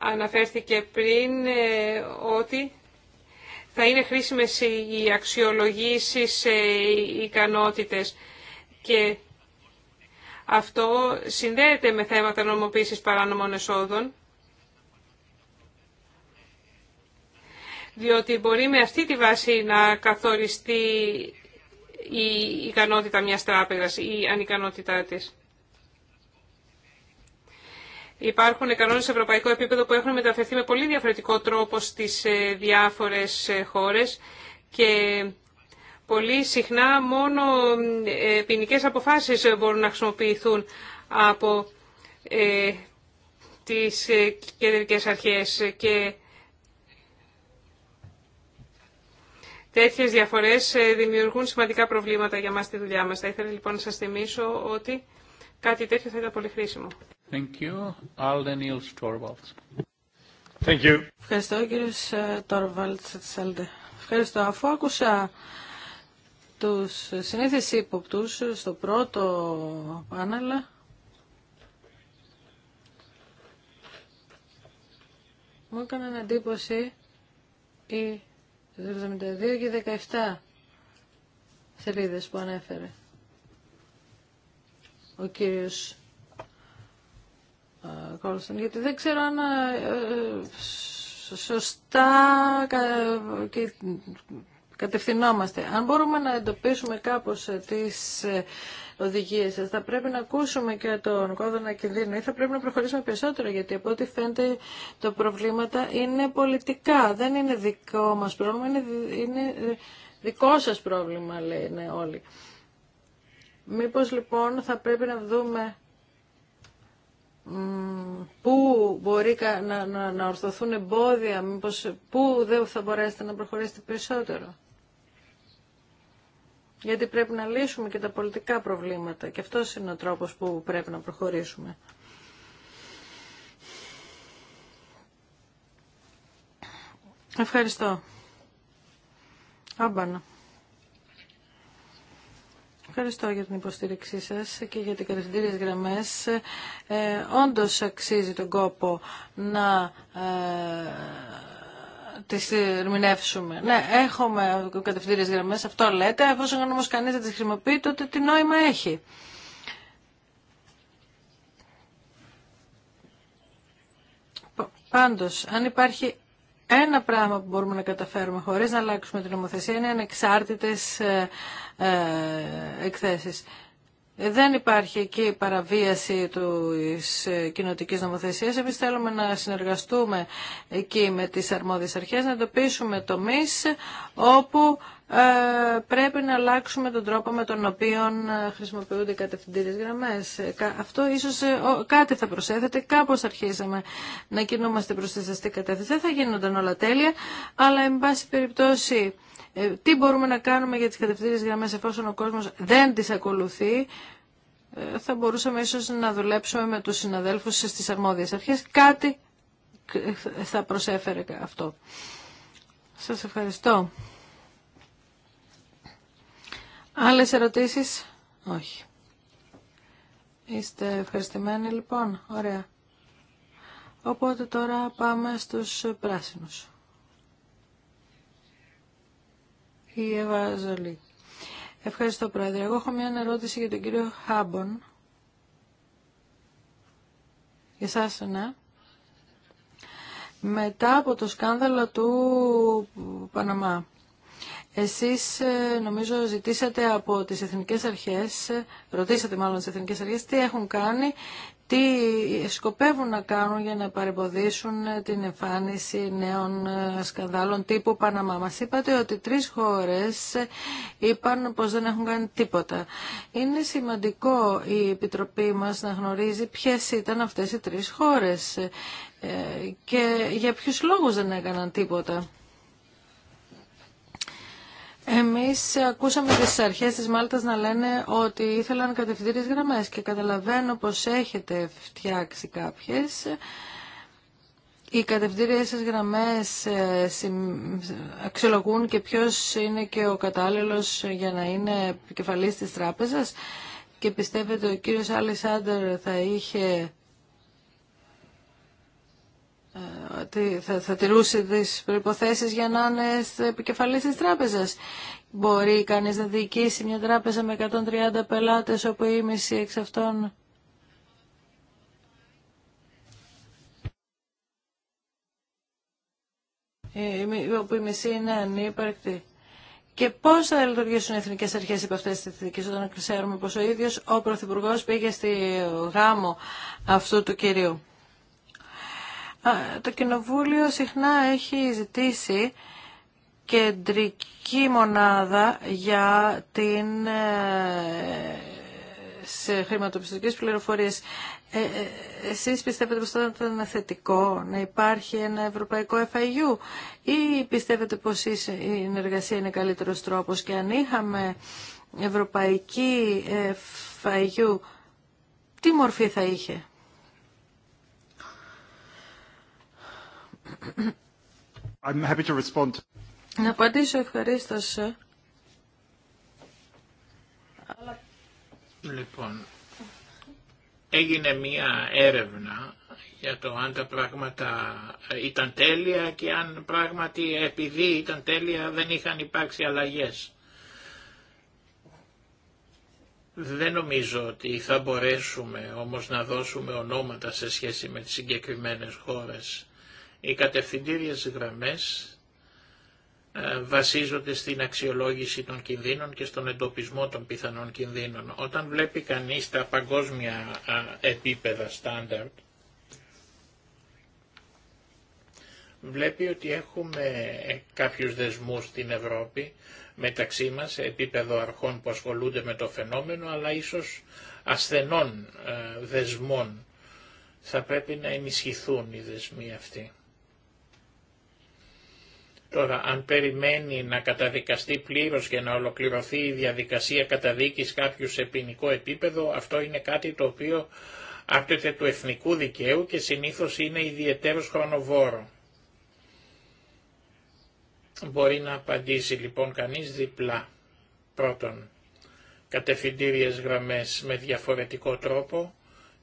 Αναφέρθηκε πριν ε, ότι θα είναι χρήσιμες οι αξιολογήσεις, ε, οι ικανότητες και αυτό συνδέεται με θέματα νομοποίησης παράνομων εσόδων. διότι μπορεί με αυτή τη βάση να καθοριστεί η ικανότητα μιας τράπεζας ή η ανικανότητά της. Υπάρχουν κανόνες σε ευρωπαϊκό επίπεδο που έχουν μεταφερθεί με πολύ διαφορετικό τρόπο στις ε, διάφορες ε, χώρες και πολύ συχνά μόνο ε, ποινικέ αποφάσεις μπορούν να χρησιμοποιηθούν από τις κεντρικές αρχές και τέτοιες διαφορές δημιουργούν σημαντικά προβλήματα για μας στη δουλειά μας. Θα ήθελα λοιπόν να σας θυμίσω ότι κάτι τέτοιο θα ήταν πολύ χρήσιμο. Ευχαριστώ κύριε Τόρβαλτς της Ευχαριστώ. Αφού άκουσα τους συνήθεις ύποπτους στο πρώτο πάνελ, μου έκαναν εντύπωση οι 72 και 17 σελίδες που ανέφερε ο κύριος Κόλσον, γιατί δεν ξέρω αν ε, ε, σωστά κατευθυνόμαστε. Αν μπορούμε να εντοπίσουμε κάπως ε, τις οδηγίες σας, θα πρέπει να ακούσουμε και τον κόδωνα κινδύνου ή θα πρέπει να προχωρήσουμε περισσότερο, γιατί από ό,τι φαίνεται τα προβλήματα είναι πολιτικά, δεν είναι δικό μας πρόβλημα, είναι, είναι δικό σας πρόβλημα, λένε όλοι. Μήπως λοιπόν θα πρέπει να δούμε πού μπορεί να, να, να ορθωθούν εμπόδια, μήπως πού δεν θα μπορέσετε να προχωρήσετε περισσότερο. Γιατί πρέπει να λύσουμε και τα πολιτικά προβλήματα και αυτό είναι ο τρόπος που πρέπει να προχωρήσουμε. Ευχαριστώ. Άμπανα ευχαριστώ για την υποστήριξή σας και για τις κατευθυντήριες γραμμές. Ε, όντως αξίζει τον κόπο να ε, τις ερμηνεύσουμε. Ναι, έχουμε κατευθυντήριες γραμμές, αυτό λέτε. Εφόσον όμως κανείς δεν τις χρησιμοποιεί, τότε τι νόημα έχει. Πάντως, αν υπάρχει ένα πράγμα που μπορούμε να καταφέρουμε χωρίς να αλλάξουμε την νομοθεσία είναι ανεξάρτητες ε, ε, εκθέσεις δεν υπάρχει εκεί παραβίαση της ε, κοινοτικής νομοθεσίας. Εμείς θέλουμε να συνεργαστούμε εκεί με τις αρμόδιες αρχές, να εντοπίσουμε τομείς όπου ε, πρέπει να αλλάξουμε τον τρόπο με τον οποίο ε, χρησιμοποιούνται οι κατευθυντήριες γραμμές. Αυτό ίσως κάτι θα προσέθετε. Κάπως αρχίσαμε να κινούμαστε προς τη ζεστή κατεύθυνση. Δεν θα γίνονταν όλα τέλεια, αλλά εν πάση περιπτώσει ε, τι μπορούμε να κάνουμε για τις κατευθύνσεις γραμμές εφόσον ο κόσμος δεν τις ακολουθεί, ε, θα μπορούσαμε ίσως να δουλέψουμε με τους συναδέλφους στις αρμόδιες αρχές. Κάτι θα προσέφερε αυτό. Σας ευχαριστώ. Άλλες ερωτήσεις? Όχι. Είστε ευχαριστημένοι λοιπόν. Ωραία. Οπότε τώρα πάμε στους πράσινους. η Εύα Ευχαριστώ Πρόεδρε. Εγώ έχω μια ερώτηση για τον κύριο Χάμπον. Για σας ναι. Μετά από το σκάνδαλο του Παναμά, εσείς ε, νομίζω ζητήσατε από τις εθνικές αρχές, ρωτήσατε μάλλον τις εθνικές αρχές, τι έχουν κάνει τι σκοπεύουν να κάνουν για να παρεμποδίσουν την εμφάνιση νέων ε, σκανδάλων τύπου Παναμά. Μας είπατε ότι τρεις χώρες είπαν πως δεν έχουν κάνει τίποτα. Είναι σημαντικό η Επιτροπή μας να γνωρίζει ποιες ήταν αυτές οι τρεις χώρες ε, και για ποιους λόγους δεν έκαναν τίποτα. Εμείς ακούσαμε τις αρχές της Μάλτας να λένε ότι ήθελαν κατευθυντήριες γραμμές και καταλαβαίνω πως έχετε φτιάξει κάποιες. Οι κατευθυντήριες σας γραμμές ε, αξιολογούν και ποιος είναι και ο κατάλληλος για να είναι κεφαλής της τράπεζας και πιστεύετε ο κύριος Άλισάντερ θα είχε ε, θα, θα τηρούσε τις προϋποθέσεις για να είναι επικεφαλής της τράπεζας. Μπορεί κανείς να διοικήσει μια τράπεζα με 130 πελάτες όπου η μισή εξ αυτών όπου η μισή είναι ανύπαρκτη. Και πώ θα λειτουργήσουν οι εθνικέ αρχέ υπ' αυτέ τι θετικέ, όταν ξέρουμε πω ο ίδιο ο Πρωθυπουργό πήγε στη γάμο αυτού του κυρίου το Κοινοβούλιο συχνά έχει ζητήσει κεντρική μονάδα για την ε, σε χρηματοπιστωτικές πληροφορίες. Ε, ε, εσείς πιστεύετε πως θα ήταν θετικό να υπάρχει ένα ευρωπαϊκό FIU ή πιστεύετε πως η συνεργασία είναι καλύτερος τρόπος και αν είχαμε ευρωπαϊκή FIU, τι μορφή θα είχε. Να απαντήσω ευχαρίστω. Λοιπόν, έγινε μία έρευνα για το αν τα πράγματα ήταν τέλεια και αν πράγματι επειδή ήταν τέλεια δεν είχαν υπάρξει αλλαγές. Δεν νομίζω ότι θα μπορέσουμε όμως να δώσουμε ονόματα σε σχέση με τις συγκεκριμένες χώρες. Οι κατευθυντήριες γραμμές ε, βασίζονται στην αξιολόγηση των κινδύνων και στον εντοπισμό των πιθανών κινδύνων. Όταν βλέπει κανείς τα παγκόσμια ε, επίπεδα στάνταρτ, βλέπει ότι έχουμε ε, κάποιους δεσμούς στην Ευρώπη μεταξύ μας σε επίπεδο αρχών που ασχολούνται με το φαινόμενο, αλλά ίσως ασθενών δεσμών. Θα πρέπει να ενισχυθούν οι δεσμοί αυτοί. Τώρα, αν περιμένει να καταδικαστεί πλήρως και να ολοκληρωθεί η διαδικασία καταδίκης κάποιου σε ποινικό επίπεδο, αυτό είναι κάτι το οποίο άπτεται του εθνικού δικαίου και συνήθως είναι ιδιαίτερος χρονοβόρο. Μπορεί να απαντήσει λοιπόν κανείς διπλά. Πρώτον, κατευθυντήριες γραμμές με διαφορετικό τρόπο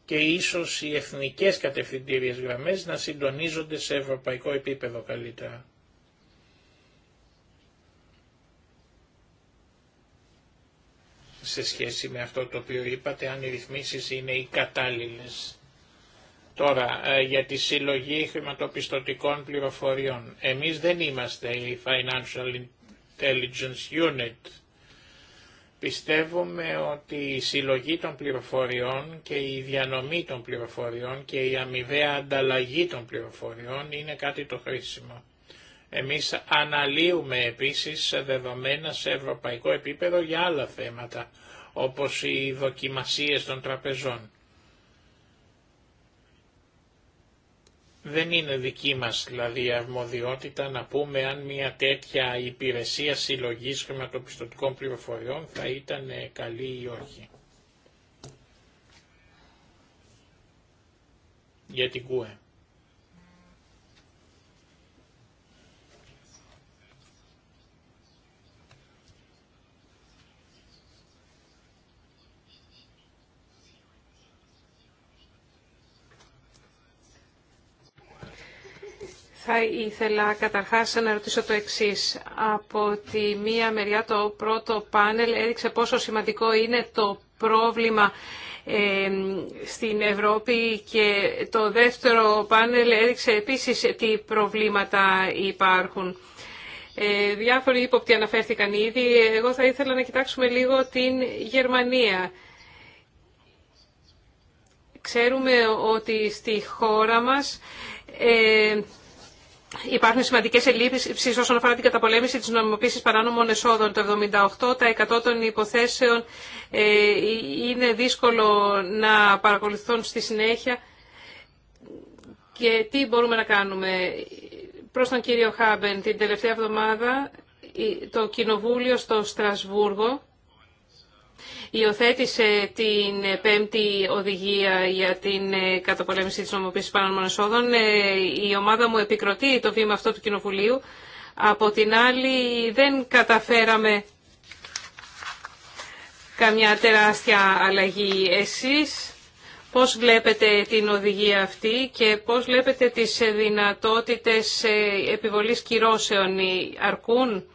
και ίσως οι εθνικές κατευθυντήριες γραμμές να συντονίζονται σε ευρωπαϊκό επίπεδο καλύτερα. σε σχέση με αυτό το οποίο είπατε, αν οι ρυθμίσεις είναι οι κατάλληλες. Τώρα, ε, για τη συλλογή χρηματοπιστωτικών πληροφοριών. Εμείς δεν είμαστε η Financial Intelligence Unit. Πιστεύουμε ότι η συλλογή των πληροφοριών και η διανομή των πληροφοριών και η αμοιβαία ανταλλαγή των πληροφοριών είναι κάτι το χρήσιμο. Εμείς αναλύουμε επίσης δεδομένα σε ευρωπαϊκό επίπεδο για άλλα θέματα, όπως οι δοκιμασίες των τραπεζών. Δεν είναι δική μας δηλαδή αρμοδιότητα να πούμε αν μια τέτοια υπηρεσία συλλογής χρηματοπιστωτικών πληροφοριών θα ήταν καλή ή όχι. Για την ΚΟΕ. Θα ήθελα καταρχάς να ρωτήσω το εξής. Από τη μία μεριά το πρώτο πάνελ έδειξε πόσο σημαντικό είναι το πρόβλημα ε, στην Ευρώπη και το δεύτερο πάνελ έδειξε επίσης τι προβλήματα υπάρχουν. Ε, διάφοροι ύποπτοι αναφέρθηκαν ήδη. Εγώ θα ήθελα να κοιτάξουμε λίγο την Γερμανία. Ξέρουμε ότι στη χώρα μας ε, Υπάρχουν σημαντικέ ελλείψει όσον αφορά την καταπολέμηση τη νομιμοποίηση παράνομων εσόδων. Το 78% των υποθέσεων ε, είναι δύσκολο να παρακολουθούν στη συνέχεια. Και τι μπορούμε να κάνουμε. προ τον κύριο Χάμπεν, την τελευταία εβδομάδα το Κοινοβούλιο στο Στρασβούργο Υιοθέτησε την πέμπτη οδηγία για την ε, καταπολέμηση της νομοποίησης παράνομων εσόδων. Ε, η ομάδα μου επικροτεί το βήμα αυτό του Κοινοβουλίου. Από την άλλη δεν καταφέραμε καμιά τεράστια αλλαγή εσείς. Πώς βλέπετε την οδηγία αυτή και πώς βλέπετε τις δυνατότητες ε, επιβολής κυρώσεων αρκούν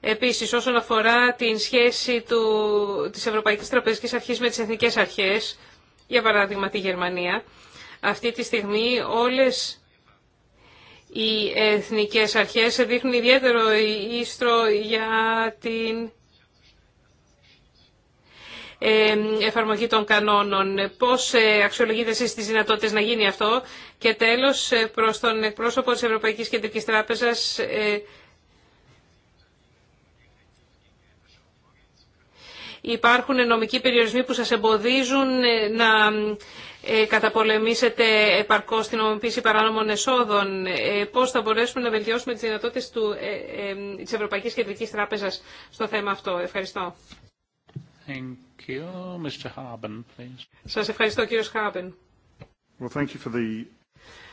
Επίσης, όσον αφορά την σχέση του, της Ευρωπαϊκής Τραπεζικής Αρχής με τις Εθνικές Αρχές, για παράδειγμα τη Γερμανία, αυτή τη στιγμή όλες οι εθνικές αρχές δείχνουν ιδιαίτερο ίστρο για την ε, εφαρμογή των κανόνων. Πώς ε, αξιολογείτε εσείς τις δυνατότητες να γίνει αυτό. Και τέλος, ε, προς τον εκπρόσωπο της Ευρωπαϊκής Κεντρικής Τράπεζας, Υπάρχουν νομικοί περιορισμοί που σας εμποδίζουν ε, να ε, καταπολεμήσετε επαρκώς την νομοποίηση παράνομων εσόδων. Ε, πώς θα μπορέσουμε να βελτιώσουμε τις δυνατότητες του, της Ευρωπαϊκής Κεντρικής Τράπεζας στο θέμα αυτό. Ευχαριστώ. Thank you. Mr. Σας ευχαριστώ κύριος Χάμπεν. Well, thank you for the...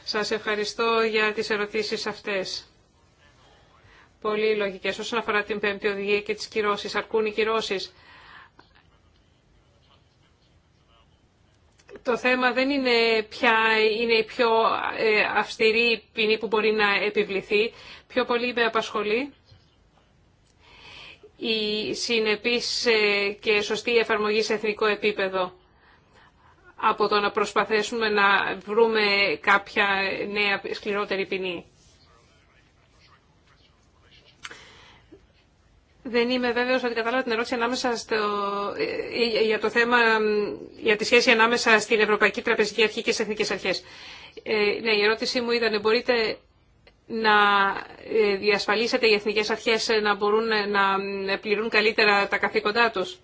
Σας ευχαριστώ για τις ερωτήσεις αυτές. Πολύ λογικές. Όσον αφορά την πέμπτη οδηγία και τις κυρώσεις, αρκούν οι κυρώσεις. Το θέμα δεν είναι ποια είναι η πιο ε, αυστηρή ποινή που μπορεί να επιβληθεί. Πιο πολύ με απασχολεί η συνεπής ε, και σωστή εφαρμογή σε εθνικό επίπεδο από το να προσπαθήσουμε να βρούμε κάποια νέα σκληρότερη ποινή. Δεν είμαι βέβαιος ότι κατάλαβα την ερώτηση ανάμεσα στο, ε, ε, για το θέμα, ε, για τη σχέση ανάμεσα στην Ευρωπαϊκή Τραπεζική Αρχή και στις Εθνικές Αρχές. Ε, ναι, η ερώτησή μου ήταν, μπορείτε να διασφαλίσετε οι εθνικές αρχές να μπορούν να πληρούν καλύτερα τα καθήκοντά τους.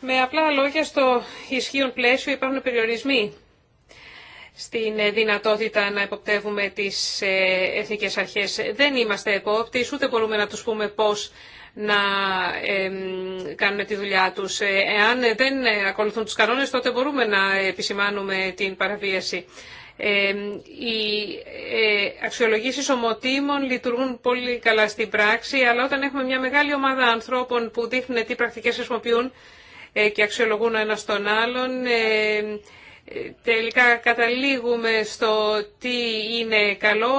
Με απλά λόγια στο ισχύον πλαίσιο υπάρχουν περιορισμοί στην ε, δυνατότητα να υποπτεύουμε τις ε, εθνικές αρχές. Δεν είμαστε επόπτης, ούτε μπορούμε να τους πούμε πώς να κάνουμε τη δουλειά τους. Ε, εάν δεν ακολουθούν τους κανόνες, τότε μπορούμε να επισημάνουμε την παραβίαση. Οι αξιολογήσεις ομοτήμων λειτουργούν πολύ καλά στην πράξη, αλλά όταν έχουμε μια μεγάλη ομάδα ανθρώπων που δείχνουν τι πρακτικές χρησιμοποιούν και αξιολογούν ένα τον άλλον τελικά καταλήγουμε στο τι είναι καλό,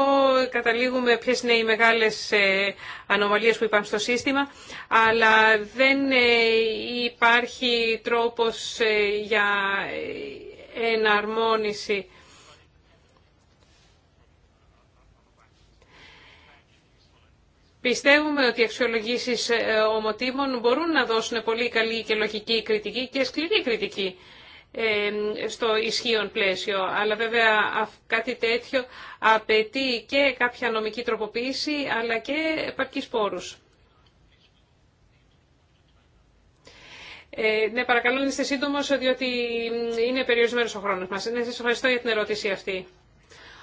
καταλήγουμε ποιες είναι οι μεγάλες ε, ανομαλίες που υπάρχουν στο σύστημα, αλλά δεν ε, υπάρχει τρόπος ε, για εναρμόνιση. Πιστεύουμε ότι οι αξιολογήσεις ομοτήμων μπορούν να δώσουν πολύ καλή και λογική κριτική και σκληρή κριτική στο ισχύον πλαίσιο. Αλλά βέβαια κάτι τέτοιο απαιτεί και κάποια νομική τροποποίηση αλλά και επαρκείς πόρους. Ε, ναι, παρακαλώ είστε σύντομος διότι είναι περιορισμένος ο χρόνος μας. Ναι, σας ευχαριστώ για την ερώτηση αυτή.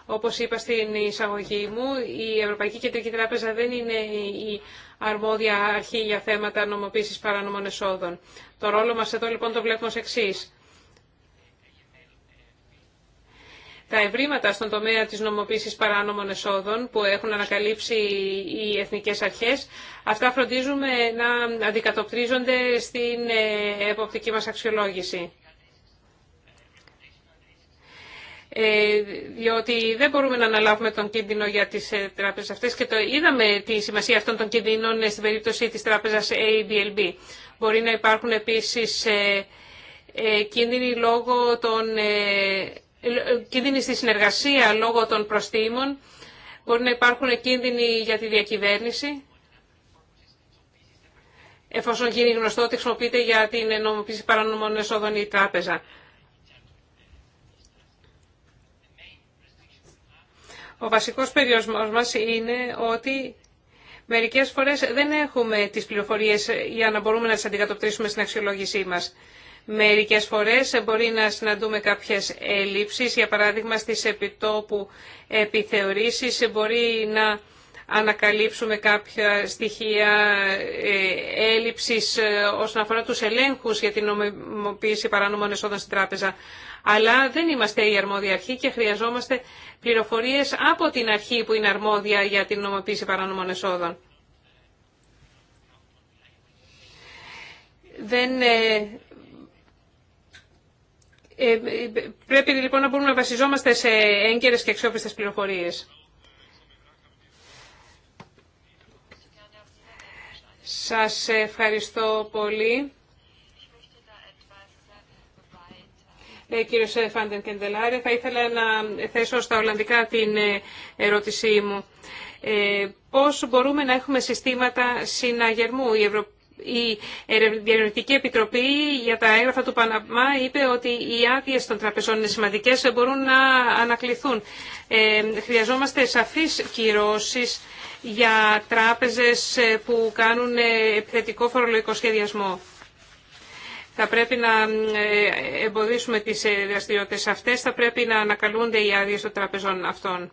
Όπως είπα στην εισαγωγή μου, η Ευρωπαϊκή Κεντρική Τράπεζα δεν είναι η αρμόδια αρχή για θέματα νομοποίησης παράνομων εσόδων. Το ρόλο μας εδώ λοιπόν το βλέπουμε ως εξής Τα ευρήματα στον τομέα της νομοποίησης παράνομων εσόδων που έχουν ανακαλύψει οι εθνικές αρχές, αυτά φροντίζουμε να αντικατοπτρίζονται στην ε, εποπτική μας αξιολόγηση. Ε, διότι δεν μπορούμε να αναλάβουμε τον κίνδυνο για τις ε, τράπεζες αυτές και το είδαμε τη σημασία αυτών των κινδύνων στην περίπτωση της τράπεζας ABLB. Μπορεί να υπάρχουν επίσης κίνδυνοι λόγω των κίνδυνοι στη συνεργασία λόγω των προστήμων, μπορεί να υπάρχουν κίνδυνοι για τη διακυβέρνηση, εφόσον γίνει γνωστό ότι χρησιμοποιείται για την νομοποίηση παρανομών εσόδων η τράπεζα. Ο βασικός περιορισμός μας είναι ότι μερικές φορές δεν έχουμε τις πληροφορίες για να μπορούμε να τις αντικατοπτρίσουμε στην αξιολόγησή μας. Μερικές φορές μπορεί να συναντούμε κάποιες ελλείψεις, για παράδειγμα στις επιτόπου επιθεωρήσεις μπορεί να ανακαλύψουμε κάποια στοιχεία ε, έλλειψης ε, όσον αφορά τους ελέγχους για την νομιμοποίηση παράνομων εσόδων στην τράπεζα. Αλλά δεν είμαστε η αρμόδια αρχή και χρειαζόμαστε πληροφορίες από την αρχή που είναι αρμόδια για την νομιμοποίηση παράνομων εσόδων. Δεν ε, ε, πρέπει λοιπόν να μπορούμε να βασιζόμαστε σε έγκαιρες και αξιόπιστες πληροφορίες. Σας ευχαριστώ πολύ. Ε, κύριος Φάντεν Κεντελάρη, θα ήθελα να θέσω στα Ολλανδικά την ε, ερώτησή μου. Ε, πώς μπορούμε να έχουμε συστήματα συναγερμού. Η Ευρωπαϊκή η Διερευνητική Επιτροπή για τα έγγραφα του Παναμά είπε ότι οι άδειε των τραπεζών είναι σημαντικέ, μπορούν να ανακληθούν. Ε, χρειαζόμαστε σαφείς κυρώσεις για τράπεζες ε, που κάνουν ε, επιθετικό φορολογικό σχεδιασμό. Θα πρέπει να ε, εμποδίσουμε τις δραστηριότητες αυτές, θα πρέπει να ανακαλούνται οι άδειε των τραπεζών αυτών,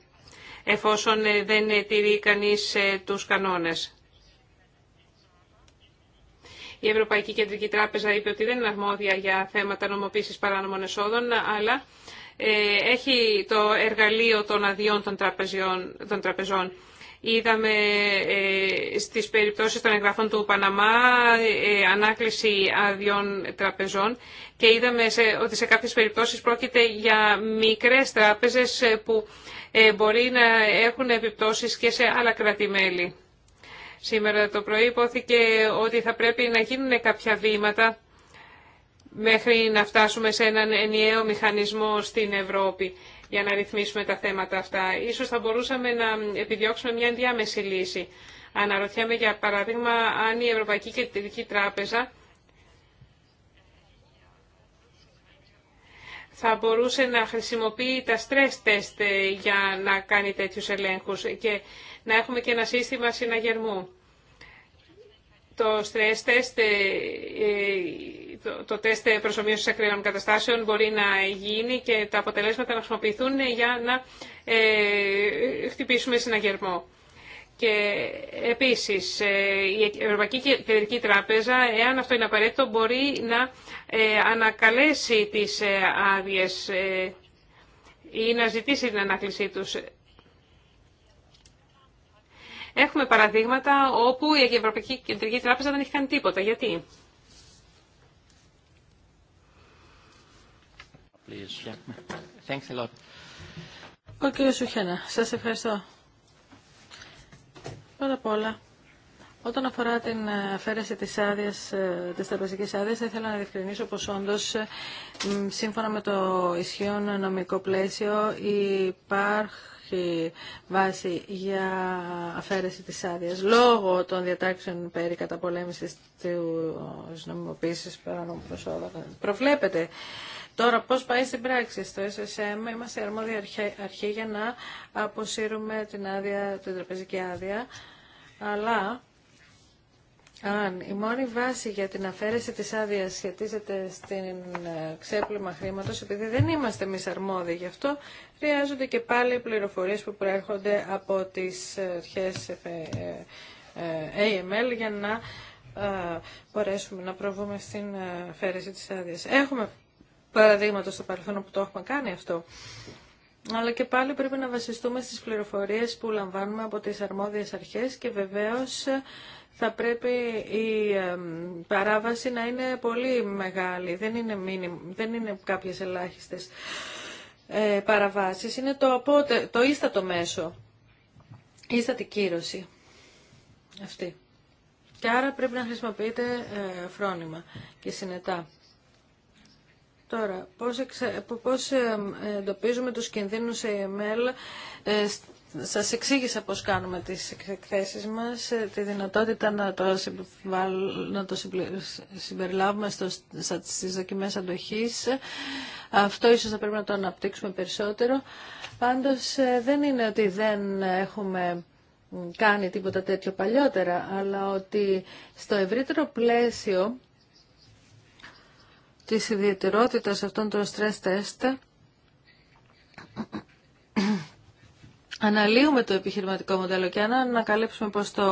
εφόσον δεν τηρεί κανείς τους κανόνες. Η Ευρωπαϊκή Κεντρική Τράπεζα είπε ότι δεν είναι αρμόδια για θέματα νομοποίησης παράνομων εσόδων, αλλά ε, έχει το εργαλείο των αδειών των, των τραπεζών. Είδαμε ε, στις περιπτώσεις των εγγραφών του Παναμά ε, ανάκληση αδειών τραπεζών και είδαμε ότι σε κάποιες περιπτώσεις πρόκειται για μικρές τράπεζες ε, που μπορεί να έχουν επιπτώσεις και σε αλλα κρατημέλη. Σήμερα το πρωί υπόθηκε ότι θα πρέπει να γίνουν κάποια βήματα μέχρι να φτάσουμε σε έναν ενιαίο μηχανισμό στην Ευρώπη για να ρυθμίσουμε τα θέματα αυτά. Ίσως θα μπορούσαμε να επιδιώξουμε μια διάμεση λύση. Αναρωτιέμαι για παράδειγμα αν η Ευρωπαϊκή Κεντρική Τράπεζα θα μπορούσε να χρησιμοποιεί τα stress test για να κάνει τέτοιους ελέγχους να έχουμε και ένα σύστημα συναγερμού. Το stress test, ε, ε, το τεστ προσωμείωσης ακραίων καταστάσεων μπορεί να γίνει και τα αποτελέσματα να χρησιμοποιηθούν για να ε, χτυπήσουμε συναγερμό. Και επίσης η Ευρωπαϊκή Κεντρική Τράπεζα, εάν αυτό είναι απαραίτητο, μπορεί να ανακαλέσει τις άδειες ή να ζητήσει την ανάκλησή τους. Έχουμε παραδείγματα όπου η Ευρωπαϊκή Κεντρική Τράπεζα δεν έχει κάνει τίποτα. Γιατί? Ο κύριο Σουχένα, σας ευχαριστώ. Πρώτα απ' όλα, όταν αφορά την αφαίρεση της, άδειας, ε, της τραπεζικής άδειας, θα ήθελα να διευκρινίσω πως όντως, σύμφωνα με το ισχύον νομικό πλαίσιο, υπάρχει υπάρχει βάση για αφαίρεση της άδειας λόγω των διατάξεων περί καταπολέμησης της νομιμοποίησης παρανόμου προσόδων. Προβλέπετε Τώρα πώς πάει στην πράξη στο SSM, είμαστε αρμόδια αρχή για να αποσύρουμε την, άδεια, την τραπεζική άδεια, αλλά αν η μόνη βάση για την αφαίρεση της άδεια σχετίζεται στην ε, ξέπλυμα χρήματος, επειδή δεν είμαστε εμεί αρμόδιοι γι' αυτό, χρειάζονται και πάλι πληροφορίες που προέρχονται από τις ε, αρχές ε, AML για να μπορέσουμε να προβούμε στην αφαίρεση της άδεια. Έχουμε παραδείγματα στο παρελθόν που το έχουμε κάνει αυτό. Αλλά και πάλι πρέπει να βασιστούμε στις πληροφορίες που λαμβάνουμε από τις αρμόδιες αρχές και βεβαίως θα πρέπει η παράβαση να είναι πολύ μεγάλη. Δεν είναι, μήνυμα, δεν είναι κάποιες ελάχιστες ε, παραβάσεις. Είναι το, απότε, το ίστατο μέσο, ίστατη κύρωση αυτή. Και άρα πρέπει να χρησιμοποιείτε φρόνημα και συνετά. Τώρα, πώς, πώς εντοπίζουμε τους κινδύνους AML σας εξήγησα πώς κάνουμε τις εκθέσεις μας, ε, τη δυνατότητα να το, να το συμπεριλάβουμε στο, στις δοκιμές Αυτό ίσως θα πρέπει να το αναπτύξουμε περισσότερο. Πάντως ε, δεν είναι ότι δεν έχουμε κάνει τίποτα τέτοιο παλιότερα, αλλά ότι στο ευρύτερο πλαίσιο της ιδιαιτερότητας αυτών των stress test αναλύουμε το επιχειρηματικό μοντέλο και αν ανακαλύψουμε πως το,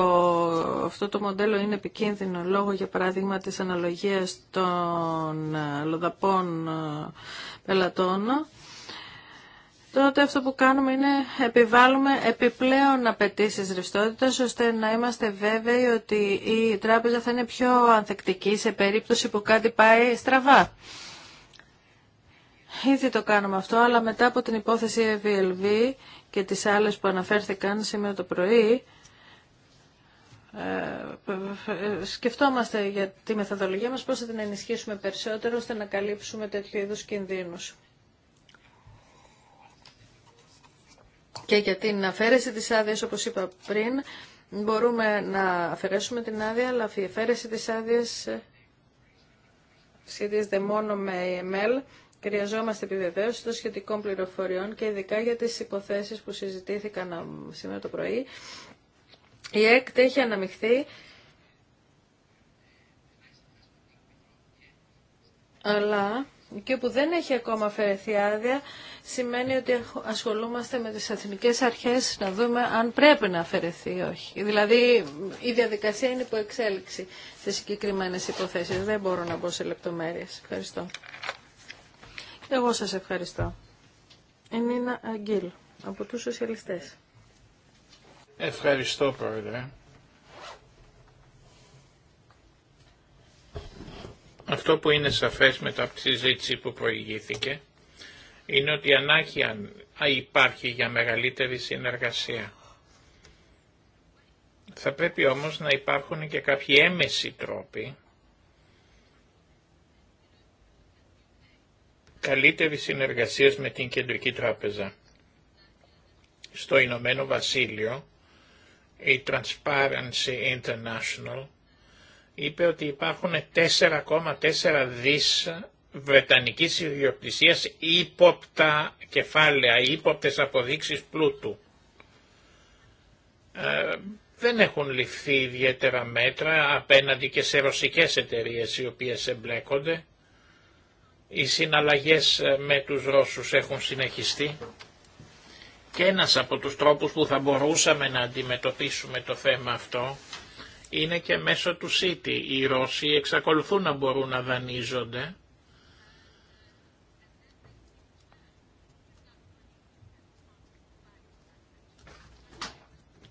αυτό το μοντέλο είναι επικίνδυνο λόγω για παράδειγμα της αναλογίας των ε, λοδαπών ε, πελατών τότε αυτό που κάνουμε είναι επιβάλλουμε επιπλέον απαιτήσει ρευστότητα, ώστε να είμαστε βέβαιοι ότι η τράπεζα θα είναι πιο ανθεκτική σε περίπτωση που κάτι πάει στραβά. Ήδη το κάνουμε αυτό, αλλά μετά από την υπόθεση EVLV και τις άλλες που αναφέρθηκαν σήμερα το πρωί, ε, σκεφτόμαστε για τη μεθοδολογία μας πώς θα την ενισχύσουμε περισσότερο ώστε να καλύψουμε τέτοιου είδους κινδύνους. Και για την αφαίρεση της άδεια, όπως είπα πριν, μπορούμε να αφαιρέσουμε την άδεια, αλλά η αφαίρεση της άδεια ε, σχετίζεται μόνο με EML Χρειαζόμαστε επιβεβαίωση των σχετικών πληροφοριών και ειδικά για τις υποθέσεις που συζητήθηκαν σήμερα το πρωί. Η ΕΚΤ έχει αναμειχθεί, αλλά και όπου δεν έχει ακόμα αφαιρεθεί άδεια, σημαίνει ότι ασχολούμαστε με τις αθηνικές αρχές να δούμε αν πρέπει να αφαιρεθεί ή όχι. Δηλαδή η διαδικασία είναι υπό εξέλιξη σε συγκεκριμένες υποθέσεις. Δεν μπορώ να μπω σε λεπτομέρειες. Ευχαριστώ. Εγώ σας ευχαριστώ. Είναι ένα Αγγίλ, από τους Σοσιαλιστές. Ευχαριστώ, Πρόεδρε. Αυτό που είναι σαφές μετά από τη συζήτηση που προηγήθηκε είναι ότι ανάγκη υπάρχει για μεγαλύτερη συνεργασία. Θα πρέπει όμως να υπάρχουν και κάποιοι έμεσοι τρόποι καλύτερη συνεργασία με την Κεντρική Τράπεζα. Στο Ηνωμένο Βασίλειο, η Transparency International είπε ότι υπάρχουν 4,4 δις βρετανικής ιδιοκτησίας ύποπτα κεφάλαια, ύποπτες αποδείξεις πλούτου. Ε, δεν έχουν ληφθεί ιδιαίτερα μέτρα απέναντι και σε ρωσικές εταιρείες οι οποίες εμπλέκονται οι συναλλαγές ε, με τους Ρώσους έχουν συνεχιστεί και ένας από τους τρόπους που θα μπορούσαμε να αντιμετωπίσουμε το θέμα αυτό είναι και μέσω του ΣΥΤΙ. Οι Ρώσοι εξακολουθούν να μπορούν να δανείζονται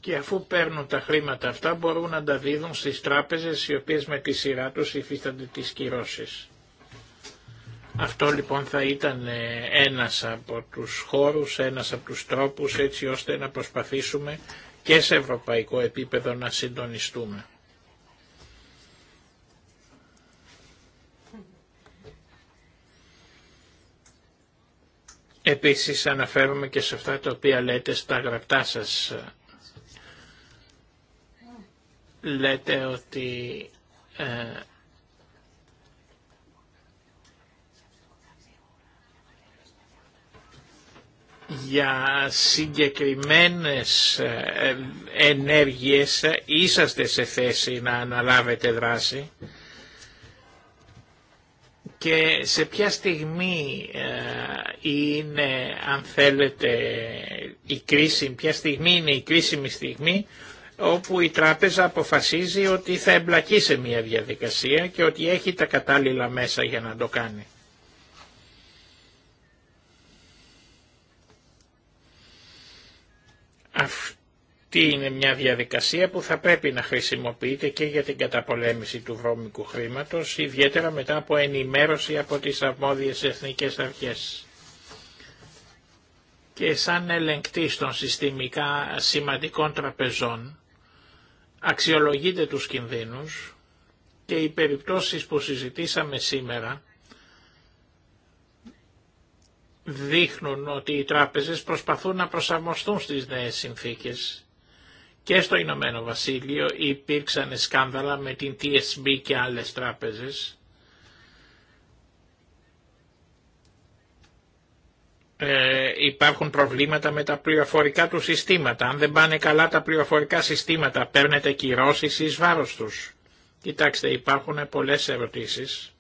και αφού παίρνουν τα χρήματα αυτά μπορούν να τα δίδουν στις τράπεζες οι οποίες με τη σειρά τους υφίστανται τις κυρώσεις. Αυτό λοιπόν θα ήταν ε, ένας από τους χώρους, ένας από τους τρόπους έτσι ώστε να προσπαθήσουμε και σε ευρωπαϊκό επίπεδο να συντονιστούμε. Επίσης αναφέρομαι και σε αυτά τα οποία λέτε στα γραπτά σας. Λέτε ότι ε, για συγκεκριμένες ε, ε, ενέργειες είσαστε σε θέση να αναλάβετε δράση και σε ποια στιγμή ε, είναι αν θέλετε η κρίση, ποια στιγμή είναι η κρίσιμη στιγμή όπου η τράπεζα αποφασίζει ότι θα εμπλακεί σε μια διαδικασία και ότι έχει τα κατάλληλα μέσα για να το κάνει. Αυτή είναι μια διαδικασία που θα πρέπει να χρησιμοποιείται και για την καταπολέμηση του βρώμικου χρήματος, ιδιαίτερα μετά από ενημέρωση από τις αρμόδιες εθνικές αρχές. Και σαν ελεγκτή των συστημικά σημαντικών τραπεζών, αξιολογείται τους κινδύνους και οι περιπτώσεις που συζητήσαμε σήμερα δείχνουν ότι οι τράπεζες προσπαθούν να προσαρμοστούν στις νέες συνθήκες. Και στο Ηνωμένο Βασίλειο υπήρξαν σκάνδαλα με την TSB και άλλες τράπεζες. Ε, υπάρχουν προβλήματα με τα πληροφορικά του συστήματα. Αν δεν πάνε καλά τα πληροφορικά συστήματα, παίρνετε κυρώσεις εις βάρος τους. Κοιτάξτε, υπάρχουν πολλές ερωτήσεις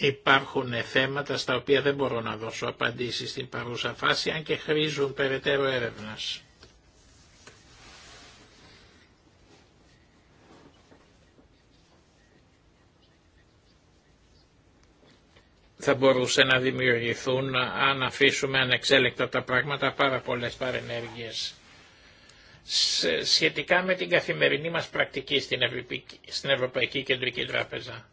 Υπάρχουν θέματα στα οποία δεν μπορώ να δώσω απαντήσεις στην παρούσα φάση, αν και χρήζουν περαιτέρω έρευνας. θα μπορούσε να δημιουργηθούν αν αφήσουμε ανεξέλεκτα τα πράγματα πάρα πολλές παρενέργειες. Σχετικά με την καθημερινή μας πρακτική στην Ευρωπαϊκή Κεντρική Τράπεζα.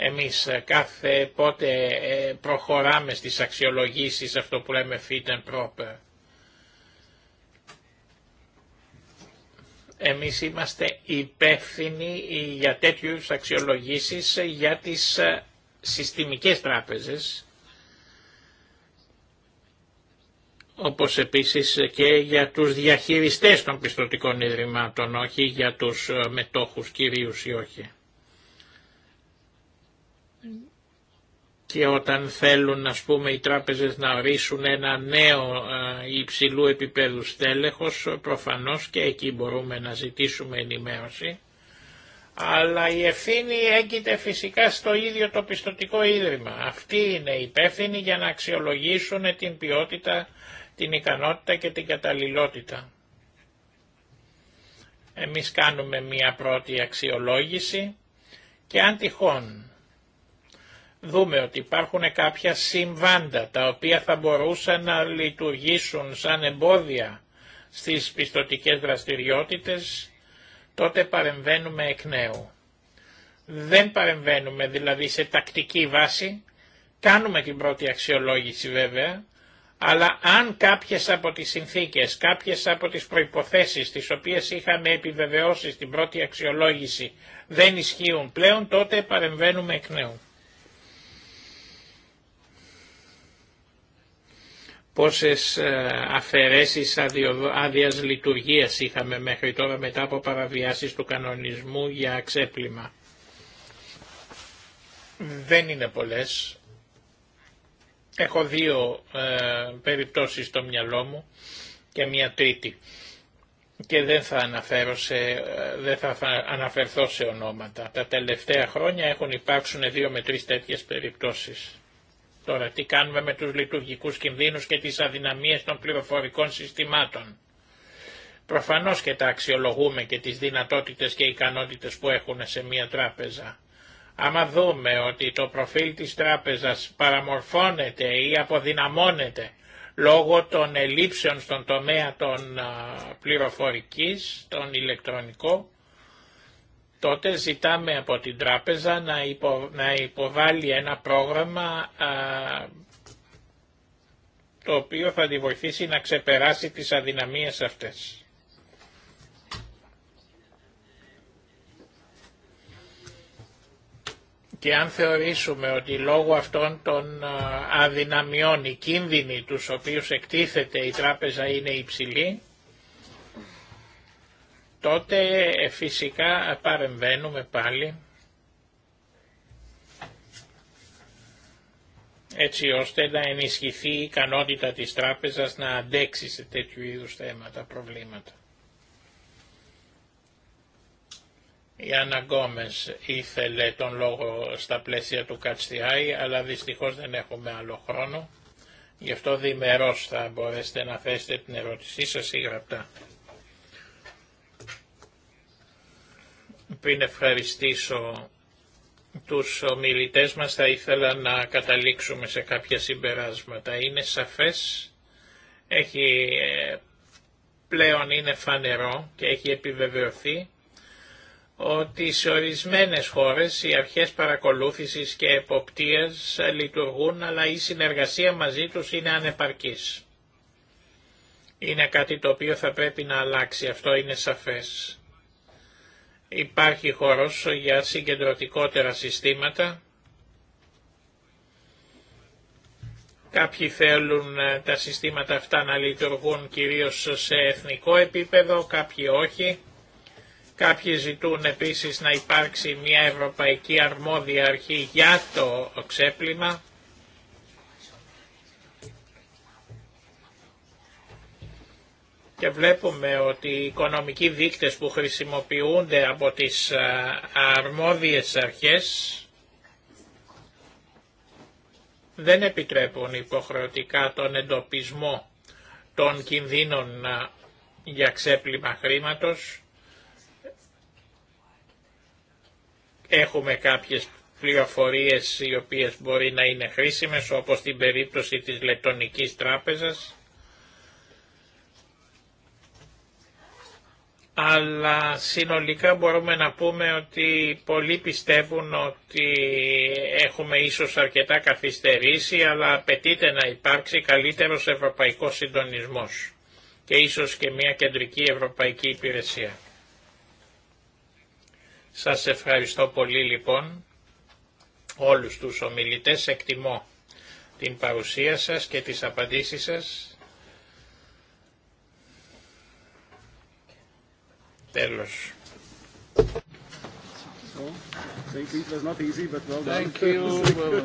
Εμείς ε, κάθε πότε ε, προχωράμε στις αξιολογήσεις αυτό που λέμε fit and proper. Εμείς είμαστε υπεύθυνοι για τέτοιους αξιολογήσεις ε, για τις συστημικές τράπεζες, όπως επίσης και για τους διαχειριστές των πιστοτικών ιδρυμάτων, όχι για τους μετόχους κυρίους ή όχι. και όταν θέλουν ας πούμε οι τράπεζες να ορίσουν ένα νέο υψηλού επίπεδου στέλεχος προφανώς και εκεί μπορούμε να ζητήσουμε ενημέρωση αλλά η ευθύνη έγκυται φυσικά στο ίδιο το πιστοτικό ίδρυμα. Αυτοί είναι υπεύθυνοι για να αξιολογήσουν την ποιότητα, την ικανότητα και την καταλληλότητα. Εμείς κάνουμε μία πρώτη αξιολόγηση και αν τυχόν δούμε ότι υπάρχουν κάποια συμβάντα τα οποία θα μπορούσαν να λειτουργήσουν σαν εμπόδια στις πιστοτικές δραστηριότητες, τότε παρεμβαίνουμε εκ νέου. Δεν παρεμβαίνουμε δηλαδή σε τακτική βάση, κάνουμε την πρώτη αξιολόγηση βέβαια, αλλά αν κάποιες από τις συνθήκες, κάποιες από τις προϋποθέσεις τις οποίες είχαμε επιβεβαιώσει στην πρώτη αξιολόγηση δεν ισχύουν πλέον, τότε παρεμβαίνουμε εκ νέου. πόσες ε, αφαιρέσεις άδεια λειτουργίας είχαμε μέχρι τώρα μετά από παραβιάσεις του κανονισμού για ξέπλυμα. Δεν είναι πολλές. Έχω δύο ε, περιπτώσεις στο μυαλό μου και μία τρίτη. Και δεν θα, ε, αναφερθώ σε ονόματα. Τα τελευταία χρόνια έχουν υπάρξουν δύο με τρεις τέτοιες περιπτώσεις. Τώρα τι κάνουμε με τους λειτουργικούς κινδύνους και τις αδυναμίες των πληροφορικών συστημάτων. Προφανώς και τα αξιολογούμε και τις δυνατότητες και ικανότητες που έχουν σε μια τράπεζα. Άμα δούμε ότι το προφίλ της τράπεζας παραμορφώνεται ή αποδυναμώνεται λόγω των ελλείψεων στον τομέα των πληροφορικής, των ηλεκτρονικών, τότε ζητάμε από την τράπεζα να, υπο, υποβάλει ένα πρόγραμμα το οποίο θα τη βοηθήσει να ξεπεράσει τις αδυναμίες αυτές. Και αν θεωρήσουμε ότι λόγω αυτών των αδυναμιών οι κίνδυνοι τους οποίους εκτίθεται η τράπεζα είναι υψηλοί, τότε ε, φυσικά παρεμβαίνουμε πάλι έτσι ώστε να ενισχυθεί η ικανότητα της τράπεζας να αντέξει σε τέτοιου είδους θέματα, προβλήματα. Η Άννα Γκόμες ήθελε τον λόγο στα πλαίσια του Κατστιάη, αλλά δυστυχώς δεν έχουμε άλλο χρόνο. Γι' αυτό διμερώς θα μπορέσετε να θέσετε την ερώτησή σας ή γραπτά. Πριν ευχαριστήσω τους ομιλητές μας θα ήθελα να καταλήξουμε σε κάποια συμπεράσματα. Είναι σαφές, έχει, ε, πλέον είναι φανερό και έχει επιβεβαιωθεί ότι σε ορισμένες χώρες οι αρχές παρακολούθησης και εποπτείας λειτουργούν αλλά η συνεργασία μαζί τους είναι ανεπαρκής. Είναι κάτι το οποίο θα πρέπει να αλλάξει, αυτό είναι σαφές. Υπάρχει χώρος για συγκεντρωτικότερα συστήματα. Κάποιοι θέλουν ε, τα συστήματα αυτά να λειτουργούν κυρίως σε εθνικό επίπεδο, κάποιοι όχι. Κάποιοι ζητούν επίσης να υπάρξει μια ευρωπαϊκή αρμόδια αρχή για το ξέπλυμα. και βλέπουμε ότι οι οικονομικοί δείκτες που χρησιμοποιούνται από τις ε, αρμόδιες αρχές δεν επιτρέπουν υποχρεωτικά τον εντοπισμό των κινδύνων ε, για ξέπλυμα χρήματος. Έχουμε κάποιες πληροφορίες οι οποίες μπορεί να είναι χρήσιμες όπως στην περίπτωση της Λετονικής Τράπεζας αλλά συνολικά μπορούμε να πούμε ότι πολλοί πιστεύουν ότι έχουμε ίσως αρκετά καθυστερήσει, αλλά απαιτείται να υπάρξει καλύτερος ευρωπαϊκός συντονισμός και ίσως και μια κεντρική ευρωπαϊκή υπηρεσία. Σας ευχαριστώ πολύ λοιπόν όλους τους ομιλητές, εκτιμώ την παρουσία σας και τις απαντήσεις σας. Τέλος. So, thank you. It was not easy, but well done. Thank you.